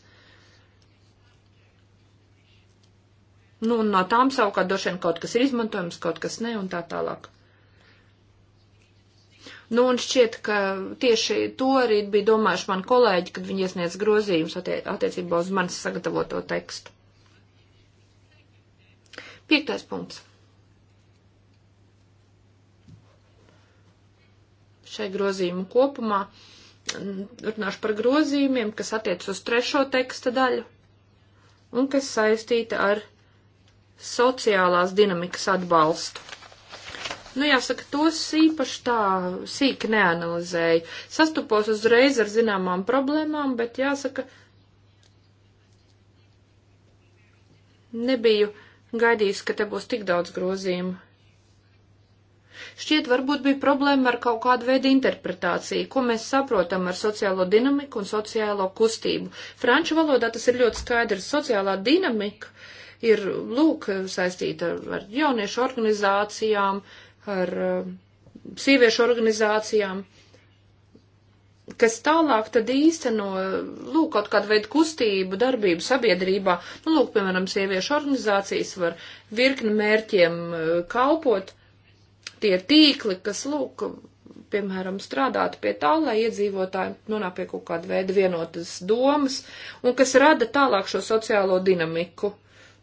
Nu, un no tām savukārt droši vien kaut kas ir izmantojams, kaut kas ne, un tā tālāk. Nu, un šķiet, ka tieši to arī bija domājuši mani kolēģi, kad viņi iesniedz grozījumus attiecībā uz manis sagatavoto tekstu. Piektais punkts. Šai grozījumu kopumā mm, runāšu par grozījumiem, kas attiec uz trešo teksta daļu un kas saistīta ar sociālās dinamikas atbalstu. Nu, jāsaka, tos īpaši tā sīk neanalizēju. Sastupos uzreiz ar zināmām problēmām, bet jāsaka, nebiju gaidījis, ka te būs tik daudz grozījumu. Šķiet, varbūt bija problēma ar kaut kādu veidu interpretāciju, ko mēs saprotam ar sociālo dinamiku un sociālo kustību. Franču valodā tas ir ļoti skaidrs. Sociālā dinamika ir, lūk, saistīta ar jauniešu organizācijām, ar uh, sieviešu organizācijām kas tālāk tad īsteno, lūk, kaut kādu veidu kustību, darbību sabiedrībā, nu, lūk, piemēram, sieviešu organizācijas var virkni mērķiem e, kalpot, tie tīkli, kas, lūk, piemēram, strādātu pie tā, lai iedzīvotāji nonāk pie kaut kāda veida vienotas domas, un kas rada tālāk šo sociālo dinamiku.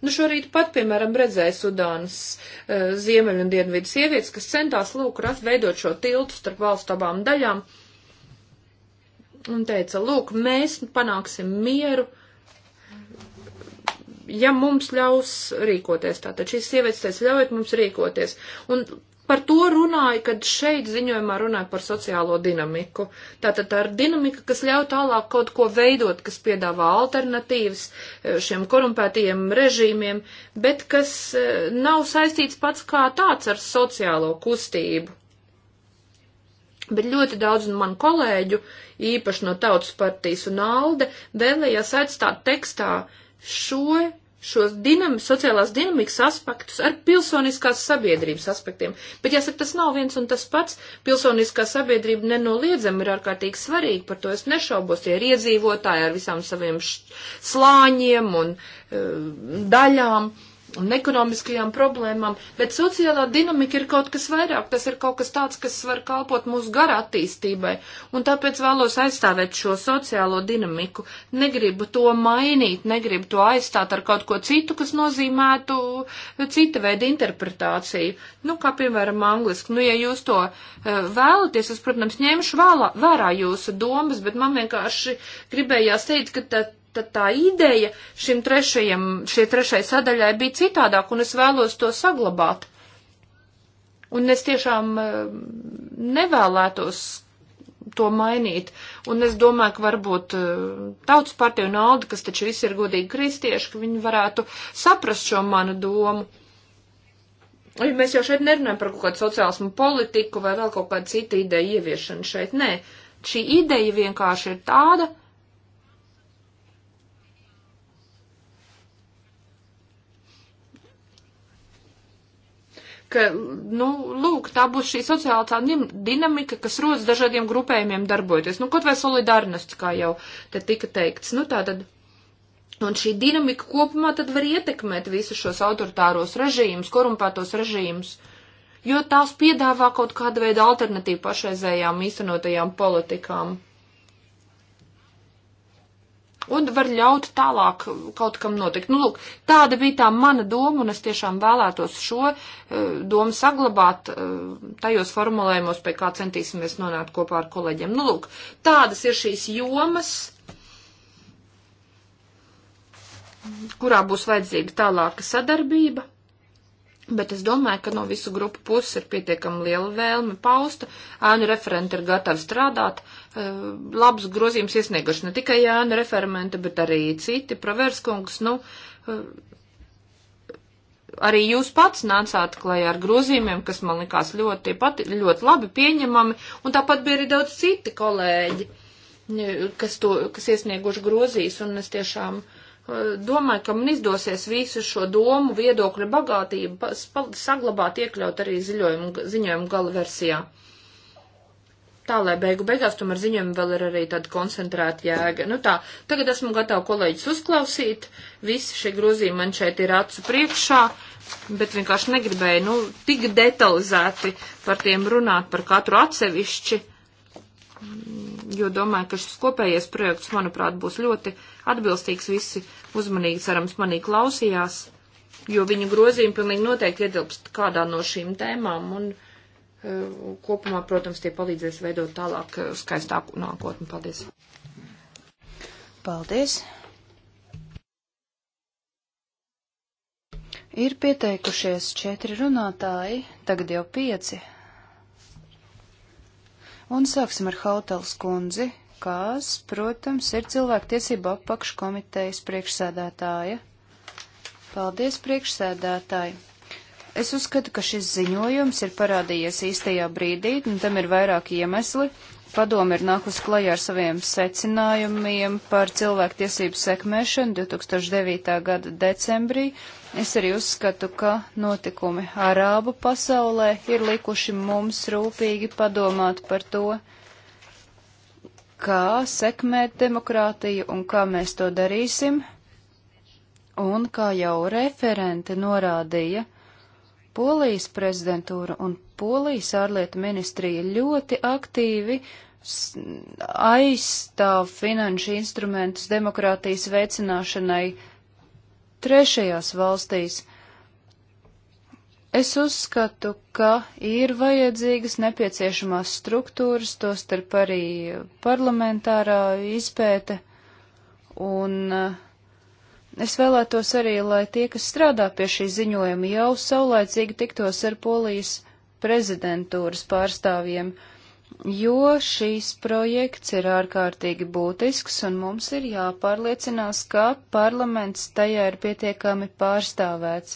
Nu, šorīt pat, piemēram, redzēju Sudānas uh, e, ziemeļu un dienvidu sievietes, kas centās, lūk, rast veidot šo tiltu starp valstu abām daļām. Uh, un teica, lūk, mēs panāksim mieru, ja mums ļaus rīkoties. Tātad šīs sievietes teica, ļaujiet mums rīkoties. Un par to runāja, kad šeit ziņojumā runāja par sociālo dinamiku. Tātad tā ir dinamika, kas ļauj tālāk kaut ko veidot, kas piedāvā alternatīvas eh, šiem korumpētajiem režīmiem, bet kas eh, nav saistīts pats kā tāds ar sociālo kustību. Bet ļoti daudz no nu manu kolēģu, īpaši no Tautas partijas un Alde, vēlējās atstāt tekstā šo, šos dinam, sociālās dinamikas aspektus ar pilsoniskās sabiedrības aspektiem. Bet jāsaka, tas nav viens un tas pats. Pilsoniskā sabiedrība nenoliedzami ir ārkārtīgi svarīga, par to es nešaubos. Tie ir iedzīvotāji ar visām saviem slāņiem un uh, daļām. Uh, un ekonomiskajām problēmām, bet sociālā dinamika ir kaut kas vairāk, tas ir kaut kas tāds, kas var kalpot mūsu gara attīstībai, un tāpēc vēlos aizstāvēt šo sociālo dinamiku. Negribu to mainīt, negribu to aizstāt ar kaut ko citu, kas nozīmētu cita veida interpretāciju, nu, kā piemēram angliski. Nu, ja jūs to eh, vēlaties, es, protams, ņemšu vēlā, vērā jūsu domas, bet man vienkārši gribējās teikt, ka tad tad tā ideja šim trešajam, šie trešai sadaļai bija citādāk, un es vēlos to saglabāt. Un es tiešām eh, nevēlētos to mainīt. Un es domāju, ka varbūt eh, tautas partija un Alda, kas taču visi ir godīgi kristieši, ka viņi varētu saprast šo manu domu. Ja mēs jau šeit nerunājam par kaut kādu sociālismu politiku vai vēl kaut kādu citu ideju ieviešanu šeit. Nē, šī ideja vienkārši ir tāda, ka, nu, lūk, tā būs šī sociālā tā dinamika, kas rodas dažādiem grupējumiem darbojoties. Nu, kaut vai solidarnosti, kā jau te tika teikts. Nu, tā tad. Un šī dinamika kopumā tad var ietekmēt visus šos autoritāros režīmus, korumpētos režīmus, jo tās piedāvā kaut kādu veidu alternatīvu pašreizējām īstenotajām politikām un var ļaut tālāk kaut kam notikt. Nu, lūk, tāda bija tā mana doma, un es tiešām vēlētos šo uh, domu saglabāt uh, tajos formulējumos, pie kā centīsimies nonākt kopā ar kolēģiem. Nu, lūk, tādas ir šīs jomas, kurā būs vajadzīga tālāka sadarbība. Bet es domāju, ka no visu grupu puses ir pietiekami liela vēlme pausta, ēnu referenti ir gatavi strādāt, eh, labs grozījums iesnieguši ne tikai ēnu referenti, bet arī citi, pravērskungs, nu, eh, arī jūs pats nācāt klajā ar grozījumiem, kas man likās ļoti, pati, ļoti labi pieņemami, un tāpat bija arī daudz citi kolēģi, eh, kas, to, kas iesnieguši grozījus, un es tiešām. Uh, Eh, domāju, ka man izdosies visu šo domu, viedokļu bagātību saglabāt, iekļaut arī ziņojumu, ziņojumu gala versijā. Tā, lai beigu beigās tomēr ziņojumi vēl ir arī tāda koncentrēta jēga. Nu tā, tagad esmu gatava kolēģis uzklausīt, visi šie grozījumi man šeit ir acu priekšā, bet vienkārši negribēju, nu, tik detalizēti par tiem runāt, par katru atsevišķi. Mm jo domāju, ka šis kopējais projekts, manuprāt, būs ļoti atbilstīgs. Visi uzmanīgi, cerams, manī klausījās, jo viņu grozījumi pilnīgi noteikti ietilpst kādā no šīm tēmām un uh, kopumā, protams, tie palīdzēs veidot tālāk eh, skaistāku nākotni. Paldies! Paldies! Ir pieteikušies četri runātāji, tagad jau pieci. Un sāksim ar Hautels kundzi, kas, protams, ir cilvēktiesība apakškomitejas priekšsēdētāja. Paldies, priekšsēdētāji! Es uzskatu, ka šis ziņojums ir parādījies īstajā brīdī, un tam ir vairāki iemesli. Padoma ir nākus klajā ar saviem secinājumiem par cilvēktiesību sekmēšanu 2009. gada decembrī. Es arī uzskatu, ka notikumi Arābu pasaulē ir likuši mums rūpīgi padomāt par to, kā sekmēt demokrātiju un kā mēs to darīsim. Un kā jau referente norādīja, Polijas prezidentūra un Polijas ārlietu ministrija ļoti aktīvi aizstāv finanšu instrumentus demokrātijas veicināšanai trešajās valstīs. Es uzskatu, ka ir vajadzīgas nepieciešamās struktūras, tostarp arī parlamentārā izpēte un uh, Es vēlētos arī, lai tie, kas strādā pie šī ziņojuma, jau saulēcīgi tiktos ar polijas prezidentūras pārstāvjiem, jo šīs projekts ir ārkārtīgi būtisks un mums ir jāpārliecinās, ka parlaments tajā ir pietiekami pārstāvēts.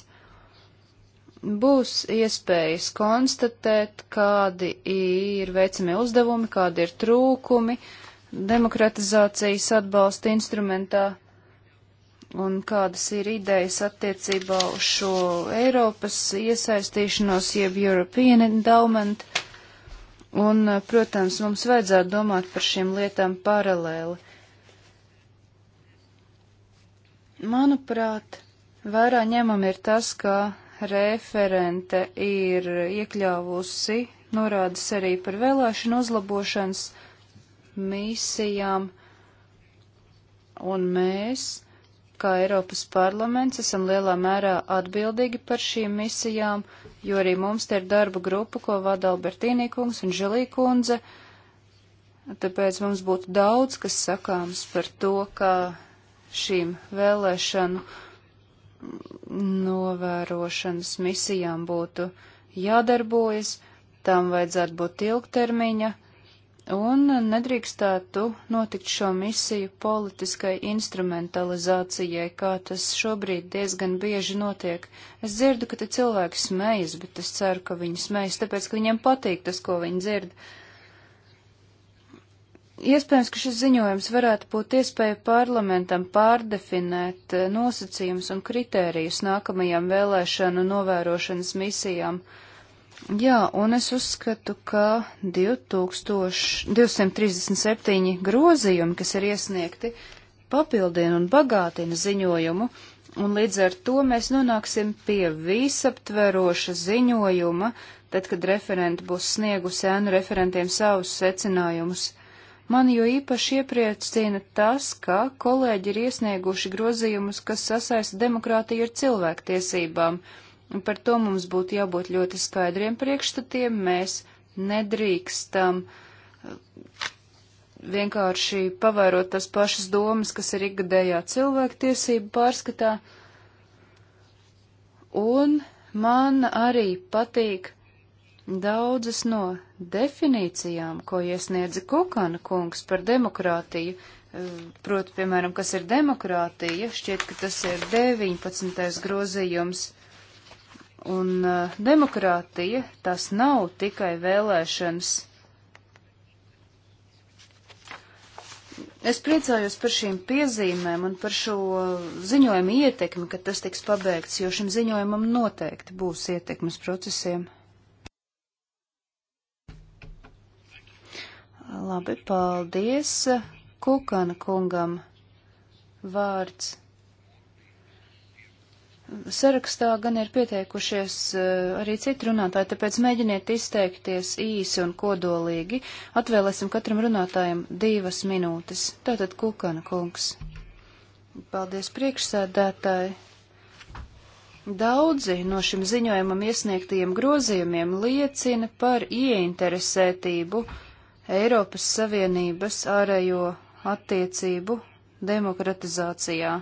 Būs iespējas konstatēt, kādi ir veicami uzdevumi, kādi ir trūkumi demokratizācijas atbalsta instrumentā un kādas ir idejas attiecībā uz šo Eiropas iesaistīšanos, jeb European Endowment. Un, eh, protams, mums vajadzētu domāt par šīm lietām paralēli. Manuprāt, vērā ņemam ir tas, ka referente ir iekļāvusi norādes arī par vēlēšanu uzlabošanas misijām, un mēs kā Eiropas parlaments esam lielā mērā atbildīgi par šīm misijām, jo arī mums te ir darba grupa, ko vada Albertīnī kungs un Žilī kundze. Tāpēc mums būtu daudz, kas sakāms par to, kā šīm vēlēšanu novērošanas misijām būtu jādarbojas, tām vajadzētu būt ilgtermiņa un nedrīkstētu notikt šo misiju politiskai instrumentalizācijai, kā tas šobrīd diezgan bieži notiek. Es dzirdu, ka te cilvēki smejas, bet es ceru, ka viņi smejas, tāpēc, ka viņiem patīk tas, ko viņi dzird. Iespējams, ka šis ziņojums varētu būt iespēja parlamentam pārdefinēt eh, nosacījumus un kritērijus nākamajām vēlēšanu novērošanas misijām. Uh, Jā, un es uzskatu, ka 2237 grozījumi, kas ir iesniegti, papildina un bagātina ziņojumu, un līdz ar to mēs nonāksim pie visaptveroša ziņojuma, tad, kad referenti būs sniegusi ēnu referentiem savus secinājumus. Man jo īpaši iepriecina tas, ka kolēģi ir iesnieguši grozījumus, kas sasaista demokrātiju ar cilvēktiesībām. tiesībām Un par to mums būtu jābūt ļoti skaidriem priekšstatiem. Mēs nedrīkstam uh, vienkārši pavērot tās pašas domas, kas ir ikgadējā cilvēktiesība pārskatā. Un man arī patīk daudzas no definīcijām, ko iesniedza Kukana kungs par demokrātiju. Uh, proti, piemēram, kas ir demokrātija, šķiet, ka tas ir 19. grozījums. Un uh, demokrātija tas nav tikai vēlēšanas. Es priecājos par šīm piezīmēm un par šo ziņojumu ietekmi, kad tas tiks pabeigts, jo šim ziņojumam noteikti būs ietekmes procesiem. Labi, paldies Kukana kungam. Vārds. Sarakstā gan ir pieteikušies eh, arī citi runātāji, tāpēc mēģiniet izteikties īsi un kodolīgi. Atvēlēsim katram runātājam divas minūtes. Tātad Kukana kungs. Paldies priekšsēdētāji. Daudzi no šim ziņojumam iesniegtajiem grozījumiem liecina par ieinteresētību Eiropas Savienības ārējo attiecību demokratizācijā.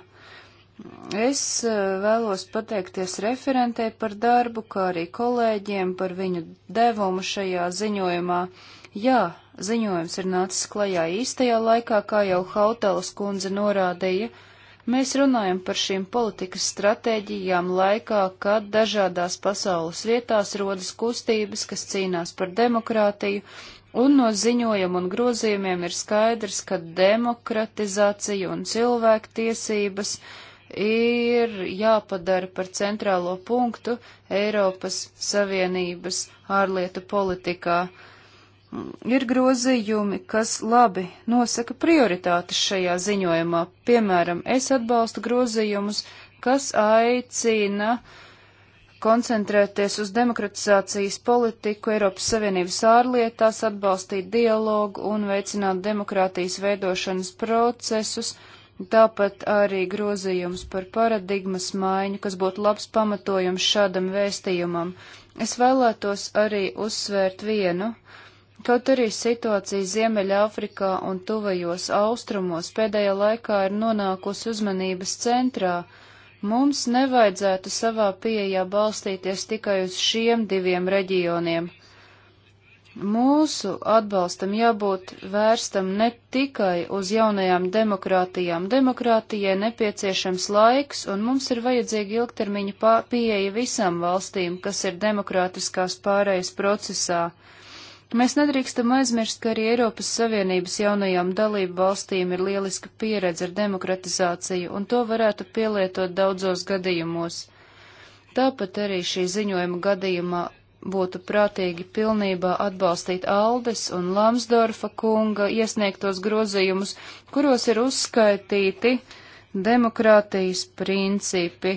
Es eh, vēlos pateikties referentei par darbu, kā arī kolēģiem par viņu devumu šajā ziņojumā. Jā, ziņojums ir nācis klajā īstajā laikā, kā jau Hautelas kundze norādīja. Mēs runājam par šīm politikas stratēģijām laikā, kad dažādās pasaules vietās rodas kustības, kas cīnās par demokrātiju, un no ziņojuma un grozījumiem ir skaidrs, ka demokratizācija un cilvēktiesības tiesības ir jāpadara par centrālo punktu Eiropas Savienības ārlietu politikā. Ir grozījumi, kas labi nosaka prioritātes šajā ziņojumā. Piemēram, es atbalstu grozījumus, kas aicina koncentrēties uz demokratizācijas politiku Eiropas Savienības ārlietās, atbalstīt dialogu un veicināt demokrātijas veidošanas procesus. Uh, Tāpat arī grozījums par paradigmas maiņu, kas būtu labs pamatojums šādam vēstījumam. Es vēlētos arī uzsvērt vienu. Kaut arī situācija Ziemeļāfrikā un tuvajos austrumos pēdējā laikā ir nonākusi uzmanības centrā, mums nevajadzētu savā pieejā balstīties tikai uz šiem diviem reģioniem – Mūsu atbalstam jābūt vērstam ne tikai uz jaunajām demokrātijām. Demokrātijai nepieciešams laiks, un mums ir vajadzīga ilgtermiņa pieeja visām valstīm, kas ir demokrātiskās pārējas procesā. Mēs nedrīkstam aizmirst, ka arī Eiropas Savienības jaunajām dalību valstīm ir lieliska pieredze ar demokratizāciju, un to varētu pielietot daudzos gadījumos. Tāpat arī šī ziņojuma gadījumā būtu prātīgi pilnībā atbalstīt Aldes un Lamsdorfa kunga iesniegtos grozījumus, kuros ir uzskaitīti demokrātijas principi.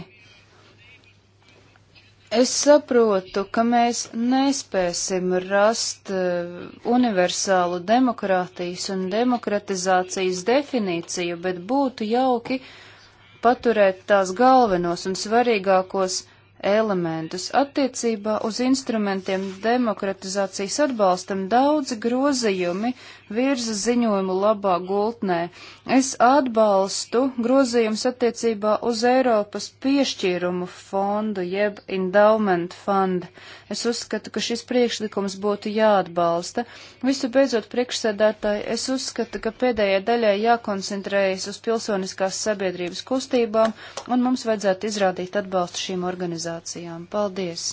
Es saprotu, ka mēs nespēsim rast eh, universālu demokrātijas un demokratizācijas definīciju, bet būtu jauki paturēt tās galvenos un svarīgākos principus elementus. Attiecībā uz instrumentiem demokratizācijas atbalstam daudzi grozījumi virza ziņojumu labā gultnē. Es atbalstu grozījums attiecībā uz Eiropas piešķīrumu fondu jeb endowment fund. Es uzskatu, ka šis priekšlikums būtu jāatbalsta. Visu beidzot priekšsēdētāji, es uzskatu, ka pēdējai daļai jākoncentrējas uz pilsoniskās sabiedrības kustībām un mums vajadzētu izrādīt atbalstu šīm organizācijām. Paldies!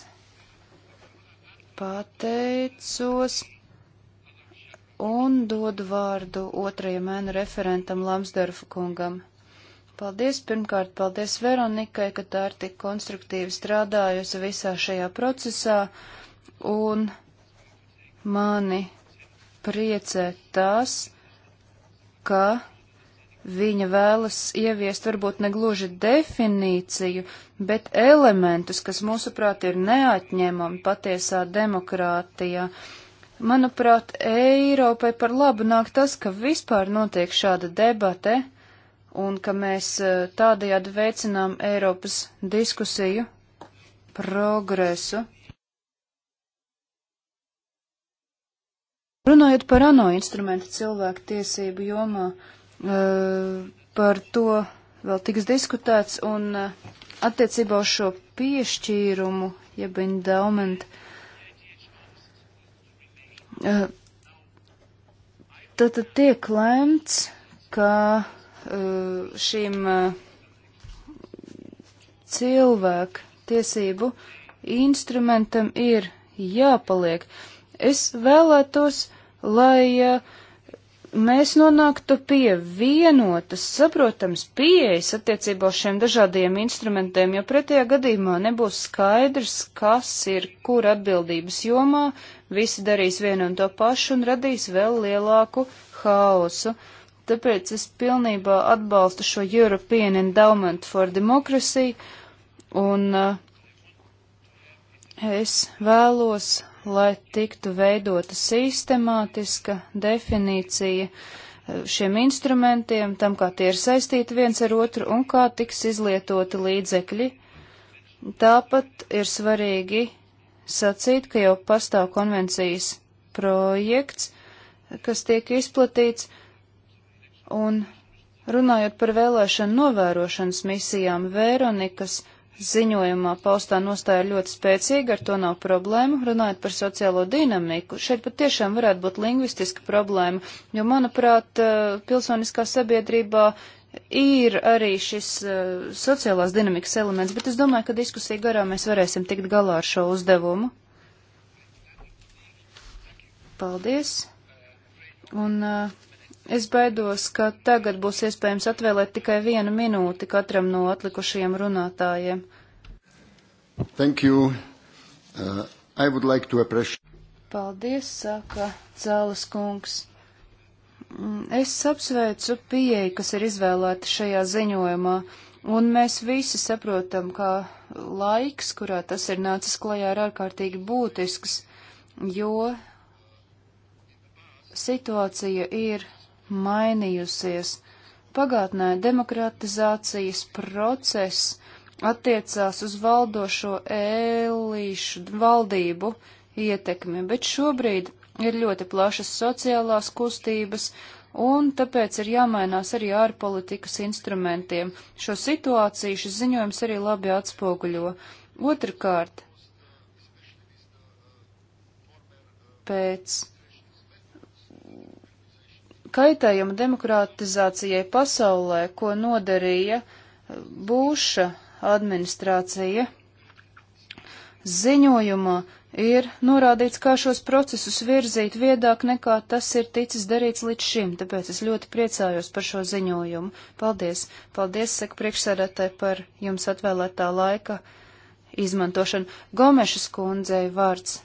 Pateicos un dodu vārdu otrajam ēnu referentam Lamsdorfa kungam. Paldies pirmkārt, paldies Veronikai, ka tā ir tik konstruktīvi strādājusi visā šajā procesā, un mani priecē tas, ka viņa vēlas ieviest varbūt negluži definīciju, bet elementus, kas mūsuprāt ir neatņemami patiesā demokrātijā. Uh, Manuprāt, Eiropai par labu nāk tas, ka vispār notiek šāda debate un ka mēs e, tādajādi veicinām Eiropas diskusiju progresu. Runājot par ANO instrumentu cilvēku tiesību jomā, e, par to vēl tiks diskutēts un e, attiecībā uz šo piešķīrumu, jeb endowment, ja Eh, tad tiek lēmts, ka eh, šīm eh, cilvēku tiesību instrumentam ir jāpaliek. Es vēlētos, lai uh, mēs nonāktu pie vienotas, saprotams, pieejas attiecībā uz šiem dažādiem instrumentiem, jo pretējā gadījumā nebūs skaidrs, kas ir kur atbildības jomā, visi darīs vienu un to pašu un radīs vēl lielāku haosu. Tāpēc es pilnībā atbalstu šo European Endowment for Democracy un uh, es vēlos, lai tiktu veidota sistemātiska definīcija eh, šiem instrumentiem, tam, kā tie ir saistīti viens ar otru un kā tiks izlietoti līdzekļi. Tāpat ir svarīgi sacīt, ka jau pastāv konvencijas projekts, kas tiek izplatīts, un runājot par vēlēšanu novērošanas misijām, Veronikas ziņojumā paustā nostāja ļoti spēcīga, ar to nav problēmu, runājot par sociālo dinamiku. Šeit pat tiešām varētu būt lingvistiska problēma, jo, manuprāt, eh, pilsoniskā sabiedrībā ir arī šis eh, sociālās dinamikas elements, bet es domāju, ka diskusija garā mēs varēsim tikt galā ar šo uzdevumu. Paldies! Un uh, Es baidos, ka tagad būs iespējams atvēlēt tikai vienu minūti katram no atlikušajiem runātājiem. Thank you. Uh, I would like to appreciate. Paldies, saka Cēlis kungs. Mm, es apsveicu pieeju, kas ir izvēlēta šajā ziņojumā, un mēs visi saprotam, ka laiks, kurā tas ir nācis klajā, ir ārkārtīgi būtisks, jo situācija ir mainījusies. Pagātnē demokratizācijas process attiecās uz valdošo elīšu valdību ietekmi, bet šobrīd ir ļoti plašas sociālās kustības, un tāpēc ir jāmainās arī ārpolitikas instrumentiem. Šo situāciju šis ziņojums arī labi atspoguļo. Otrakārt, pēc kaitējumu demokratizācijai pasaulē, ko nodarīja Būša administrācija. Ziņojumā ir norādīts, kā šos procesus virzīt viedāk nekā tas ir ticis darīts līdz šim, tāpēc es ļoti priecājos par šo ziņojumu. Paldies! Paldies, saka priekšsēdētāji, par jums atvēlētā laika izmantošanu. Gomešas kundzei vārds.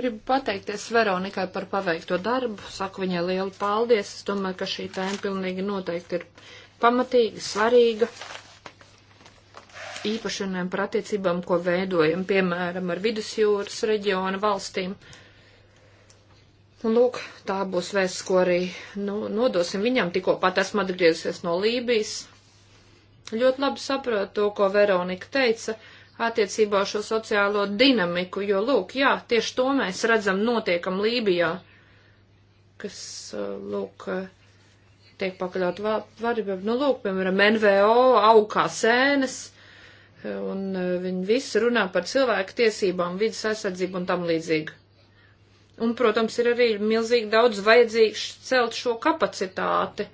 Gribu pateikties Veronikai par paveikto darbu, saku viņai lielu paldies. Es domāju, ka šī tēma pilnīgi noteikti ir pamatīga, svarīga. Īpaši runājam par attiecībām, ko veidojam, piemēram, ar vidusjūras reģiona valstīm. Un lūk, tā būs vēsts, ko arī nu, nodosim viņam. Tikko pat esmu atgriezusies no Lībijas. Ļoti labi saprotu to, ko Veronika teica. Uh, attiecībā šo sociālo dinamiku, jo, lūk, jā, tieši to mēs redzam notiekam Lībijā, kas, uh, lūk, uh, tiek pakaļaut varībām. Nu, lūk, piemēram, NVO augā sēnes, uh, un viņi visi runā par cilvēku tiesībām, vidas aizsardzību un tam līdzīgi. Un, protams, ir arī milzīgi daudz vajadzīgs celt šo kapacitāti,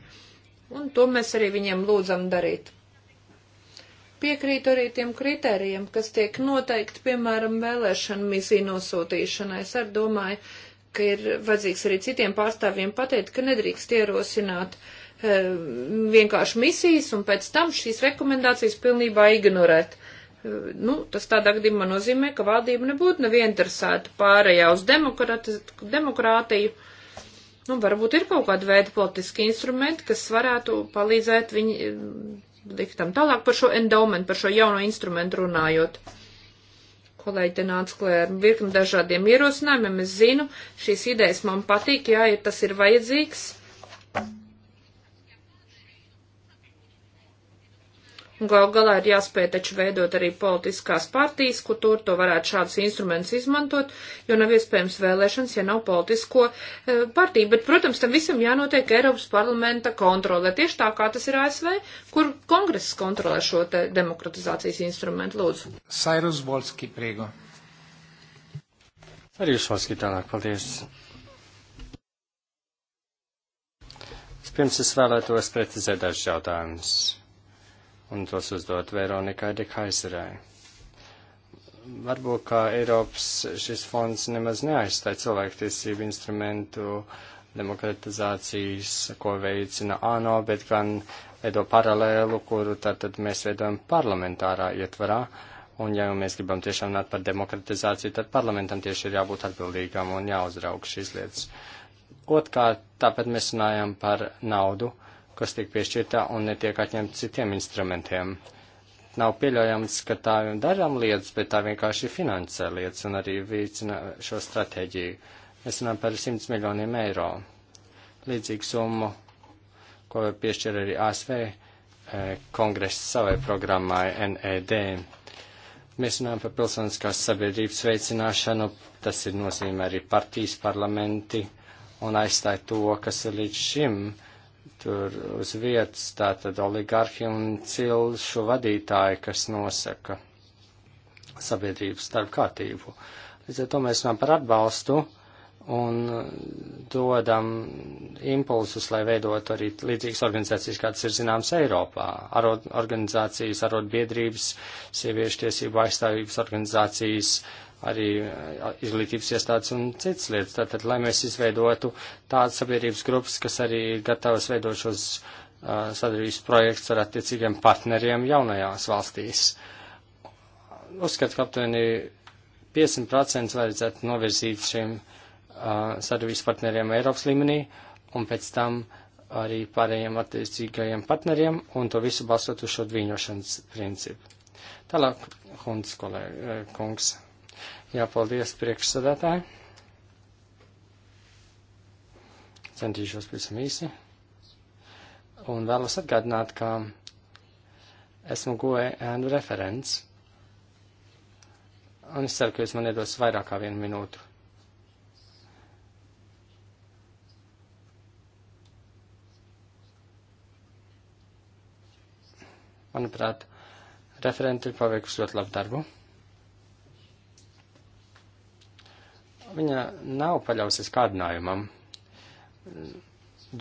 un to mēs arī viņiem lūdzam darīt. Piekrītu arī tiem kritērijiem, kas tiek noteikti, piemēram, vēlēšanu misiju nosūtīšanai. Es arī domāju, ka ir vajadzīgs arī citiem pārstāvjiem pateikt, ka nedrīkst ierosināt e, vienkārši misijas un pēc tam šīs rekomendācijas pilnībā ignorēt eh, nu, tas tādā gadījumā nozīmē, ka valdība nebūtu nevienteresēta pārējā uz demokrātiju. Nu, varbūt ir kaut kāda veida politiski instrumenti, kas varētu palīdzēt viņi liktam. Tālāk par šo endowment, par šo jauno instrumentu runājot. Kolēģi te nāca klē ar virkni dažādiem ierosinājumiem. Es zinu, šīs idejas man patīk, jā, ja tas ir vajadzīgs Un gal galā ir jāspēj taču veidot arī politiskās partijas, kur tur to varētu šādus instrumentus izmantot, jo nav iespējams vēlēšanas, ja nav politisko e, partiju. Bet, protams, tam visam jānotiek Eiropas parlamenta kontrolē, tieši tā kā tas ir ASV, kur kongress kontrolē šo te demokratizācijas instrumentu. Lūdzu. Sairus Volski, priego. Arī jūs Volski tālāk, paldies. Pirms es vēlētos precizēt dažus jautājumus un tos uzdot Veronikai de Kaiserai. Varbūt kā Eiropas šis fonds nemaz neaizstāja cilvēktiesību instrumentu demokratizācijas, ko veicina ANO, bet gan veido paralēlu, kuru tātad mēs veidojam parlamentārā ietvarā. Un, ja mēs gribam tiešām runāt par demokratizāciju, tad parlamentam tieši ir jābūt atbildīgam un jāuzraug šīs lietas. Otkārt, tāpēc mēs runājam par naudu, kas tiek piešķirtā un netiek atņemta citiem instrumentiem. Nav pieļaujams, ka tā ir darām lietas, bet tā vienkārši finansē lietas un arī vīcina šo stratēģiju. Mēs runājam par 100 miljoniem eiro. Līdzīgu summu, ko piešķir arī ASV eh, kongresa savai programmai NED. Mēs runājam par pilsoniskās sabiedrības veicināšanu, tas ir nozīmē arī partijas parlamenti un aizstāja to, kas ir līdz šim uh, tur uz vietas tātad oligarhi un cilšu vadītāji, kas nosaka sabiedrības starp kārtību. Līdz ar to mēs runājam par atbalstu un dodam impulsus, lai veidot arī līdzīgas organizācijas, kādas ir zināmas Eiropā. Arot organizācijas, arot biedrības, sieviešu tiesību aizstāvības organizācijas, uh, arī izglītības iestādes un citas lietas. Tātad, lai mēs izveidotu tādas sabiedrības grupas, kas arī ir gatavas veidot šos uh, sadarbības projekts ar attiecīgiem partneriem jaunajās valstīs. Uzskatu, ka aptuveni 50% vajadzētu novirzīt šiem uh, sadarbības partneriem Eiropas līmenī un pēc tam arī pārējiem attiecīgajiem partneriem un to visu balstot uz šo dviņošanas principu. Tālāk, Hunds, kolēģi, e, kungs. Jā, paldies priekšsadātāji. Centīšos pavisam īsi. Un vēlos atgādināt, ka esmu goe and referents. Un es ceru, ka jūs man iedos vairāk kā vienu minūtu. Manuprāt, referenti ir paveikusi ļoti labu darbu. viņa nav paļausies kārdinājumam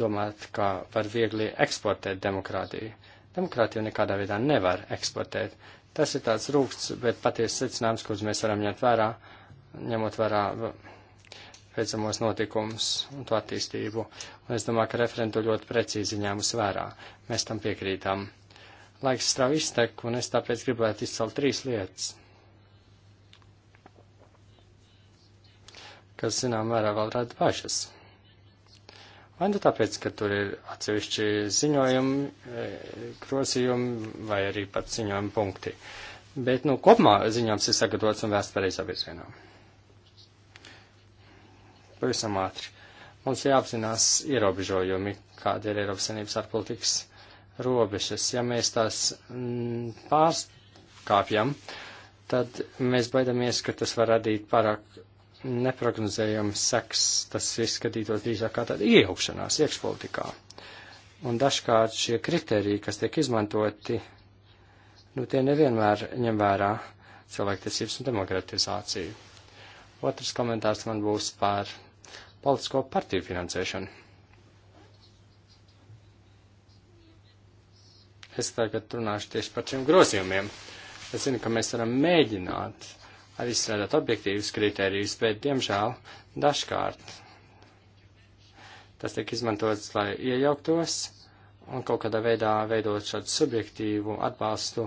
domāt, ka var viegli eksportēt demokrātiju. Demokrātiju nekādā veidā nevar eksportēt. Tas ir tāds rūksts, bet patiesi secinājums, kurus mēs varam ņemt vērā, ņemot vērā veicamos notikumus un to attīstību. Un es domāju, ka referentu ļoti precīzi ņēmus vērā. Mēs tam piekrītam. Laiks strauji iztek, un es tāpēc gribētu izcelt trīs lietas. kas, zinām, mērā vēl rada bažas. Vai nu tāpēc, ka tur ir atsevišķi ziņojumi, e, grozījumi vai arī pat ziņojumi punkti. Bet, nu, kopumā ziņojums ir sagatavots un vēsts pareizā virzienā. Pavisam ātri. Mums jāapzinās ierobežojumi, kāda ir Eiropas Savienības ārpolitikas robežas. Ja mēs tās mm, pārkāpjam, tad mēs baidamies, ka tas var radīt pārāk neprognozējams seks, tas izskatītos drīzāk kā tāda iejaukšanās iekšpolitikā. Un dažkārt šie kriteriji, kas tiek izmantoti, nu tie nevienmēr ņem vērā cilvēktiesības un demokratizāciju. Otrs komentārs man būs par politisko partiju finansēšanu. Es tagad runāšu tieši par šiem grozījumiem. Es zinu, ka mēs varam mēģināt arī strādāt objektīvas kritērijas, bet, diemžēl, dažkārt tas tiek izmantots, lai iejauktos un kaut kādā veidā veidot šādu subjektīvu atbalstu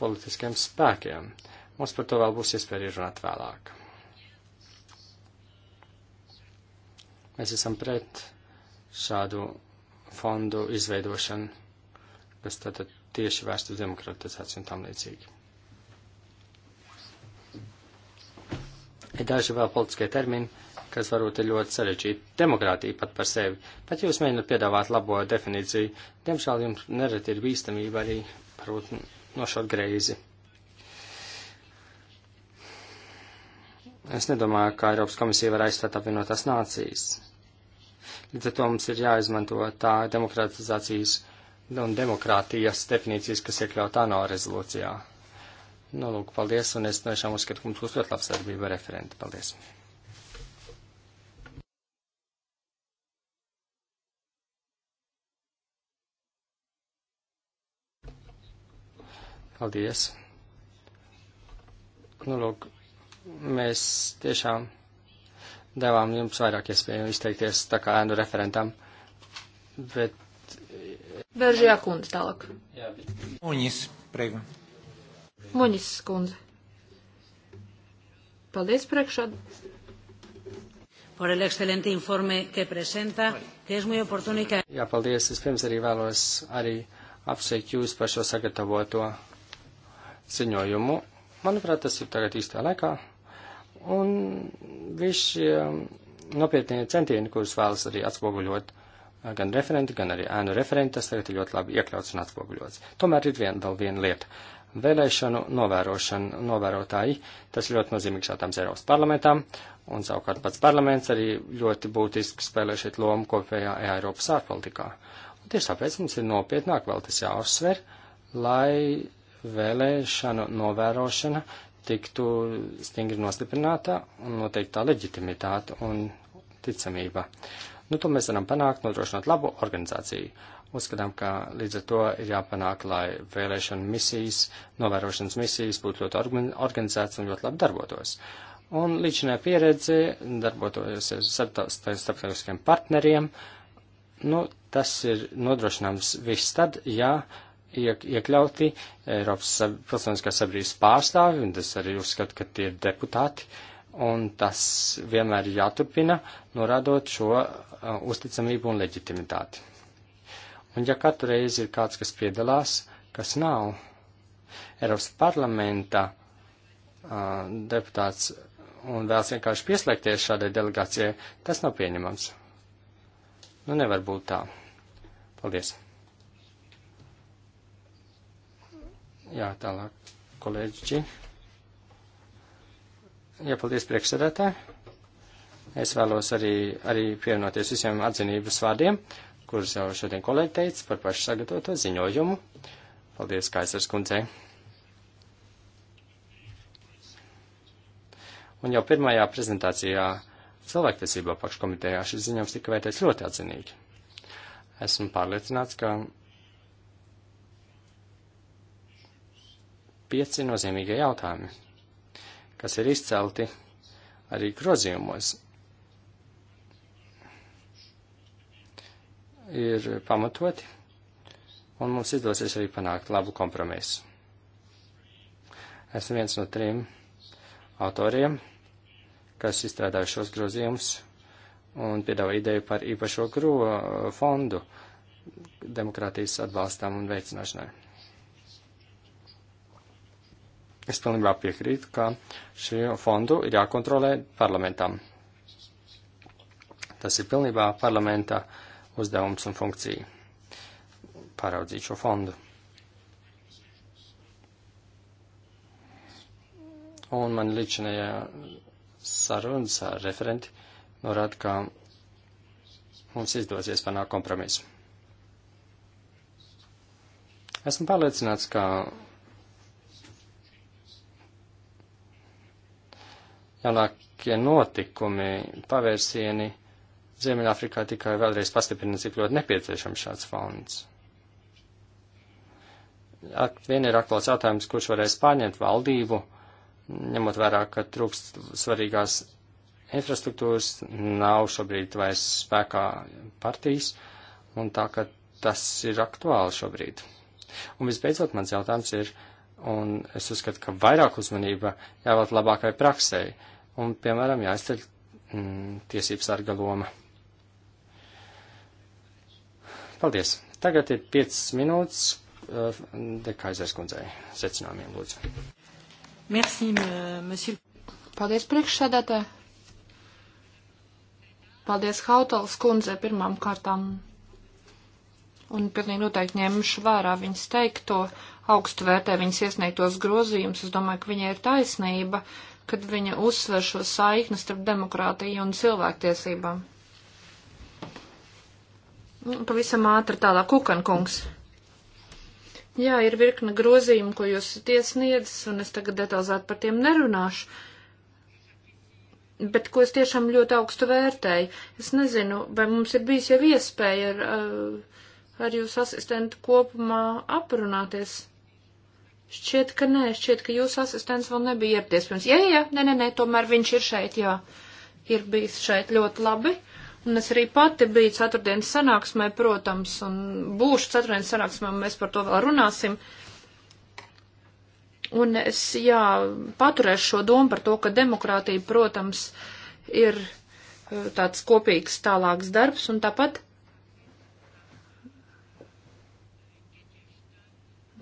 politiskiem spēkiem. Mums par to vēl būs iespēja runāt vēlāk. Mēs esam pret šādu fondu izveidošanu, kas tātad tieši vērst uz demokratizāciju un tam līdzīgi. ir daži vēl politiskie termini, kas varbūt ir ļoti sarežģīti. Demokrātija pat par sevi. Pat jūs mēģināt piedāvāt labo definīciju. Diemžēl jums nereti ir bīstamība arī varbūt nošaut greizi. Es nedomāju, ka Eiropas komisija var aizstāt apvienotās nācijas. Līdz ar to mums ir jāizmanto tā demokratizācijas un demokrātijas definīcijas, kas iekļaut ANO rezolūcijā. Nu, lūk, paldies, un es tiešām uzskatu, ka mums būs ļoti labs darbība referenti. Paldies. Paldies. Nu, lūk, mēs tiešām devām jums vairāk iespēju izteikties tā kā ēnu referentam, bet. Veržjā kundze tālāk. Jā, bet. Un jūs, prieku. Muņas skundze. Paldies, priekšād. Por el excelente informe que presenta, que es muy oportuno y que... Jā, paldies. Es pirms arī vēlos arī apsveikt jūs par šo sagatavoto ziņojumu. Manuprāt, tas ir tagad īstā laikā. Un visi nopietnie centieni, kurus vēlas arī atspoguļot eh, gan referenti, gan arī ēnu referenti, tas tagad ir ļoti labi iekļauts un atspoguļots. Tomēr ir vien, vēl viena lieta, vēlēšanu novērošana, novērotāji. Tas ļoti nozīmīgs jautājums Eiropas parlamentām, un savukārt pats parlaments arī ļoti būtiski spēlē šeit lomu kopējā e Eiropas ārpolitikā. Un tieši tāpēc mums ir nopietnāk vēl tas jāuzsver, lai vēlēšanu novērošana tiktu stingri nostiprināta un noteiktā leģitimitāte un ticamība. Nu, to mēs varam panākt, nodrošinot labu organizāciju. Uzskatām, ka līdz ar to ir jāpanāk, lai vēlēšana misijas, novērošanas misijas būtu ļoti organizētas un ļoti labi darbotos. Un līdz šai pieredze darbotos ar starptautiskiem partneriem, nu, tas ir nodrošināms viss tad, ja iek, iekļauti Eiropas pilsoniskās sabiedrības pārstāvi, un tas arī uzskatu, ka tie ir deputāti, un tas vienmēr ir jāturpina, norādot šo uh, uzticamību un leģitimitāti. Un ja katru reizi ir kāds, kas piedalās, kas nav Eiropas parlamenta uh, deputāts un vēlas vienkārši pieslēgties šādai delegācijai, tas nav pieņemams. Nu, nevar būt tā. Paldies. Jā, tālāk, kolēģi. Jā, paldies priekšsēdētāji. Es vēlos arī, arī pievienoties visiem atzinības vārdiem kurus jau šodien kolēģi teica par pašu sagatavoto ziņojumu. Paldies, Kaisers kundzei! Un jau pirmajā prezentācijā cilvēktiesībā pakškomitejā šis ziņojums tika vērtēts ļoti atzinīgi. Esmu pārliecināts, ka pieci nozīmīgie jautājumi, kas ir izcelti arī grozījumos, ir pamatoti, un mums izdosies arī panākt labu kompromisu. Esmu viens no trim autoriem, kas izstrādāja šos grozījumus un piedāvā ideju par īpašo gro fondu demokrātijas atbalstam un veicināšanai. Es pilnībā piekrītu, ka šo fondu ir jākontrolē parlamentam. Tas ir pilnībā parlamenta uh, uzdevums un funkcija pāraudzīt šo fondu. Un man līdzinājā sarunas ar referenti norāda, ka mums izdosies panākt kompromisu. Esmu pārliecināts, ka jaunākie notikumi, pavērsieni Ziemeļāfrikā tikai vēlreiz pastiprina, cik ļoti nepieciešams šāds fonds. At, vien ir aktuāls jautājums, kurš varēs pārņemt valdību, ņemot vērā, ka trūkst svarīgās infrastruktūras, nav šobrīd vairs spēkā partijas, un tā, ka tas ir aktuāli šobrīd. Un visbeidzot, mans jautājums ir, un es uzskatu, ka vairāk uzmanība jāvēl labākai praksei, un, piemēram, jāizceļ mm, tiesības arga loma. Paldies. Tagad ir 5 minūtes uh, eh, Dekaizers kundzei secinājumiem, lūdzu. Merci, monsieur. Paldies, priekšsēdētāji. Paldies Hautals kundzei pirmām kārtām. Un pilnīgi noteikti ņemšu vērā viņas teikto, augstu vērtē viņas iesniegtos grozījumus. Es domāju, ka viņai ir taisnība, kad viņa uzsver šo saikni starp demokrātiju un cilvēktiesībām. Nu, pavisam ātri tālāk, Kukankungs. Jā, ir virkne grozījumu, ko jūs esat iesniedzis, un es tagad detalizēti par tiem nerunāšu. Bet ko es tiešām ļoti augstu vērtēju. Es nezinu, vai mums ir bijis jau iespēja ar, uh, ar jūsu asistentu kopumā aprunāties. Šķiet, ka nē, šķiet, ka jūsu asistents vēl nebija ieradies pirms. Jā, jā, nē, nē, nē, tomēr viņš ir šeit, jā, ir bijis šeit ļoti labi. Uh, Un es arī pati biju ceturtdienas sanāksmē, protams, un būšu ceturtdienas sanāksmē, un mēs par to vēl runāsim. Un es, jā, paturēšu šo domu par to, ka demokrātija, protams, ir e, tāds kopīgs tālāks darbs, un tāpat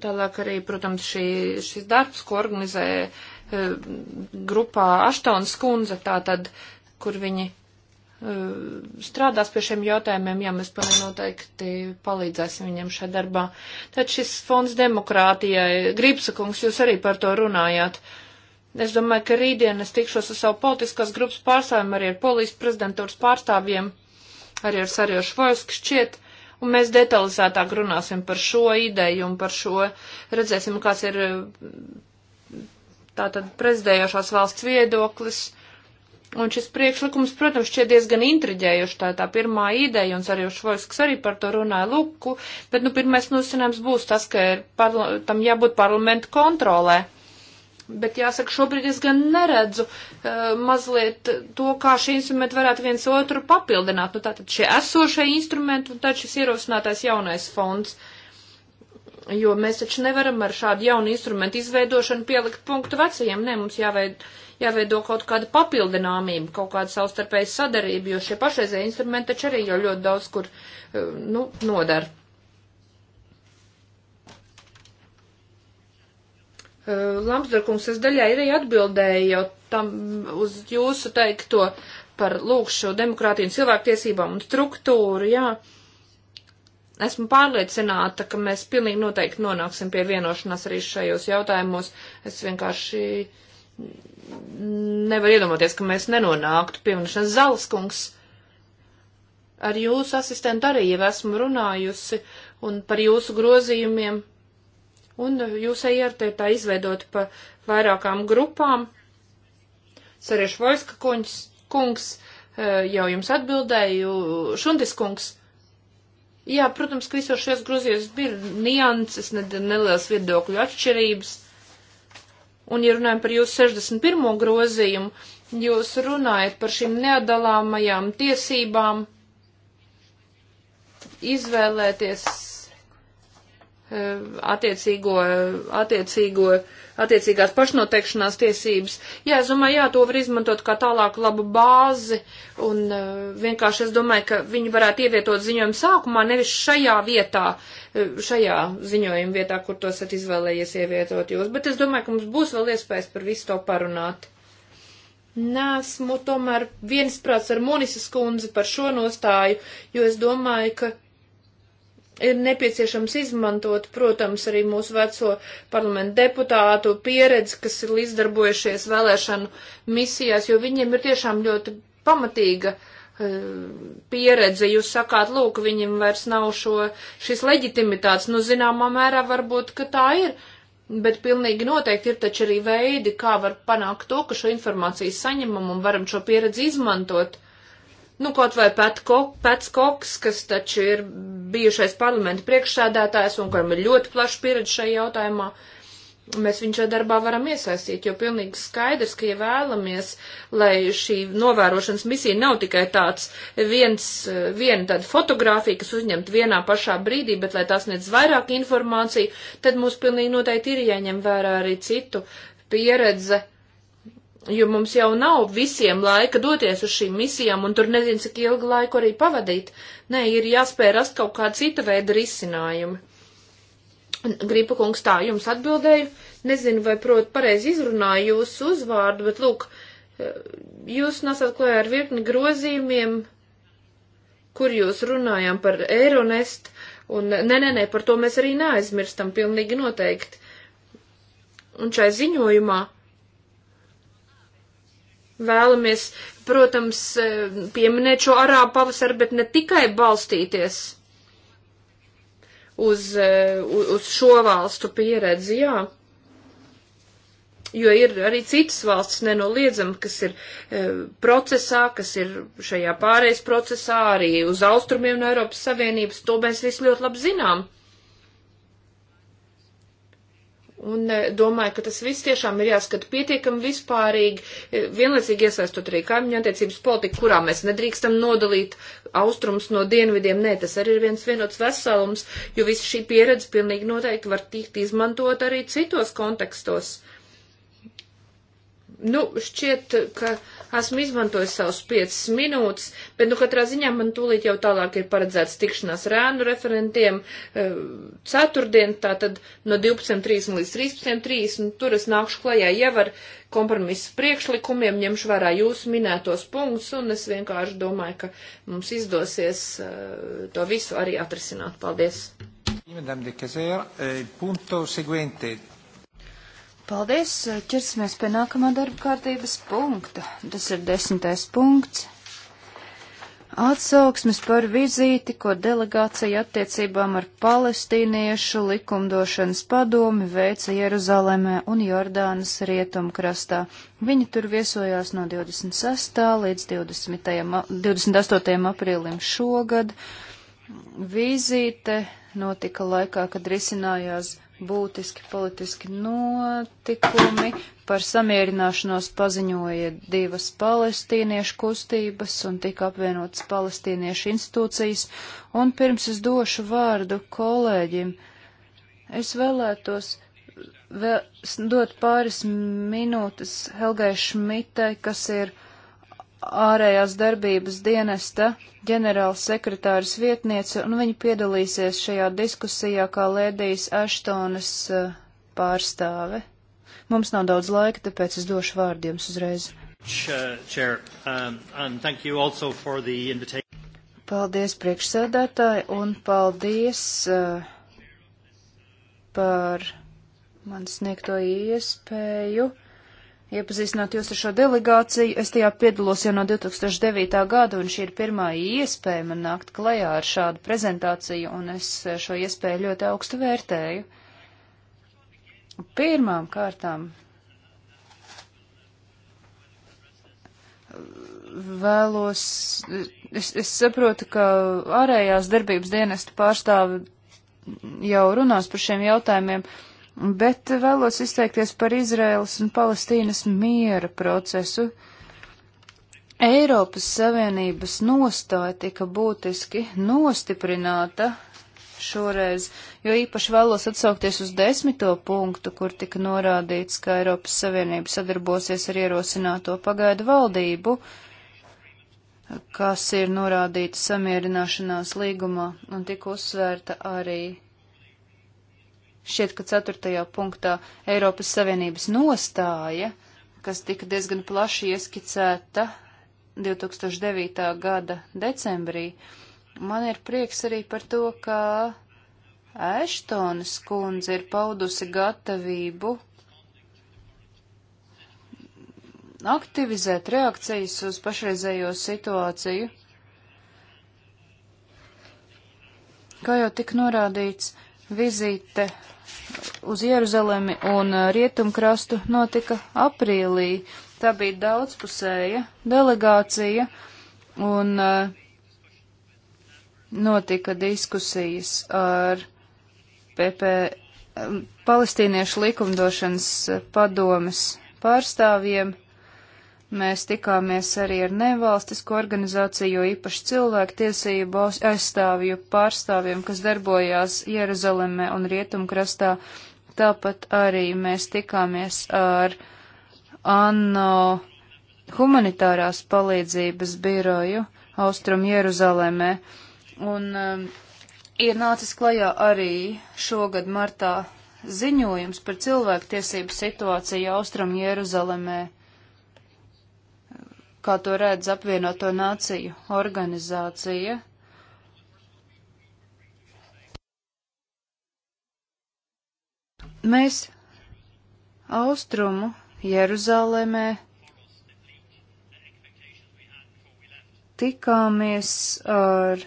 tālāk arī, protams, šī, šis darbs, ko organizē e, grupā Aštons kundze, tātad, kur viņi Eh, strādās pie šiem jautājumiem, ja mēs pilnīgi noteikti palīdzēsim viņiem šajā darbā. Tad šis fonds demokrātijai, Gribsakungs, jūs arī par to runājāt. Es domāju, ka rītdien es tikšos ar savu politiskās grupas pārstāvjiem, arī ar polijas prezidentūras pārstāvjiem, arī ar Sarjošu Vojsku šķiet, un mēs detalizētāk runāsim par šo ideju un par šo, redzēsim, kāds ir eh, tātad prezidējošās valsts viedoklis Un šis priekšlikums, protams, šķiet diezgan intriģējuši, tā ir tā pirmā ideja, un arī Švojsks arī par to runāja Luku, bet, nu, pirmais nosinājums būs tas, ka ir parla tam jābūt parlamentu kontrolē. Bet jāsaka, šobrīd es gan neredzu uh, mazliet to, kā šie instrumenti varētu viens otru papildināt. Nu, tātad šie esošie instrumenti un tad šis ierosinātais jaunais fonds. Jo mēs taču nevaram ar šādu jaunu instrumentu izveidošanu pielikt punktu vecajiem. Nē, mums jāveid. Uh, jāveido kaut kāda papildināmība, kaut kāda savstarpēja sadarība, jo šie pašreizie instrumenti taču arī jau ļoti daudz kur, eh, nu, nodara. Eh, Lamsdorkungs, es daļai arī atbildēju jau tam uz jūsu teikto par lūkšu demokrātiju un cilvēktiesībām un struktūru, jā esmu pārliecināta, ka mēs pilnīgi noteikti nonāksim pie vienošanās arī šajos jautājumos. Es vienkārši nevar iedomāties, ka mēs nenonāktu pie manas Zalskungs. Ar jūsu asistentu arī jau esmu runājusi un par jūsu grozījumiem. Un jūs ejat tā izveidot pa vairākām grupām. Sariešu Vojska kungs, kungs eh, jau jums atbildēju, Šundis kungs. Jā, protams, ka visos šajos grozījos bija nianses, ne, nelielas viedokļu atšķirības, Un, ja runājam par jūsu 61. grozījumu, jūs runājat par šīm neatdalāmajām tiesībām izvēlēties attiecīgo, attiecīgo, attiecīgās pašnoteikšanās tiesības. Jā, es domāju, jā, to var izmantot kā tālāku labu bāzi, un eh, vienkārši es domāju, ka viņi varētu ievietot ziņojumu sākumā, nevis šajā vietā, eh, šajā ziņojuma vietā, kur to esat izvēlējies ievietot jūs, bet es domāju, ka mums būs vēl iespējas par visu to parunāt. Nesmu tomēr viensprāts ar Monisas kundzi par šo nostāju, jo es domāju, ka ir nepieciešams izmantot, protams, arī mūsu veco parlamentu deputātu pieredzi, kas ir līdzdarbojušies vēlēšanu misijās, jo viņiem ir tiešām ļoti pamatīga uh, pieredze, jūs sakāt, lūk, viņam vairs nav šo, šis leģitimitāts, nu, zināmā mērā varbūt, ka tā ir, bet pilnīgi noteikti ir taču arī veidi, kā var panākt to, ka šo informāciju saņemam un varam šo pieredzi izmantot. Uh, Nu, kaut vai Pats Koks, Koks, kas taču ir bijušais parlamenta priekšsādātājs un kuram ir ļoti plaša pieredze šajā jautājumā, mēs viņu šajā darbā varam iesaistīt, jo pilnīgi skaidrs, ka, ja vēlamies, lai šī novērošanas misija nav tikai tāds viens, viena tāda fotografija, kas uzņemta vienā pašā brīdī, bet lai tās nedz vairāk informāciju, tad mums pilnīgi noteikti ir jāņem vērā arī citu pieredze jo mums jau nav visiem laika doties uz šīm misijām, un tur nezinu, cik ilgu laiku arī pavadīt. Nē, ir jāspēj rast kaut kāda cita veida risinājumi. Gripa kungs tā jums atbildēju, nezinu, vai prot pareizi izrunāju jūsu uzvārdu, bet lūk, eh, jūs nesat klājā ar virkni grozījumiem, kur jūs runājām par Eironest, un nē, nē, nē, par to mēs arī neaizmirstam pilnīgi noteikti. Un šai ziņojumā Vēlamies, protams, e, pieminēt šo arābu pavasaru, bet ne tikai balstīties uz, e, uz šo valstu pieredzi, jā. Jo ir arī citas valstis nenoliedzami, kas ir e, procesā, kas ir šajā pārējais procesā, arī uz austrumiem no Eiropas Savienības, to mēs visi ļoti labi zinām. E, Un eh, domāju, ka tas viss tiešām ir jāskata pietiekami vispārīgi, eh, vienlaicīgi iesaistot arī kaimiņu attiecības politiku, kurā mēs nedrīkstam nodalīt austrums no dienvidiem. Nē, tas arī ir viens vienots veselums, jo visa šī pieredze pilnīgi noteikti var tikt izmantot arī citos kontekstos. Nu, šķiet, ka Esmu izmantojis savus 5 minūtes, bet, nu, katrā ziņā man tūlīt jau tālāk ir paredzēts tikšanās rēnu referentiem eh, ceturtdien, tātad no 12.30 līdz 13.30. Tur es nākšu klajā jau ar kompromisu priekšlikumiem, ņemšu vērā jūsu minētos punktus, un es vienkārši domāju, ka mums izdosies eh, to visu arī atrisināt. Paldies! Madame de Cazer, eh, il punto seguente Paldies! Čersimies pie nākamā darba kārtības punkta. Tas ir desmitais punkts. Atsauksmes par vizīti, ko delegācija attiecībām ar palestīniešu likumdošanas padomi veica Jeruzalemē un Jordānas rietumkrastā. Viņi tur viesojās no 26. līdz 20. 28. aprīlim šogad. Vizīte notika laikā, kad risinājās būtiski politiski notikumi. Par samierināšanos paziņoja divas palestīniešu kustības un tika apvienotas palestīniešu institūcijas. Un pirms es došu vārdu kolēģim, es vēlētos vēl dot pāris minūtes Helgai Šmitai, kas ir ārējās darbības dienesta ģenerāla sekretāras vietniece, un viņa piedalīsies šajā diskusijā kā Lēdijas Aštonas eh, pārstāve. Mums nav daudz laika, tāpēc es došu vārdu jums uzreiz. Chair, um, paldies priekšsēdētāji un paldies uh, par man sniegto iespēju iepazīstināt jūs ar šo delegāciju. Es tajā piedalos jau no 2009. gada, un šī ir pirmā iespēja man nākt klajā ar šādu prezentāciju, un es šo iespēju ļoti augstu vērtēju. Pirmām kārtām vēlos, es, es saprotu, ka ārējās darbības dienesta pārstāvi jau runās par šiem jautājumiem. Uh, bet vēlos izteikties par Izraēlas un Palestīnas miera procesu. Eiropas Savienības nostāja tika būtiski nostiprināta šoreiz, jo īpaši vēlos atsaukties uz desmito punktu, kur tika norādīts, ka Eiropas Savienība sadarbosies ar ierosināto pagaidu valdību, kas ir norādīta samierināšanās līgumā un tika uzsvērta arī šķiet, ka ceturtajā punktā Eiropas Savienības nostāja, kas tika diezgan plaši ieskicēta 2009. gada decembrī, man ir prieks arī par to, ka Eštonas kundze ir paudusi gatavību aktivizēt reakcijas uz pašreizējo situāciju. Kā jau tik norādīts, Vizīte uz Jeruzalemi un uh, Rietumkrastu notika aprīlī. Tā bija daudzpusēja delegācija un uh, notika diskusijas ar PP, um, Palestīniešu likumdošanas uh, padomes pārstāvjiem. Mēs tikāmies arī ar nevalstisko organizāciju, jo īpaši cilvēktiesību aizstāvju pārstāvjiem, kas darbojās Jeruzalemē un Rietumkrastā. Tāpat arī mēs tikāmies ar ANO humanitārās palīdzības biroju Austrum Jeruzalemē. Un um, ir nācis klajā arī šogad martā ziņojums par cilvēktiesību situāciju Austrum Jeruzalemē kā to redz apvienoto nāciju organizācija. Mēs austrumu Jeruzālēmē tikāmies ar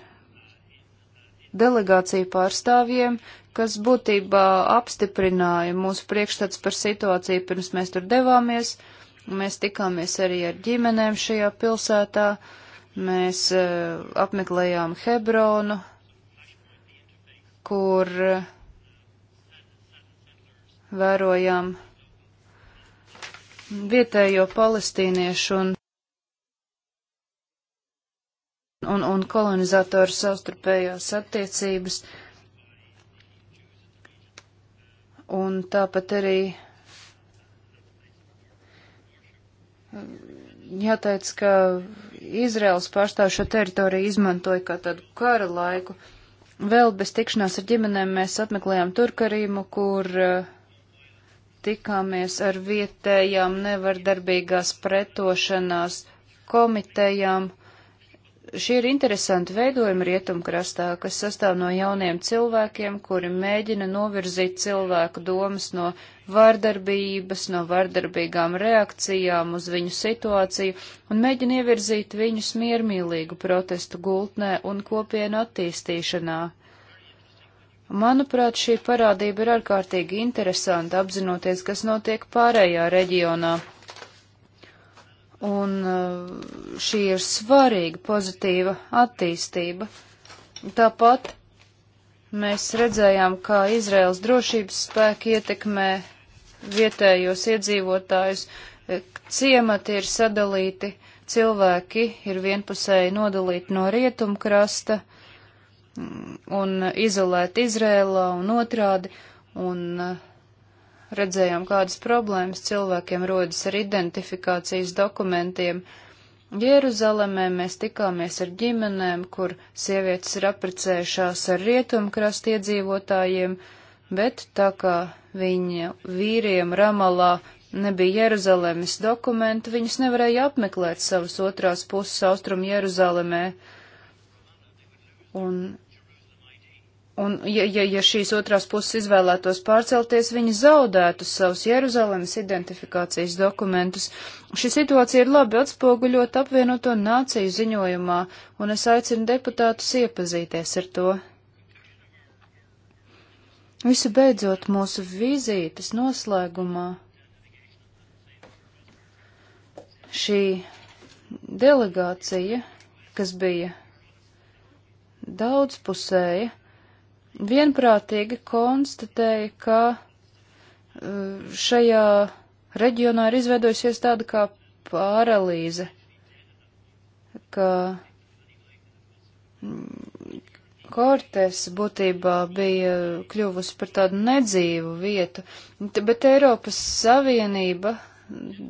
delegāciju pārstāvjiem, kas būtībā apstiprināja mūsu priekšstats par situāciju pirms mēs tur devāmies. Uh, Mēs tikāmies arī ar ģimenēm šajā pilsētā, mēs uh, apmeklējām Hebronu, kur uh, vērojām vietējo palestīniešu un, un, un kolonizatoru savstarpējās attiecības. Un tāpat arī jāteic, ka Izraels pārstāv šo teritoriju izmantoja kā tādu kara laiku. Vēl bez tikšanās ar ģimenēm mēs apmeklējām Turkarīmu, kur eh, tikāmies ar vietējām nevardarbīgās pretošanās komitejām. Šie ir interesanti veidojumi rietumkrastā, kas sastāv no jauniem cilvēkiem, kuri mēģina novirzīt cilvēku domas no vardarbības, no vardarbīgām reakcijām uz viņu situāciju un mēģina ievirzīt viņus miermīlīgu protestu gultnē un kopienu attīstīšanā. Manuprāt, šī parādība ir ārkārtīgi interesanta, apzinoties, kas notiek pārējā reģionā un uh, šī ir svarīga pozitīva attīstība. Tāpat mēs redzējām, kā Izraels drošības spēki ietekmē vietējos iedzīvotājus, ciemati ir sadalīti, cilvēki ir vienpusēji nodalīti no rietumkrasta mm, un izolēti Izrēlā un otrādi, un uh, redzējām, kādas problēmas cilvēkiem rodas ar identifikācijas dokumentiem. Jeruzalemē mēs tikāmies ar ģimenēm, kur sievietes ir apprecējušās ar rietumkrasta iedzīvotājiem, bet tā kā viņa vīriem Ramalā nebija Jeruzalemes dokumenti, viņas nevarēja apmeklēt savas otrās puses austrumu Jeruzalemē. Un Un, ja, ja, ja šīs otrās puses izvēlētos pārcelties, viņi zaudētu savus Jeruzalemes identifikācijas dokumentus. Šī situācija ir labi atspoguļot apvienoto nāciju ziņojumā, un es aicinu deputātus iepazīties ar to. Visu beidzot mūsu vizītes noslēgumā. Šī delegācija, kas bija daudzpusēja, vienprātīgi konstatēja, ka uh, šajā reģionā ir izveidojusies tāda kā paralīze, ka Kortes mm, būtībā bija kļuvusi par tādu nedzīvu vietu, bet Eiropas Savienība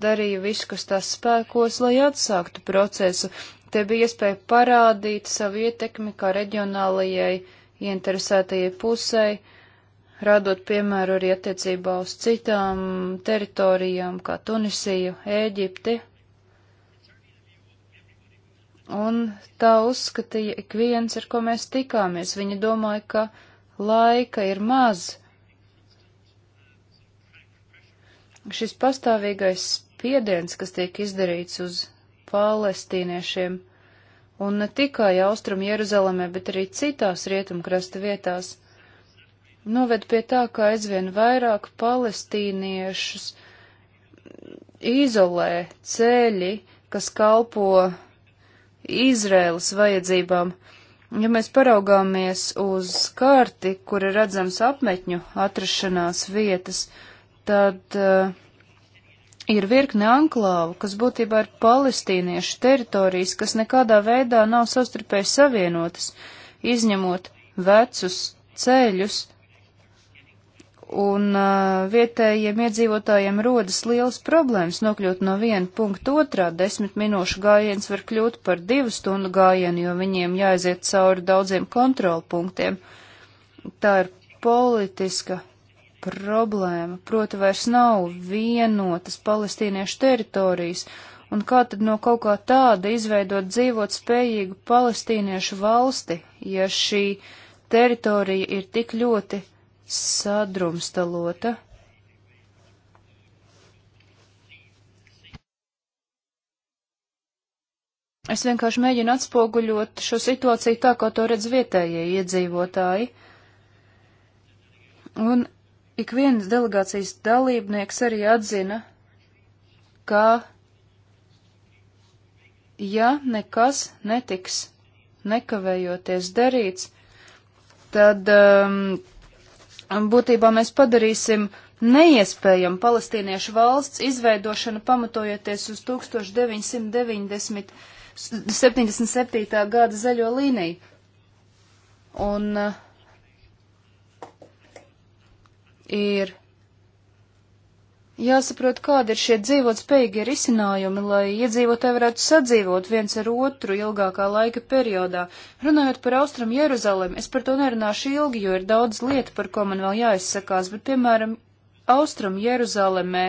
darīja visu, kas tās spēkos, lai atsāktu procesu. Te bija iespēja parādīt savu ietekmi kā reģionālajai uh, ieinteresētajai pusei, radot piemēru arī attiecībā uz citām teritorijām, kā Tunisiju, Ēģipti. Un tā uzskatīja ik viens, ar ko mēs tikāmies. Viņa domāja, ka laika ir maz. Šis pastāvīgais spiediens, kas tiek izdarīts uz palestīniešiem, un ne tikai Austrum Jeruzalemē, bet arī citās rietumkrasta vietās, noved pie tā, ka aizvien vairāk palestīniešus izolē ceļi, kas kalpo Izrēlas vajadzībām. Ja mēs paraugāmies uz karti, kur ir redzams apmetņu atrašanās vietas, tad uh, ir virkne anklāvu, kas būtībā ir palestīniešu teritorijas, kas nekādā veidā nav savstarpēji savienotas, izņemot vecus ceļus, un uh, vietējiem iedzīvotājiem rodas liels problēmas nokļūt no viena punkta otrā. Desmit minūšu gājiens var kļūt par divu stundu gājienu, jo viņiem jāaiziet cauri daudziem kontrolpunktiem. Tā ir politiska problēma, proti vairs nav vienotas palestīniešu teritorijas, un kā tad no kaut kā tāda izveidot dzīvot spējīgu palestīniešu valsti, ja šī teritorija ir tik ļoti sadrumstalota? Es vienkārši mēģinu atspoguļot šo situāciju tā, kā to redz vietējie iedzīvotāji. Un ik viens delegācijas dalībnieks arī atzina, ka, ja nekas netiks nekavējoties darīts, tad um, būtībā mēs padarīsim neiespējam palestīniešu valsts izveidošanu pamatojoties uz 1977. gada zaļo līniju. Un uh, ir jāsaprot, kādi ir šie dzīvot spējīgie risinājumi, lai iedzīvotāji varētu sadzīvot viens ar otru ilgākā laika periodā. Runājot par Austrum Jeruzalem, es par to nerunāšu ilgi, jo ir daudz lietu, par ko man vēl jāizsakās, bet, piemēram, Austrum Jeruzalemē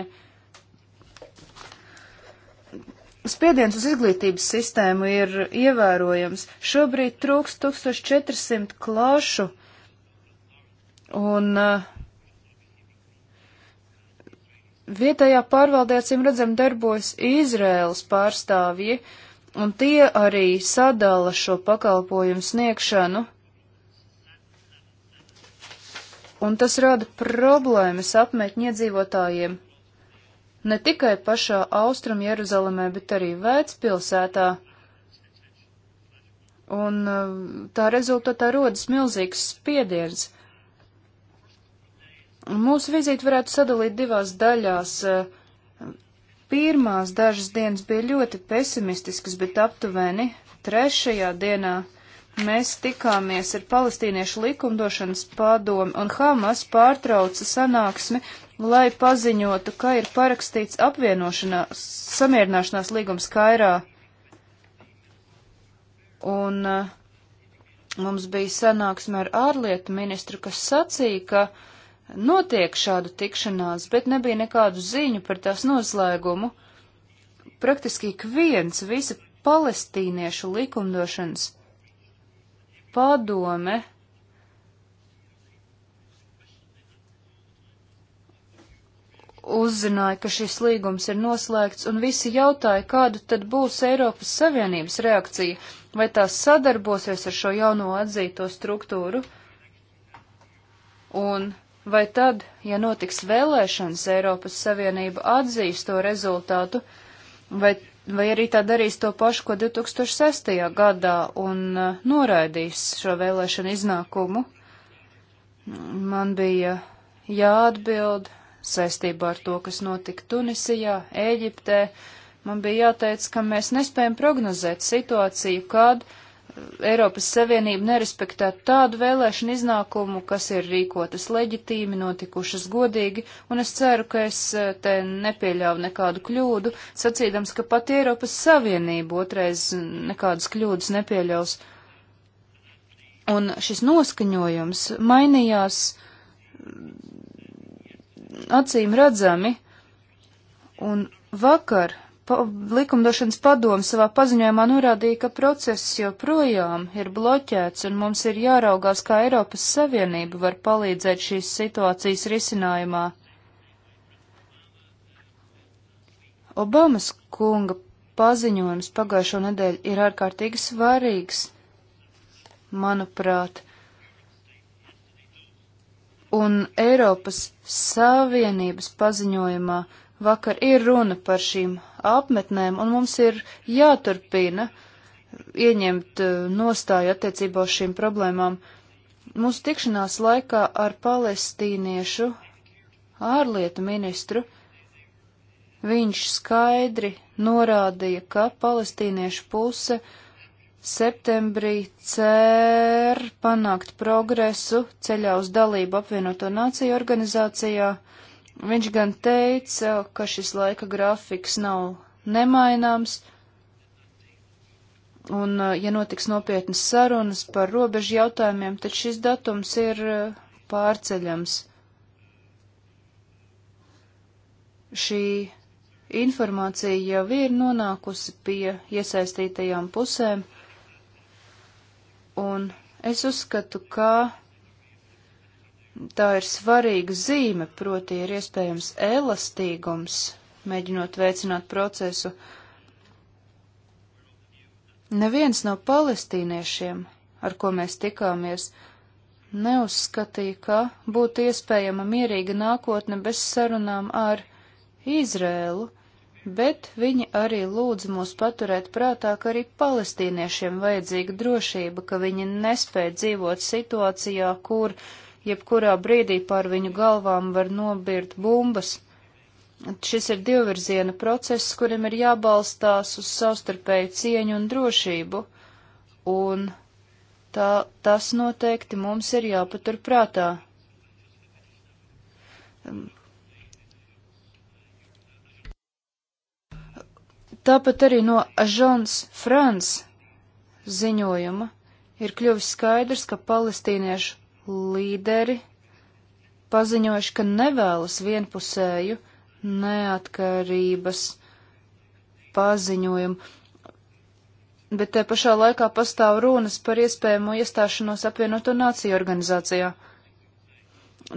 spiediens uz izglītības sistēmu ir ievērojams. Šobrīd trūks 1400 klāšu, un uh, vietējā pārvaldē acīm redzam darbojas Izraels pārstāvji, un tie arī sadala šo pakalpojumu sniegšanu. Un tas rada problēmas apmetņu iedzīvotājiem ne tikai pašā Austrum Jeruzalemē, bet arī Vēcpilsētā. Un uh, tā rezultātā rodas milzīgs spiediens. Mūsu vizīti varētu sadalīt divās daļās. Pirmās dažas dienas bija ļoti pesimistiskas, bet aptuveni trešajā dienā mēs tikāmies ar palestīniešu likumdošanas padomu, un Hamas pārtrauca sanāksmi, lai paziņotu, ka ir parakstīts apvienošanās, samierināšanās līgums Kairā. Un uh, mums bija sanāksme ar ārlietu ministru, kas sacīja, ka notiek šādu tikšanās, bet nebija nekādu ziņu par tās noslēgumu. Praktiski ik viens, visa palestīniešu likumdošanas padome uzzināja, ka šis līgums ir noslēgts, un visi jautāja, kāda tad būs Eiropas Savienības reakcija, vai tās sadarbosies ar šo jauno atzīto struktūru. Un vai tad, ja notiks vēlēšanas, Eiropas Savienība atzīs to rezultātu, vai, vai arī tā darīs to pašu, ko 2006. gadā un uh, noraidīs šo vēlēšanu iznākumu? Man bija jāatbild saistībā ar to, kas notika Tunisijā, Ēģiptē. Man bija jāteic, ka mēs nespējam prognozēt situāciju, kāda Eiropas Savienība nerespektētu tādu vēlēšanu iznākumu, kas ir rīkotas leģitīmi, notikušas godīgi, un es ceru, ka es eh, te nepieļauju nekādu kļūdu, sacīdams, ka pati Eiropas Savienība otrais nekādas kļūdas nepieļaus. Un šis noskaņojums mainījās mm, acīm redzami, un vakar pa likumdošanas padomu savā paziņojumā norādīja, ka process joprojām ir bloķēts un mums ir jāraugās, kā Eiropas Savienība var palīdzēt šīs situācijas risinājumā. Obamas kunga paziņojums pagājušo nedēļu ir ārkārtīgi svarīgs, manuprāt un Eiropas Savienības paziņojumā vakar ir runa par šīm apmetnēm, un mums ir jāturpina ieņemt eh, nostāju attiecībā uz šīm problēmām. Mūsu tikšanās laikā ar palestīniešu ārlietu ministru viņš skaidri norādīja, ka palestīniešu puse septembrī cer panākt progresu ceļā uz dalību apvienoto nāciju organizācijā. Uh, Viņš gan teica, ka šis laika grafiks nav nemaināms, un, uh, ja notiks nopietnas sarunas par robežu jautājumiem, tad šis datums ir uh, pārceļams. Šī informācija jau ir nonākusi pie iesaistītajām pusēm, un es uzskatu, ka Tā ir svarīga zīme, proti ir iespējams elastīgums, mēģinot veicināt procesu. Neviens no palestīniešiem, ar ko mēs tikāmies, neuzskatīja, ka būtu iespējama mierīga nākotne bez sarunām ar Izrēlu, bet viņi arī lūdza mūs paturēt prātā, ka arī palestīniešiem vajadzīga drošība, ka viņi nespēja dzīvot situācijā, kur uh, jebkurā brīdī pār viņu galvām var nobirt bumbas. Šis ir divvirziena process, kurim ir jābalstās uz savstarpēju cieņu un drošību, un tā, tas noteikti mums ir jāpatur prātā. Tāpat arī no Ažons Frans ziņojuma ir kļuvis skaidrs, ka palestīniešu līderi paziņojuši, ka nevēlas vienpusēju neatkarības paziņojumu, bet te pašā laikā pastāv runas par iespējamo iestāšanos apvienoto nāciju organizācijā.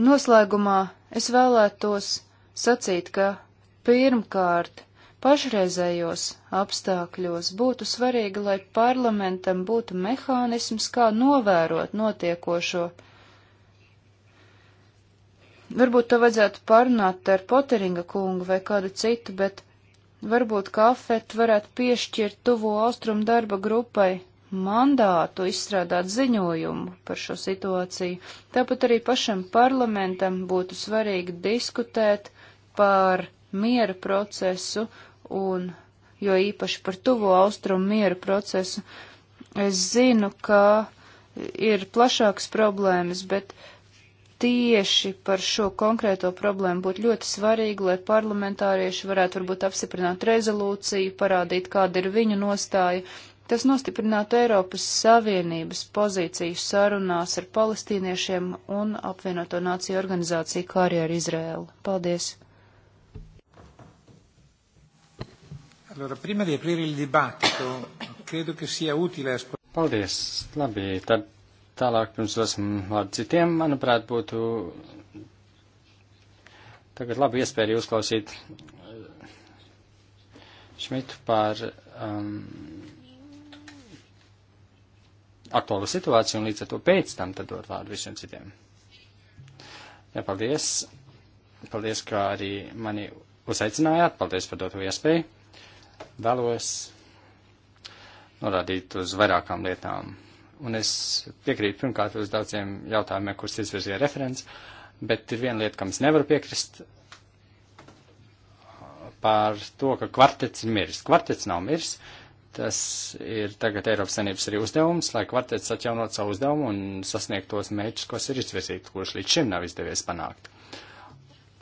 Noslēgumā es vēlētos sacīt, ka pirmkārt pašreizējos apstākļos būtu svarīgi, lai parlamentam būtu mehānisms, kā novērot notiekošo. Varbūt to vajadzētu pārunāt ar Poteringa kungu vai kādu citu, bet varbūt kafet varētu piešķirt tuvo austrumu darba grupai mandātu izstrādāt ziņojumu par šo situāciju. Tāpat arī pašam parlamentam būtu svarīgi diskutēt par miera procesu un, jo īpaši par tuvo austrumu miera procesu. Es zinu, ka ir plašākas problēmas, bet tieši par šo konkrēto problēmu būtu ļoti svarīgi, lai parlamentārieši varētu varbūt apstiprināt rezolūciju, parādīt, kāda ir viņu nostāja. Tas nostiprinātu Eiropas Savienības pozīciju sarunās ar palestīniešiem un apvienoto nāciju organizāciju, kā arī ar Izrēlu. Paldies! Allora, prima di aprire il dibattito, credo che sia utile... Paldies! Labi, tad Tālāk, pirms dosim vārdu citiem, manuprāt, būtu tagad laba iespēja uzklausīt uh, Šmitu par um, aktuālu situāciju un līdz ar to pēc tam tad dot vārdu visiem citiem. Jā, paldies. Paldies, ka arī mani uzaicinājāt. Paldies par doto iespēju. Vēlos norādīt uz vairākām lietām un es piekrītu pirmkārt uz daudziem jautājumiem, kurus izvirzīja referents, bet ir viena lieta, kam es nevaru piekrist par to, ka kvartets ir miris. Kvartets nav miris, tas ir tagad Eiropas Sanības arī uzdevums, lai kvartets atjaunot savu uzdevumu un sasniegt tos mērķus, kas ir izvirzīti, kurus līdz šim nav izdevies panākt.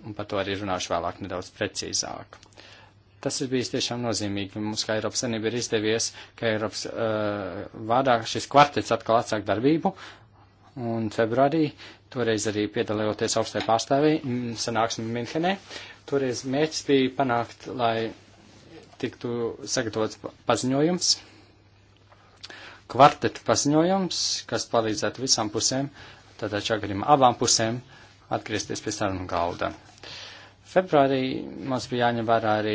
Un par to arī runāšu vēlāk nedaudz precīzāk. Uh, Tas ir bijis tiešām nozīmīgi, ka mums, kā Eiropas Sanība, ir izdevies, ka Eiropas uh, vārdā šis kvartets atkal atsāk darbību, un februārī, toreiz arī piedalījoties augstai pārstāvī, mm, sanāksmi Minhenē, toreiz mērķis bija panākt, lai tiktu sagatavots paziņojums, kvarteta paziņojums, kas palīdzētu visām pusēm, tātad šagarim abām pusēm, atgriezties pie sarunu galda. Februārī mums bija jāņem vērā arī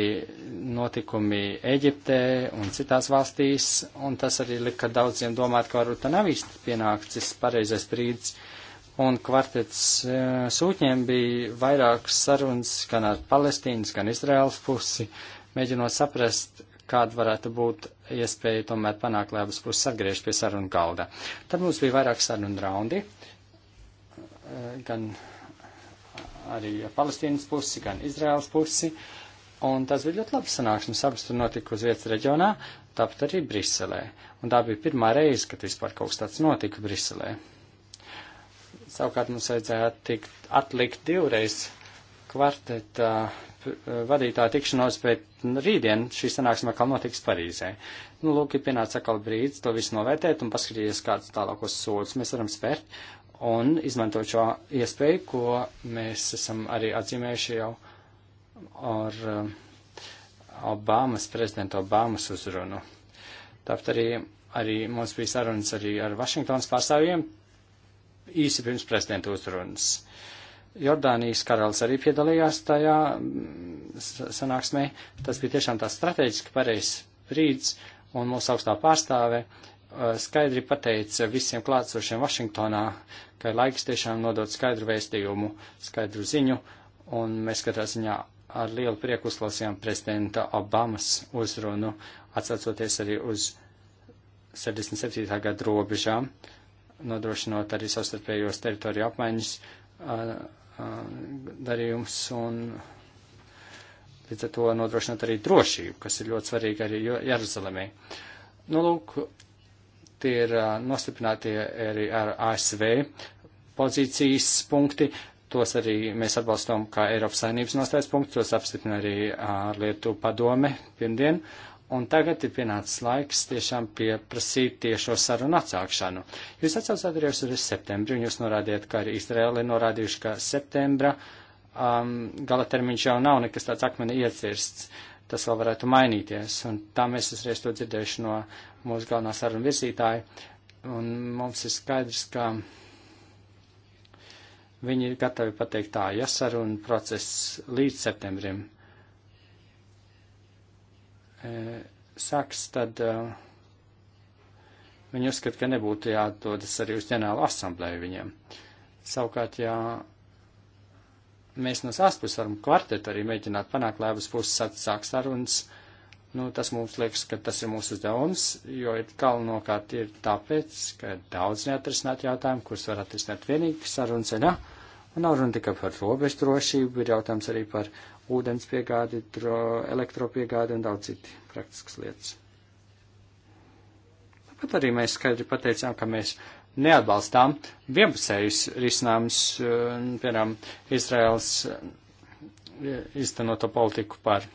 notikumi Eģiptē un citās valstīs, un tas arī lika daudziem domāt, ka varbūt nav īsti pienācis pareizais brīdis. Un kvartets e, sūtņiem bija vairākas sarunas gan ar Palestīnas, gan Izraels pusi, mēģinot saprast, kāda varētu būt iespēja tomēr panākt, lai abas puses atgriež pie sarunu galda. Tad mums bija vairāk sarunu raundi, e, gan arī Palestīnas pusi, gan Izraels pusi. Un tas bija ļoti labi sanāksmes, abas tur notika uz vietas reģionā, tāpat arī Briselē. Un tā bija pirmā reize, kad vispār kaut kas tāds notika Briselē. Savukārt mums vajadzēja tikt atlikt divreiz kvarteta eh, vadītāja tikšanos, bet rītdien šī sanāksme atkal notiks Parīzē. Nu, lūk, ir pienācis atkal brīdis to visu novērtēt un paskatīties, kāds tālākos soļus mēs varam spērt un izmantot šo iespēju, ko mēs esam arī atzīmējuši jau ar eh, Obamas, prezidenta Obamas uzrunu. Tāpat arī, arī mums bija sarunas arī ar Vašingtonas pārstāvjiem īsi pirms prezidenta uzrunas. Jordānijas karalis arī piedalījās tajā mm, sanāksmē. Tas bija tiešām tāds strateģiski pareizs brīdis, un mūsu augstā pārstāve uh, Eh, skaidri pateica visiem klātsošiem Vašingtonā, ka ir laiks tiešām nodot skaidru vēstījumu, skaidru ziņu, un mēs katrā ziņā ar lielu prieku uzklausījām prezidenta Obamas uzrunu, atsaucoties arī uz 77. gada robežām, nodrošinot arī savstarpējos teritoriju apmaiņas eh, eh, darījums un līdz ar to nodrošinot arī drošību, kas ir ļoti svarīgi arī Jeruzalemē. Nu, lūk, Tie ir nostiprinātie arī ar ASV pozīcijas punkti. Tos arī mēs atbalstām kā Eiropas saimnības nostājas punktus, tos apstiprina arī ārlietu padome pirmdien. Un tagad ir pienācis laiks tiešām pieprasīt tiešo sarunu atsākšanu. Jūs atsaucāt arī uz septembri, un jūs norādījāt, ka arī Izraēla ir norādījuši, ka septembra um, gala termiņš jau nav nekas tāds akmeni iecirsts. Tas vēl varētu mainīties, un tā mēs esreiz to dzirdējuši no mūsu galvenā saruna virzītāja, un mums ir skaidrs, ka viņi ir gatavi pateikt tā, ja saruna process līdz septembrim e, sāks, tad e, viņi uzskata, ka nebūtu jādodas arī uz ģenerālu asamblēju viņiem. Savukārt, ja mēs no savas puses varam kvartetu arī mēģināt panākt, lai abas puses atsāk sarunas, uh, Nu, tas mums liekas, ka tas ir mūsu uzdevums, jo ir galvenokārt ir tāpēc, ka ir daudz neatrisināt jautājumu, kurus var atrisināt vienīgi sarunu ceļā. Un nav runa tikai par robežu drošību, ir jautājums arī par ūdens piegādi, dro, elektropiegādi un daudz citi praktiskas lietas. Tāpat arī mēs skaidri pateicām, ka mēs neatbalstām vienpusējus risinājumus, eh, piemēram, Izraels eh, iztenoto politiku par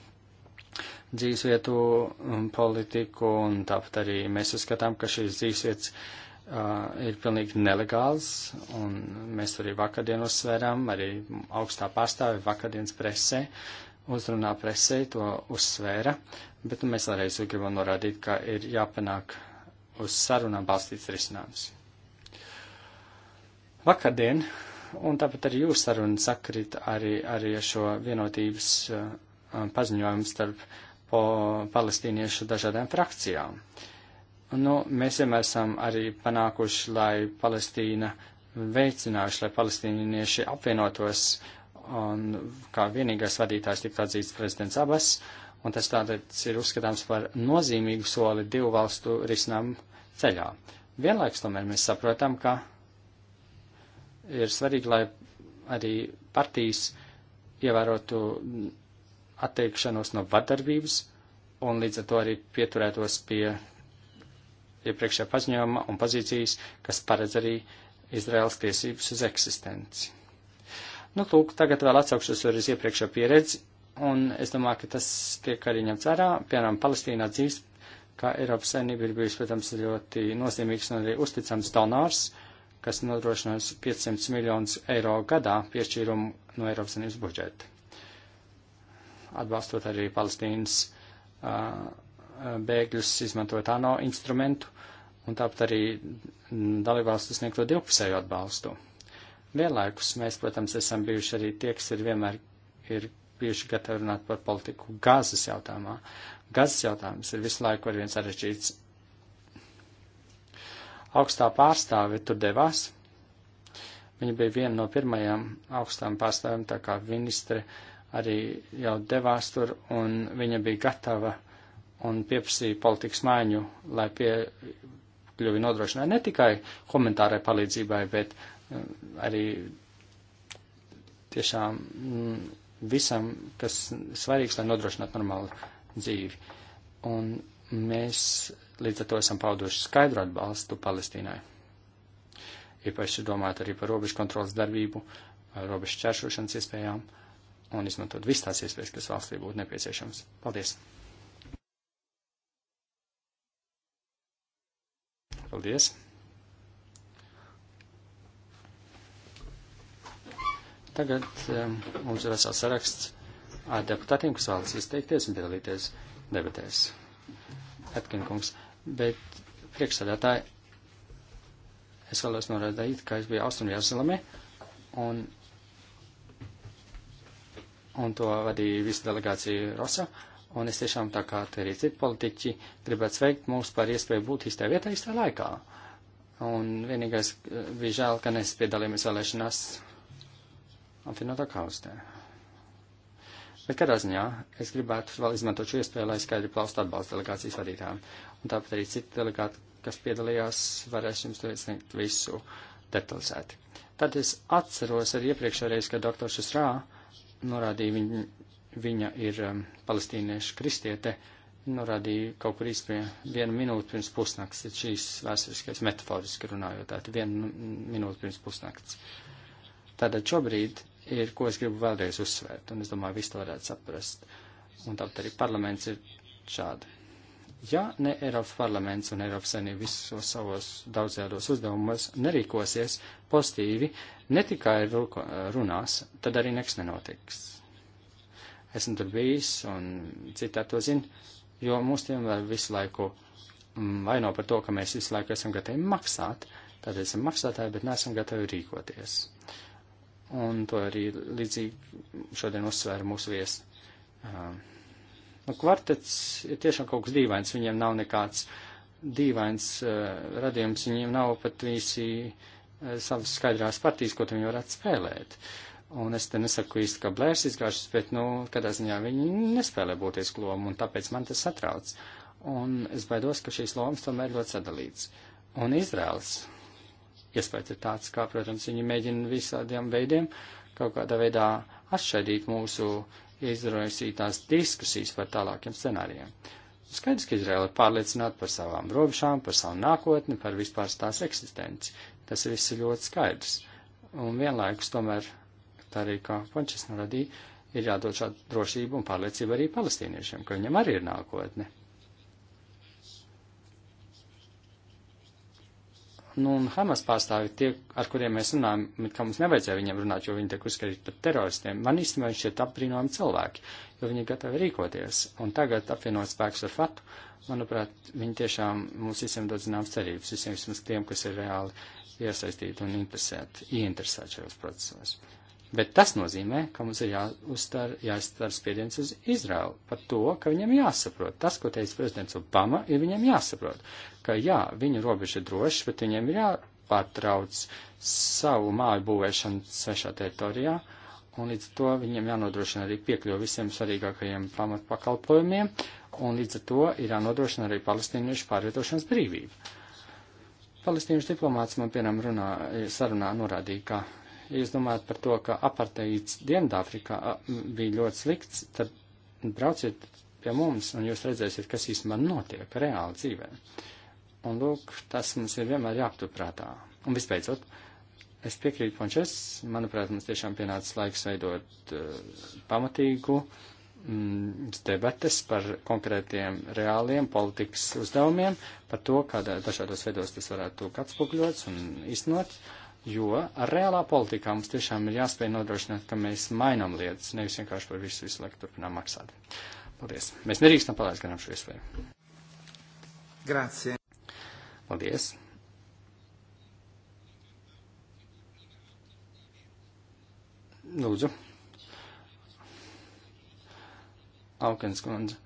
dzīvesvietu um, politiku, un tāpat arī mēs uzskatām, ka šīs dzīvesvietas uh, ir pilnīgi nelegāls, un mēs arī vakardien uzsverām, arī augstā pārstāve vakardienas presē, uzrunā presē to uzsvēra, bet nu, mēs vēlreiz gribam norādīt, ka ir jāpanāk uz sarunām balstīts risinājums. Vakardien un tāpat arī jūsu saruna sakrit arī, arī šo vienotības uh, paziņojumu starp po palestīniešu dažādām frakcijām. Nu, mēs vienmēr esam arī panākuši, lai Palestīna veicinājuši, lai palestīnieši apvienotos un kā vienīgais vadītājs tika atzīts prezidents Abas, un tas tātad ir uzskatāms par nozīmīgu soli divu valstu risinām ceļā. Vienlaiks tomēr mēs saprotam, ka ir svarīgi, lai arī partijas ievērotu atteikšanos no vardarbības un līdz ar to arī pieturētos pie iepriekšējā paziņojuma un pozīcijas, kas paredz arī Izraels tiesības uz eksistenci. Nu, lūk, tagad vēl atsaukšos uz iepriekšējo pieredzi, un es domāju, ka tas tiek arī ņemts vērā, piemēram, Palestīnā dzīves, kā Eiropas saimnība ir bijusi, protams, ļoti nozīmīgs un arī uzticams donors, kas nodrošinās 500 miljonus eiro gadā piešķīrumu no Eiropas saimnības budžeta atbalstot arī Palestīnas uh, bēgļus, izmantojot ANO instrumentu un tāpat arī dalībvalstu sniegto divpusēju atbalstu. Vienlaikus mēs, protams, esam bijuši arī tie, kas ir vienmēr ir bijuši gatavi runāt par politiku gazas jautājumā. Gazas jautājums ir visu laiku ar viens sarežģīts. Augstā pārstāve tur devās. Viņa bija viena no pirmajām augstām pārstāvjām, tā kā ministre uh, arī jau devās tur, un viņa bija gatava un pieprasīja politikas maiņu, lai piekļuvi nodrošināja ne tikai komentārai palīdzībai, bet eh, arī tiešām mm, visam, kas svarīgs, lai nodrošinātu normālu dzīvi. Un mēs līdz ar to esam pauduši skaidru atbalstu Palestīnai. Īpaši domājot arī par robežu kontrolas darbību, robežu čēršošanas iespējām. Uh, un izmantot visas tās iespējas, kas valstī būtu nepieciešams. Paldies! Paldies! Tagad um, mums ir vesels saraksts ar deputātiem, kas vēlas izteikties un piedalīties debatēs. Atkinkungs, bet priekšsēdētāji, es vēlos norādīt, ka es biju Austrumjāzalamē, un un to vadīja visa delegācija Rosa, un es tiešām tā kā te arī citi politiķi gribētu sveikt mūs par iespēju būt īstā vietā īstā laikā. Un vienīgais bija žēl, ka nes piedalījāmies vēlēšanās apvienotā kaustē. Bet kādā ziņā es gribētu vēl izmantot šo iespēju, lai skaidri plaustu atbalstu delegācijas vadītājiem. Un tāpat arī citi delegāti, kas piedalījās, varēs jums to iesniegt visu detalizēti. Tad es atceros arī iepriekšējais, ka doktors Šusrā uh, norādīja, viņa, viņa ir um, palestīniešu kristiete, norādīja kaut kur īsti pie vienu minūti pirms pusnakts, ir šīs vēsturiskais metaforiski runājot, tātad vienu minūti pirms pusnakts. Tātad šobrīd ir, ko es gribu vēlreiz uzsvērt, un es domāju, visi to varētu saprast, un tāpat arī parlaments ir šādi. Ja ne Eiropas parlaments un Eiropas Savienība visos savos daudzējādos uzdevumos nerīkosies pozitīvi, uh, ne tikai runās, tad arī nekas nenotiks. Esmu tur bijis un citā to zinu, jo mūs tiem visu laiku mm, vaino par to, ka mēs visu laiku esam gatavi maksāt, tad esam maksātāji, bet neesam gatavi rīkoties. Un to arī līdzīgi šodien uzsvēra mūsu viesi. Um, nu, kvartets ir tiešām kaut kas dīvains, viņiem nav nekāds dīvains uh, radījums, viņiem nav pat visi uh, Eh, savas skaidrās partijas, ko viņi varētu spēlēt. Un es te nesaku īsti, ka blērs izgāžas, bet, nu, kādā ziņā viņi nespēlē būtisku lomu, un tāpēc man tas satrauc. Un es baidos, ka šīs lomas tomēr ļoti sadalīts. Un Izraels iespējas ir tāds, kā, protams, viņi mēģina visādiem veidiem kaut kādā veidā atšķaidīt mūsu izraisītās diskusijas par tālākiem scenārijiem. Skaidrs, ka Izraela ir pārliecināta par savām robežām, par savu nākotni, par vispār tās eksistenci. Tas viss ir ļoti skaidrs. Un vienlaikus tomēr, tā arī kā Pončis norādīja, ir jādod šāda drošība un pārliecība arī palestīniešiem, ka viņam arī ir nākotne. Nu, un Hamas pārstāvi, tie, ar kuriem mēs runājam, ka mums nevajadzēja viņiem runāt, jo viņi tiek uzskatīti par teroristiem. Man īstenībā viņi šķiet apbrīnojami cilvēki, jo viņi ir gatavi rīkoties. Un tagad apvienot spēkus ar Fatu, manuprāt, viņi tiešām mums visiem dod zināmas cerības, visiem vismaz tiem, kas ir reāli iesaistīti un interesēti, ieinteresēti šajos procesos. Bet tas nozīmē, ka mums ir jāuzstār, jāizstār spiediens uz Izraelu par to, ka viņam jāsaprot. Tas, ko teica prezidents Obama, ir viņam jāsaprot, ka jā, viņa robeža ir droša, bet viņam ir jāpārtrauc savu māju būvēšanu svešā teritorijā, un līdz to viņam jānodrošina arī piekļuvi visiem svarīgākajiem pamatpakalpojumiem, un līdz ar to ir jānodrošina arī palestīniešu pārvietošanas brīvība. Palestīniešu diplomāts man piemēram runā, sarunā norādīja, ka, ja jūs domājat par to, ka aparteids Dienvidāfrikā bija ļoti slikts, tad brauciet pie mums un jūs redzēsiet, kas īstenībā notiek reāli dzīvē. Un lūk, tas mums ir vienmēr jāapturprātā. Un vispēcot, es piekrītu Pončes, manuprāt, mums tiešām pienācis laiks veidot uh, pamatīgu uh, Mm, debates par konkrētiem reāliem politikas uzdevumiem, par to, kādā dažādos veidos tas varētu tūk atspūgļots un iznot, jo ar reālā politikā mums tiešām ir jāspēj nodrošināt, ka mēs mainam lietas, nevis vienkārši par visu visu laiku turpinām maksāt. Paldies. Mēs nerīkstam palaist garām šo iespēju. Grācie. Paldies. Lūdzu. Aukens kundze.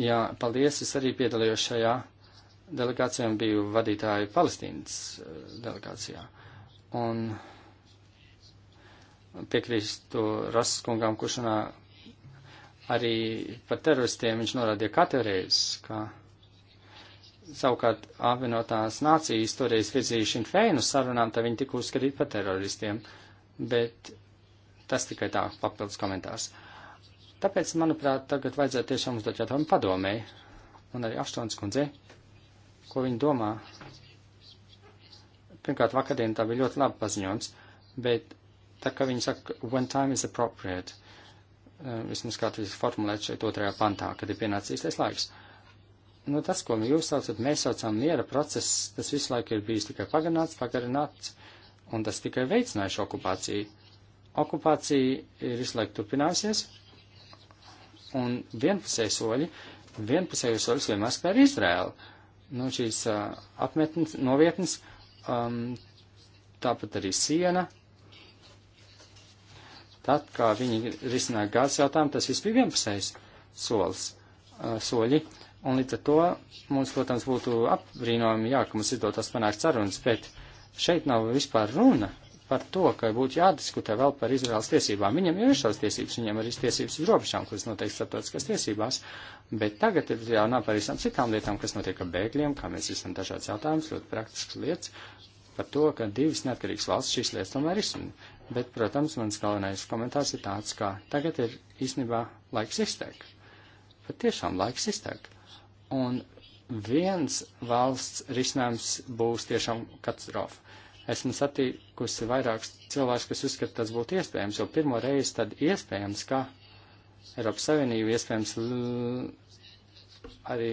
Jā, paldies, es arī piedalījos šajā delegācijā un biju vadītāji Palestīnas eh, delegācijā. Un piekrīstu Rasas kungām, kurš runā arī par teroristiem, viņš norādīja katereiz, ka savukārt apvienotās nācijas toreiz virzīja šim feinu sarunām, tad viņi tika uzskatīti par teroristiem. Bet tas tikai tā papildus komentārs. Uh, Tāpēc, manuprāt, tagad vajadzētu tiešām uzdot jautājumu padomēji un arī Aštons kundzei, ko viņi domā. Pirmkārt, vakardien tā bija ļoti laba paziņojums, bet tā kā viņi saka, when time is appropriate, eh, vismaz kā tas ir formulēts šeit otrajā pantā, kad ir pienācīstais laiks. Nu, tas, ko jūs saucat, mēs saucam miera process, tas visu laiku ir bijis tikai pagarināts, pagarināts, un tas tikai veicināja šo okupāciju. Okupācija ir visu laiku turpinājusies, un vienpusēji soļi, vienpusēju soļus vienmēr spēr Izraela. Nu, šīs uh, apmetnes, novietnes, um, tāpat arī siena. Tad, kā viņi risināja gāzes jautājumu, tas viss bija vienpusējs solis, uh, soļi. Un līdz ar to mums, protams, būtu apbrīnojami, jā, ka mums ir dotas panākt sarunas, bet šeit nav vispār runa par to, ka būtu jādiskutē vēl par Izraels tiesībām. Viņam jau ir šās tiesības, viņam arī tiesības uz robežām, kas noteikti starptautiskās tiesībās, bet tagad ir jānā par visām citām lietām, kas notiek ar bēgļiem, kā mēs esam dažāds jautājums, ļoti praktisks lietas, par to, ka divas neatkarīgas valsts šīs lietas tomēr izsuna. Bet, protams, mans galvenais komentārs ir tāds, ka tagad ir īstenībā laiks izteikt. Pat tiešām laiks izteikt. Un viens valsts risinājums būs tiešām katastrofa esmu satikusi vairākus cilvēkus, kas uzskata, tas būtu iespējams, jo pirmo reizi tad iespējams, ka Eiropas Savienība iespējams arī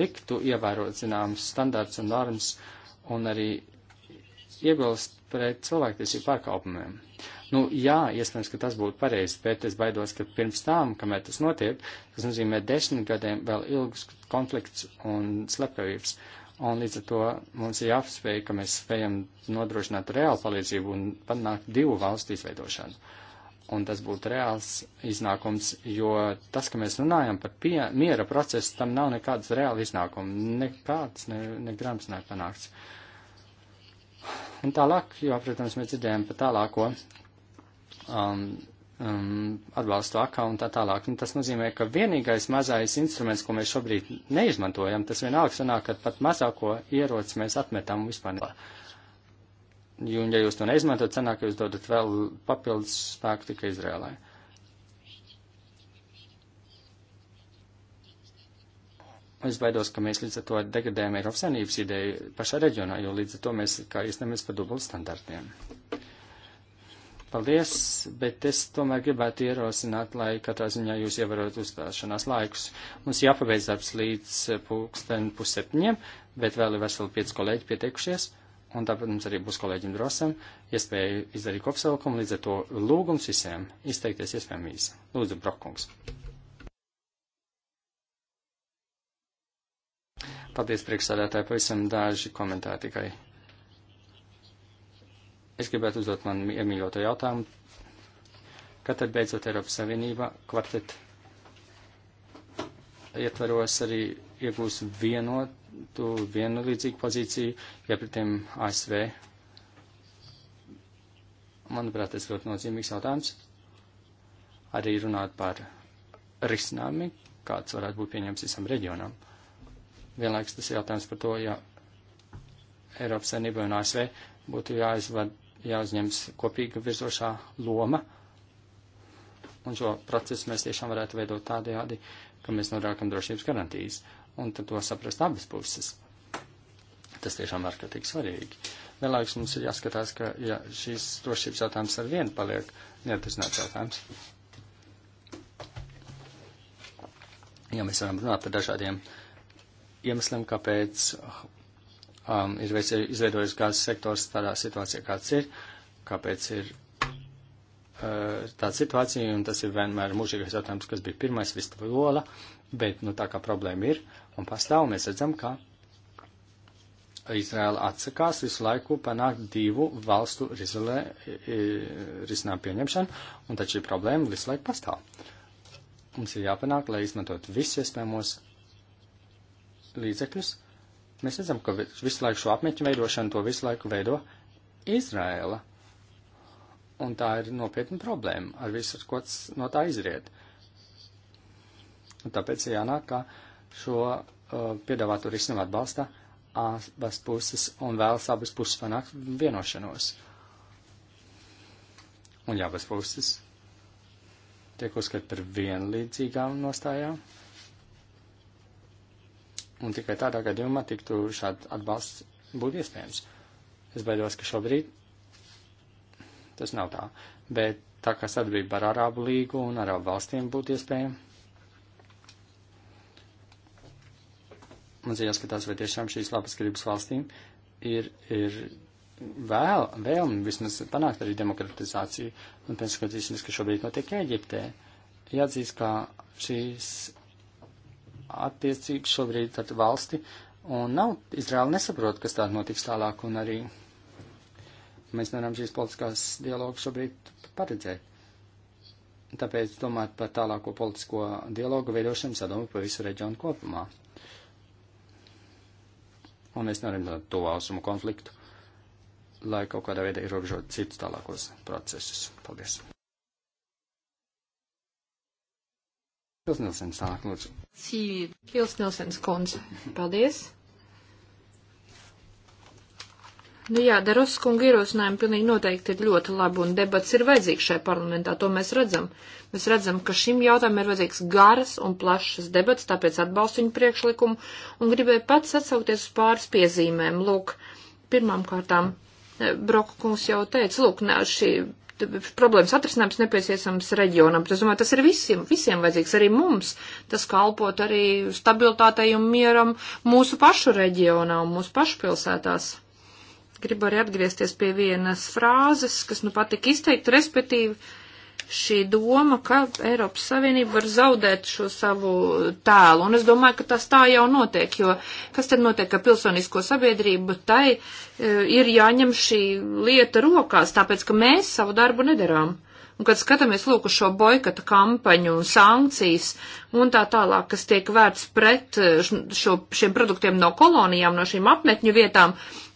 liktu ievērot zināmas standārts un normas un arī iebilst pret cilvēktiesību pārkāpumiem. Nu, jā, iespējams, ka tas būtu pareizi, bet es baidos, ka pirms tam, kamēr tas notiek, tas nozīmē desmit gadiem vēl ilgus konflikts un slepkavības. Uh, Un līdz ar to mums ir jāapspēj, ka mēs spējam nodrošināt reālu palīdzību un panākt divu valstu izveidošanu. Un tas būtu reāls iznākums, jo tas, ka mēs runājam par pie, miera procesu, tam nav nekāds reāli iznākums. Nekāds, ne, ne grams nav panākts. Un tālāk, jo, protams, mēs dzirdējam par tālāko um, um, atbalstu akā un tā tālāk. Un tas nozīmē, ka vienīgais mazais instruments, ko mēs šobrīd neizmantojam, tas vienalga sanāk, ka pat mazāko ieroci mēs atmetam vispār. Ne. Un ja jūs to neizmantot, sanāk, ka jūs dodat vēl papildus spēku tikai Izrēlai. Es baidos, ka mēs līdz ar to degradējam Eiropas Savienības ideju pašā reģionā, jo līdz ar to mēs kā iestāmies par dubultstandartiem. standartiem. Paldies, bet es tomēr gribētu ierosināt, lai katrā ziņā jūs ievarot uzstāšanās laikus. Mums jāpabeidz darbs līdz eh, pulksten pusseptiņiem, bet vēl ir veseli pieci kolēģi pieteikušies, un tāpēc mums arī būs kolēģim drosam iespēja izdarīt kopsavilkumu, līdz ar to lūgums visiem izteikties iespējami īsi. Lūdzu, Brokungs. Paldies, priekšsādātāji, pavisam daži komentāri tikai. Es gribētu uzdot man iemīļoto jautājumu. Kad tad beidzot Eiropas Savienība kvartet ietvaros arī iegūs vienotu, vienlīdzīgu pozīciju, ja pret tiem ASV? Manuprāt, tas ļoti nozīmīgs jautājums. Arī runāt par risinājumi, kāds varētu būt pieņems visam reģionam. Vienlaiks tas ir jautājums par to, ja Eiropas Savienībai un ASV būtu jāizvada jāuzņems kopīga virzošā loma. Un šo procesu mēs tiešām varētu veidot tādējādi, ka mēs norākam drošības garantijas, un tad to saprast abas puses. Tas tiešām ir ārkārtīgi svarīgi. Vienlaikus mums ir jāskatās, ka ja šīs drošības jautājums ar vienu paliek neatrisināts jautājums. Jo ja mēs varam runāt par dažādiem iemesliem, kāpēc um, ir izveidojis gāzes sektors tādā situācijā, kāds ir, kāpēc ir uh, tāda situācija, un tas ir vienmēr mūžīgais jautājums, kas bija pirmais vistola, bet, nu, tā kā problēma ir un pastāv, mēs redzam, ka Izraela atsakās visu laiku panākt divu valstu risinājumu pieņemšanu, un taču šī problēma visu laiku pastāv. Mums ir jāpanāk, lai izmantot visus iespējamos līdzekļus, uh, Mēs redzam, ka visu laiku šo apmeķu veidošanu to visu laiku veido Izraela. Un tā ir nopietna problēma ar visu, ko no tā izriet. Un tāpēc jānāk, ka šo uh, piedāvāto risinājumu atbalsta abas puses un vēlas abas puses panākt vienošanos. Un ja abas puses tiek uzskatīt par vienlīdzīgām nostājām, Un tikai tādā gadījumā tiktu šāds atbalsts būtu iespējams. Es baidos, ka šobrīd tas nav tā. Bet tā kā sadarbība ar Arābu līgu un Arābu valstīm būtu iespējama, mums ir jāskatās, vai tiešām šīs labas gribas valstīm ir, ir vēl, vēlmi vismaz panākt arī demokratizāciju. Un pēc skatīsimies, ka šobrīd notiek Ēģiptē. Jāatzīst, ka šīs attiecības šobrīd ar valsti, un nav, Izraela nesaprot, kas tāda notiks tālāk, un arī mēs nevaram šīs politiskās dialogu šobrīd paredzēt. Tāpēc domāt par tālāko politisko dialogu veidošanu sadomu pa visu reģionu kopumā. Un mēs nevaram tādu to ausumu konfliktu, lai kaut kādā veidā ierobežot citus tālākos procesus. Paldies! Kilsnilsens nāk, lūdzu. Kilsnilsens kundze, paldies. Nu jā, Daros kunga ierosinājumi pilnīgi noteikti ir ļoti labi, un debats ir vajadzīgs šai parlamentā, to mēs redzam. Mēs redzam, ka šim jautājumam ir vajadzīgs garas un plašas debats, tāpēc atbalstu viņu priekšlikumu, un gribēju pats atsaukties uz pāris piezīmēm. Lūk, pirmām kārtām, eh, Broka kungs jau teica, lūk, ne, šī problēmas atrisinājums nepieciešams reģionam. Es domāju, tas ir visiem, visiem vajadzīgs, arī mums. Tas kalpot arī stabilitātei un mieram mūsu pašu reģionā un mūsu pašu pilsētās. Gribu arī atgriezties pie vienas frāzes, kas nu patika izteikt, respektīvi šī doma, ka Eiropas Savienība var zaudēt šo savu tēlu. Un es domāju, ka tas tā jau notiek, jo kas tad notiek, ka pilsonisko sabiedrību tai e, ir jāņem šī lieta rokās, tāpēc, ka mēs savu darbu nedarām. Un, kad skatāmies lūk uz šo boikata kampaņu un sankcijas un tā tālāk, kas tiek vērts pret eh, šo, šiem produktiem no kolonijām, no šīm apmetņu vietām,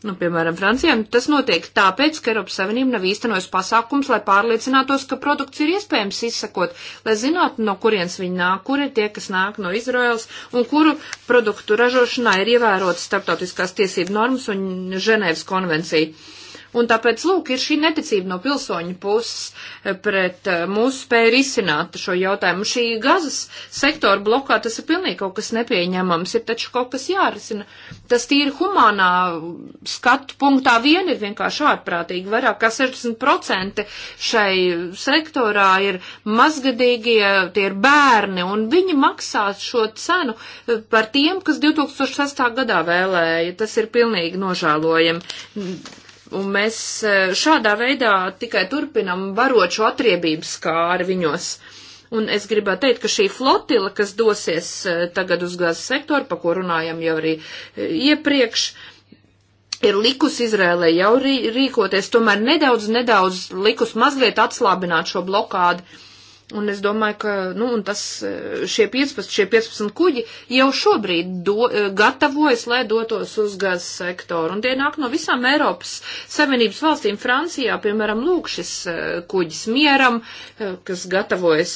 nu, piemēram, Francijām, nu, tas notiek tāpēc, ka Eiropas Savienība nav īstenojusi pasākums, lai pārliecinātos, ka produkts ir iespējams izsakot, lai zinātu, no kurienes viņi nāk, kur ir tie, kas nāk no Izraels un kuru produktu ražošanā ir ievērotas starptautiskās tiesību normas un Ženēvas konvencija. Un tāpēc, lūk, ir šī neticība no pilsoņu puses pret eh, mūsu spēju risināt šo jautājumu. Šī gazas sektora blokā tas ir pilnīgi kaut kas nepieņemams, ir taču kaut kas jārisina. Tas tīri humānā skatu punktā vien ir vienkārši ārprātīgi. Vairāk kā 60% šai sektorā ir mazgadīgie, tie ir bērni, un viņi maksā šo cenu eh, par tiem, kas 2006. gadā vēlēja. Tas ir pilnīgi nožēlojami. Un mēs e, šādā veidā tikai turpinam barot šo atriebības kāri viņos. Un es gribētu teikt, ka šī flotila, kas dosies e, tagad uz gāzes sektoru, pa ko runājam jau arī e, iepriekš, ir likus Izrēlē jau rīkoties, tomēr nedaudz, nedaudz likus mazliet atslābināt šo blokādu Un es domāju, ka nu, tas, e, šie, 15, šie 15 kuģi jau šobrīd do, e, gatavojas, lai dotos uz gazas sektoru. Un tie nāk no visām Eiropas Savienības valstīm. Francijā, piemēram, lūk šis e, kuģis mieram, kas gatavojas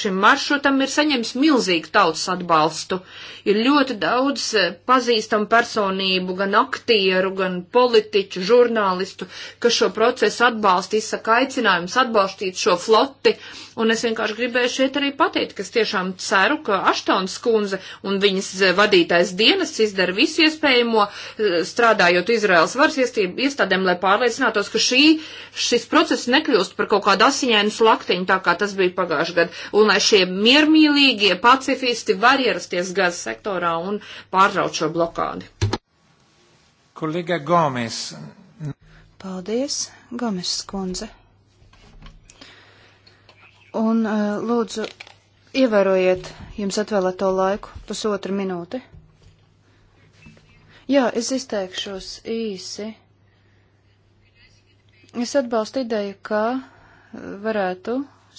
šim maršrutam, ir saņēmis milzīgu tautas atbalstu. Ir ļoti daudz pazīstamu personību, gan aktieru, gan politiķu, žurnālistu, kas šo procesu atbalsta, izsaka aicinājums atbalstīt šo floti. Uh, Un es vienkārši gribēju šeit arī pateikt, ka es tiešām ceru, ka Aštons kundze un viņas vadītais dienas izdara visu iespējamo, eh, strādājot Izraels varas iestādēm, lai pārliecinātos, ka šī, šis process nekļūst par kaut kādu asiņainu slaktiņu, tā kā tas bija pagājušajā gadā. Un lai šie miermīlīgie pacifisti var ierasties gazas sektorā un pārtraukt šo blokādi. Kolēģa Gomes. Paldies, Gomes skundze. Un eh, lūdzu, ievērojiet jums atvēlēto laiku pusotru minūti. Jā, es izteikšos īsi. Es atbalstu ideju, ka eh, varētu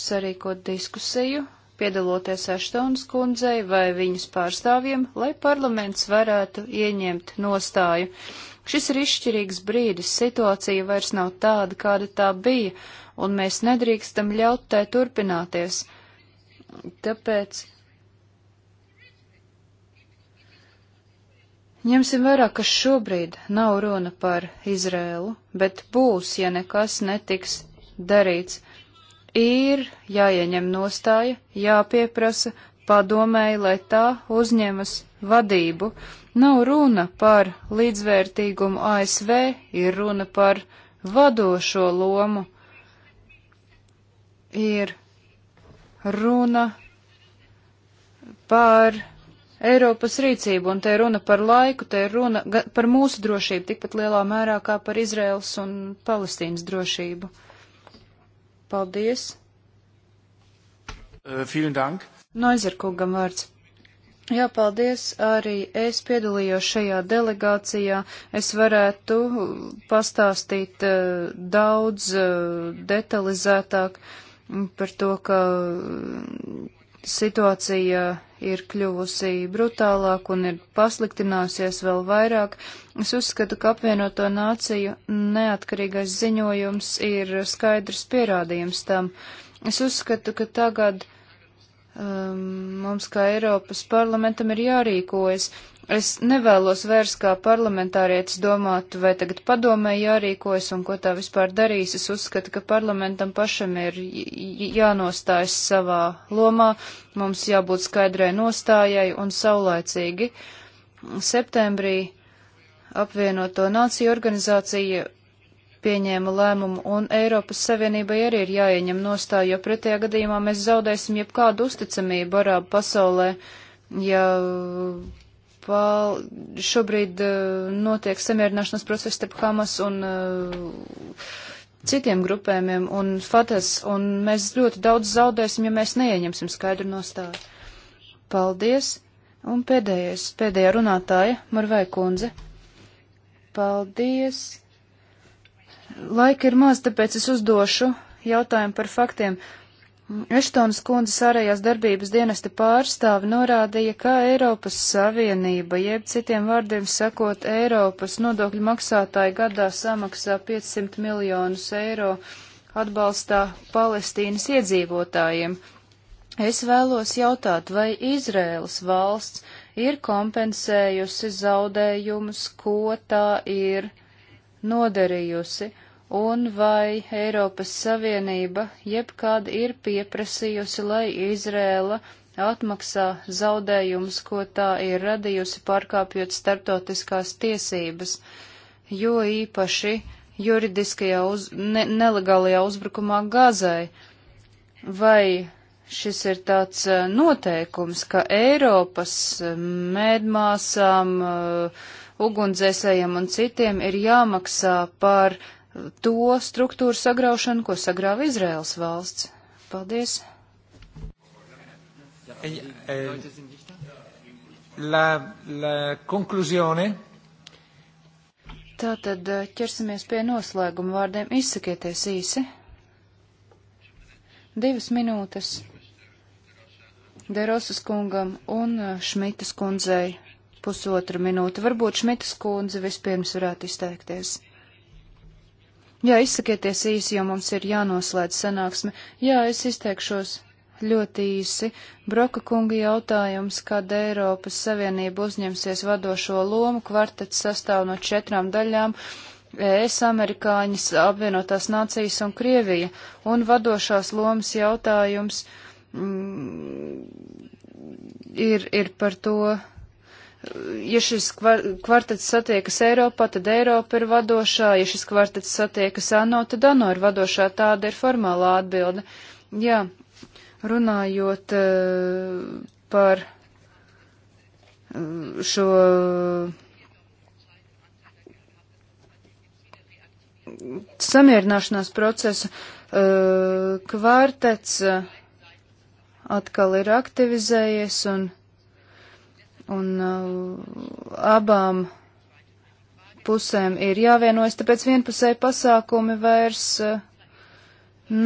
sarīkot diskusiju, piedaloties Aštons kundzei vai viņas pārstāvjiem, lai parlaments varētu ieņemt nostāju. Uh, Šis ir izšķirīgs brīdis, situācija vairs nav tāda, kāda tā bija, un mēs nedrīkstam ļaut tai turpināties. Tāpēc ņemsim vērā, ka šobrīd nav runa par Izrēlu, bet būs, ja nekas netiks darīts ir jāieņem nostāja, jāpieprasa padomēji, lai tā uzņemas vadību Nav runa par līdzvērtīgumu ASV, ir runa par vadošo lomu. Ir runa par Eiropas rīcību, un te ir runa par laiku, te ir runa par mūsu drošību tikpat lielā mērā kā par Izraels un Palestīnas drošību. Paldies! Uh, Noizer kungam vārds. Jā, paldies. Arī es piedalījos šajā delegācijā. Es varētu pastāstīt uh, daudz uh, detalizētāk par to, ka mm, situācija ir kļuvusi brutālāk un ir pasliktinājusies vēl vairāk. Es uzskatu, ka apvienoto nāciju neatkarīgais ziņojums ir skaidrs pierādījums tam. Es uzskatu, ka tagad. Uh, um, mums kā Eiropas parlamentam ir jārīkojas. Es nevēlos vairs kā parlamentārietis domāt, vai tagad padomē jārīkojas un ko tā vispār darīs. Es uzskatu, ka parlamentam pašam ir jānostājas savā lomā, mums jābūt skaidrai nostājai un saulaicīgi. Septembrī apvienoto nāciju organizācija pieņēma lēmumu, un Eiropas Savienībai arī ir jāieņem nostāja, jo pretējā gadījumā mēs zaudēsim jebkādu uzticamību arābu pasaulē, ja pal, šobrīd uh, notiek samierināšanas process starp Hamas un uh, citiem grupējumiem un Fatas, un mēs ļoti daudz zaudēsim, ja mēs neieņemsim skaidru nostāju. Paldies! Un pēdējais, pēdējā runātāja, Marvai Kunze. Paldies! Laika ir maz, tāpēc es uzdošu jautājumu par faktiem. Eštons kundzes ārējās darbības dienesta pārstāvi norādīja, ka Eiropas Savienība, jeb citiem vārdiem sakot, Eiropas nodokļu maksātāji gadā samaksā 500 miljonus eiro atbalstā Palestīnas iedzīvotājiem. Es vēlos jautāt, vai Izrēlas valsts ir kompensējusi zaudējumus, ko tā ir nodarījusi un vai Eiropas Savienība jebkād ir pieprasījusi, lai Izrēla atmaksā zaudējumus, ko tā ir radījusi pārkāpjot starptautiskās tiesības, jo īpaši juridiskajā uz, ne, nelegālajā uzbrukumā Gazai. Vai šis ir tāds eh, noteikums, ka Eiropas eh, mēdmāsām uh, eh, ugunsdzēsējiem un citiem ir jāmaksā par to struktūru sagraušanu, ko sagrāva Izraels valsts. Paldies! E, e, la, la conclusione. Tātad e, ķersimies pie noslēguma vārdiem. Izsakieties īsi. Divas minūtes. Derosas kungam un Šmitas kundzei pusotru minūti. Varbūt Šmitas kundze vispirms varētu izteikties. Jā, izsakieties īsi, jo mums ir jānoslēdz sanāksme. Jā, es izteikšos ļoti īsi. Broka kunga jautājums, kad Eiropas Savienība uzņemsies vadošo lomu, kvartets sastāv no četrām daļām. ES, Amerikāņas, apvienotās nācijas un Krievija, un vadošās lomas jautājums mm, ir, ir par to, ja šis kvartets satiekas Eiropā, tad Eiropa ir vadošā, ja šis kvartets satiekas ANO, tad ANO ir vadošā, tāda ir formālā atbilde. Jā, runājot eh, par eh, šo samierināšanās procesu, eh, kvartets atkal ir aktivizējies un Un uh, abām pusēm ir jāvienojas, tāpēc vienpusēji pasākumi vairs uh,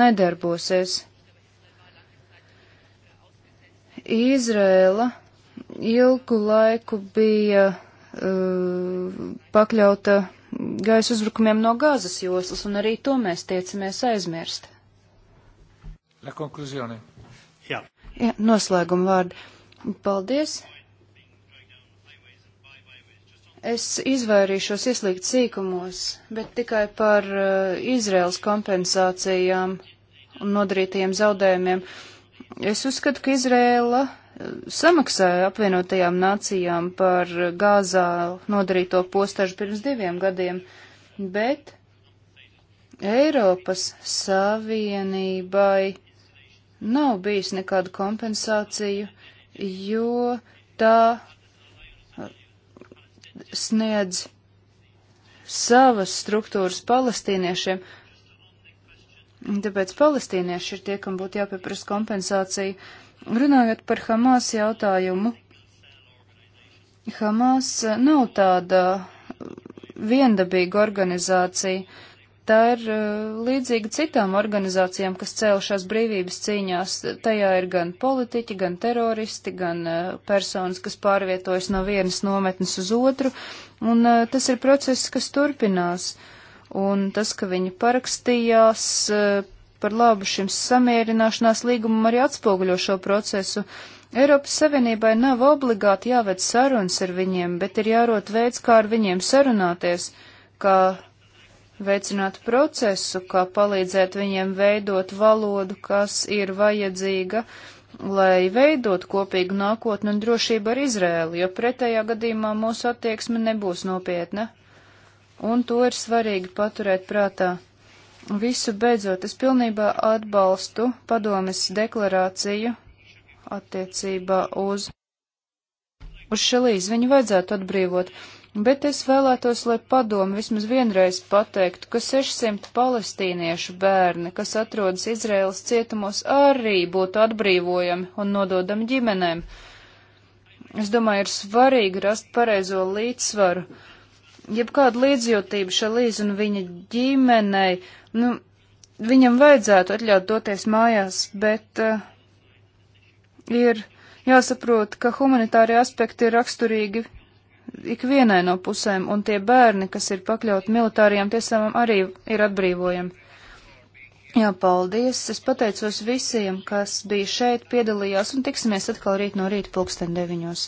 nedarbosies. Izrēla ilgu laiku bija uh, pakļauta gaisa uzbrukumiem no gāzes joslas, un arī to mēs tiecamies aizmirst. La conclusione. Jā. Jā, noslēguma vārdi. Paldies! Es izvairīšos ieslīgt sīkumos, bet tikai par uh, Izraels kompensācijām un nodarītajiem zaudējumiem. Es uzskatu, ka Izraela eh, samaksāja apvienotajām nācijām par gāzā nodarīto postažu pirms diviem gadiem, bet Eiropas Savienībai nav bijis nekādu kompensāciju, jo tā sniedz savas struktūras palestīniešiem, Tāpēc palestīnieši ir tie, kam būtu jāpieprasa kompensācija. Runājot par Hamas jautājumu, Hamas nav tāda viendabīga organizācija. Tā ir eh, līdzīga citām organizācijām, kas cēlušās brīvības cīņās. Tajā ir gan politiķi, gan teroristi, gan eh, personas, kas pārvietojas no vienas nometnes uz otru, un eh, tas ir process, kas turpinās. Un tas, ka viņi parakstījās par labu šim samierināšanās līgumam, arī atspoguļo šo procesu. Eiropas Savienībai nav obligāti jāved sarunas ar viņiem, bet ir jārot veids, kā ar viņiem sarunāties, kā veicināt procesu, kā palīdzēt viņiem veidot valodu, kas ir vajadzīga, lai veidot kopīgu nākotni un drošību ar Izrēlu, jo pretējā gadījumā mūsu attieksme nebūs nopietna. Un to ir svarīgi paturēt prātā. Visu beidzot, es pilnībā atbalstu padomis deklarāciju attiecībā uz, uz šelīzi. Viņu vajadzētu atbrīvot. Bet es vēlētos, lai padomu vismaz vienreiz pateiktu, ka 600 palestīniešu bērni, kas atrodas Izraēlas cietumos, arī būtu atbrīvojami un nododami ģimenēm. Es domāju, ir svarīgi rast pareizo līdzsvaru. Jebkāda līdzjūtība Šalīz un viņa ģimenei, nu, viņam vajadzētu atļaut doties mājās, bet uh, ir jāsaprot, ka humanitārie aspekti ir raksturīgi ikvienai no pusēm, un tie bērni, kas ir pakļauti militārajām tiesām, arī ir atbrīvojami. Jā, paldies. Es pateicos visiem, kas bija šeit, piedalījās, un tiksimies atkal rīt no rīta pulksten deviņos.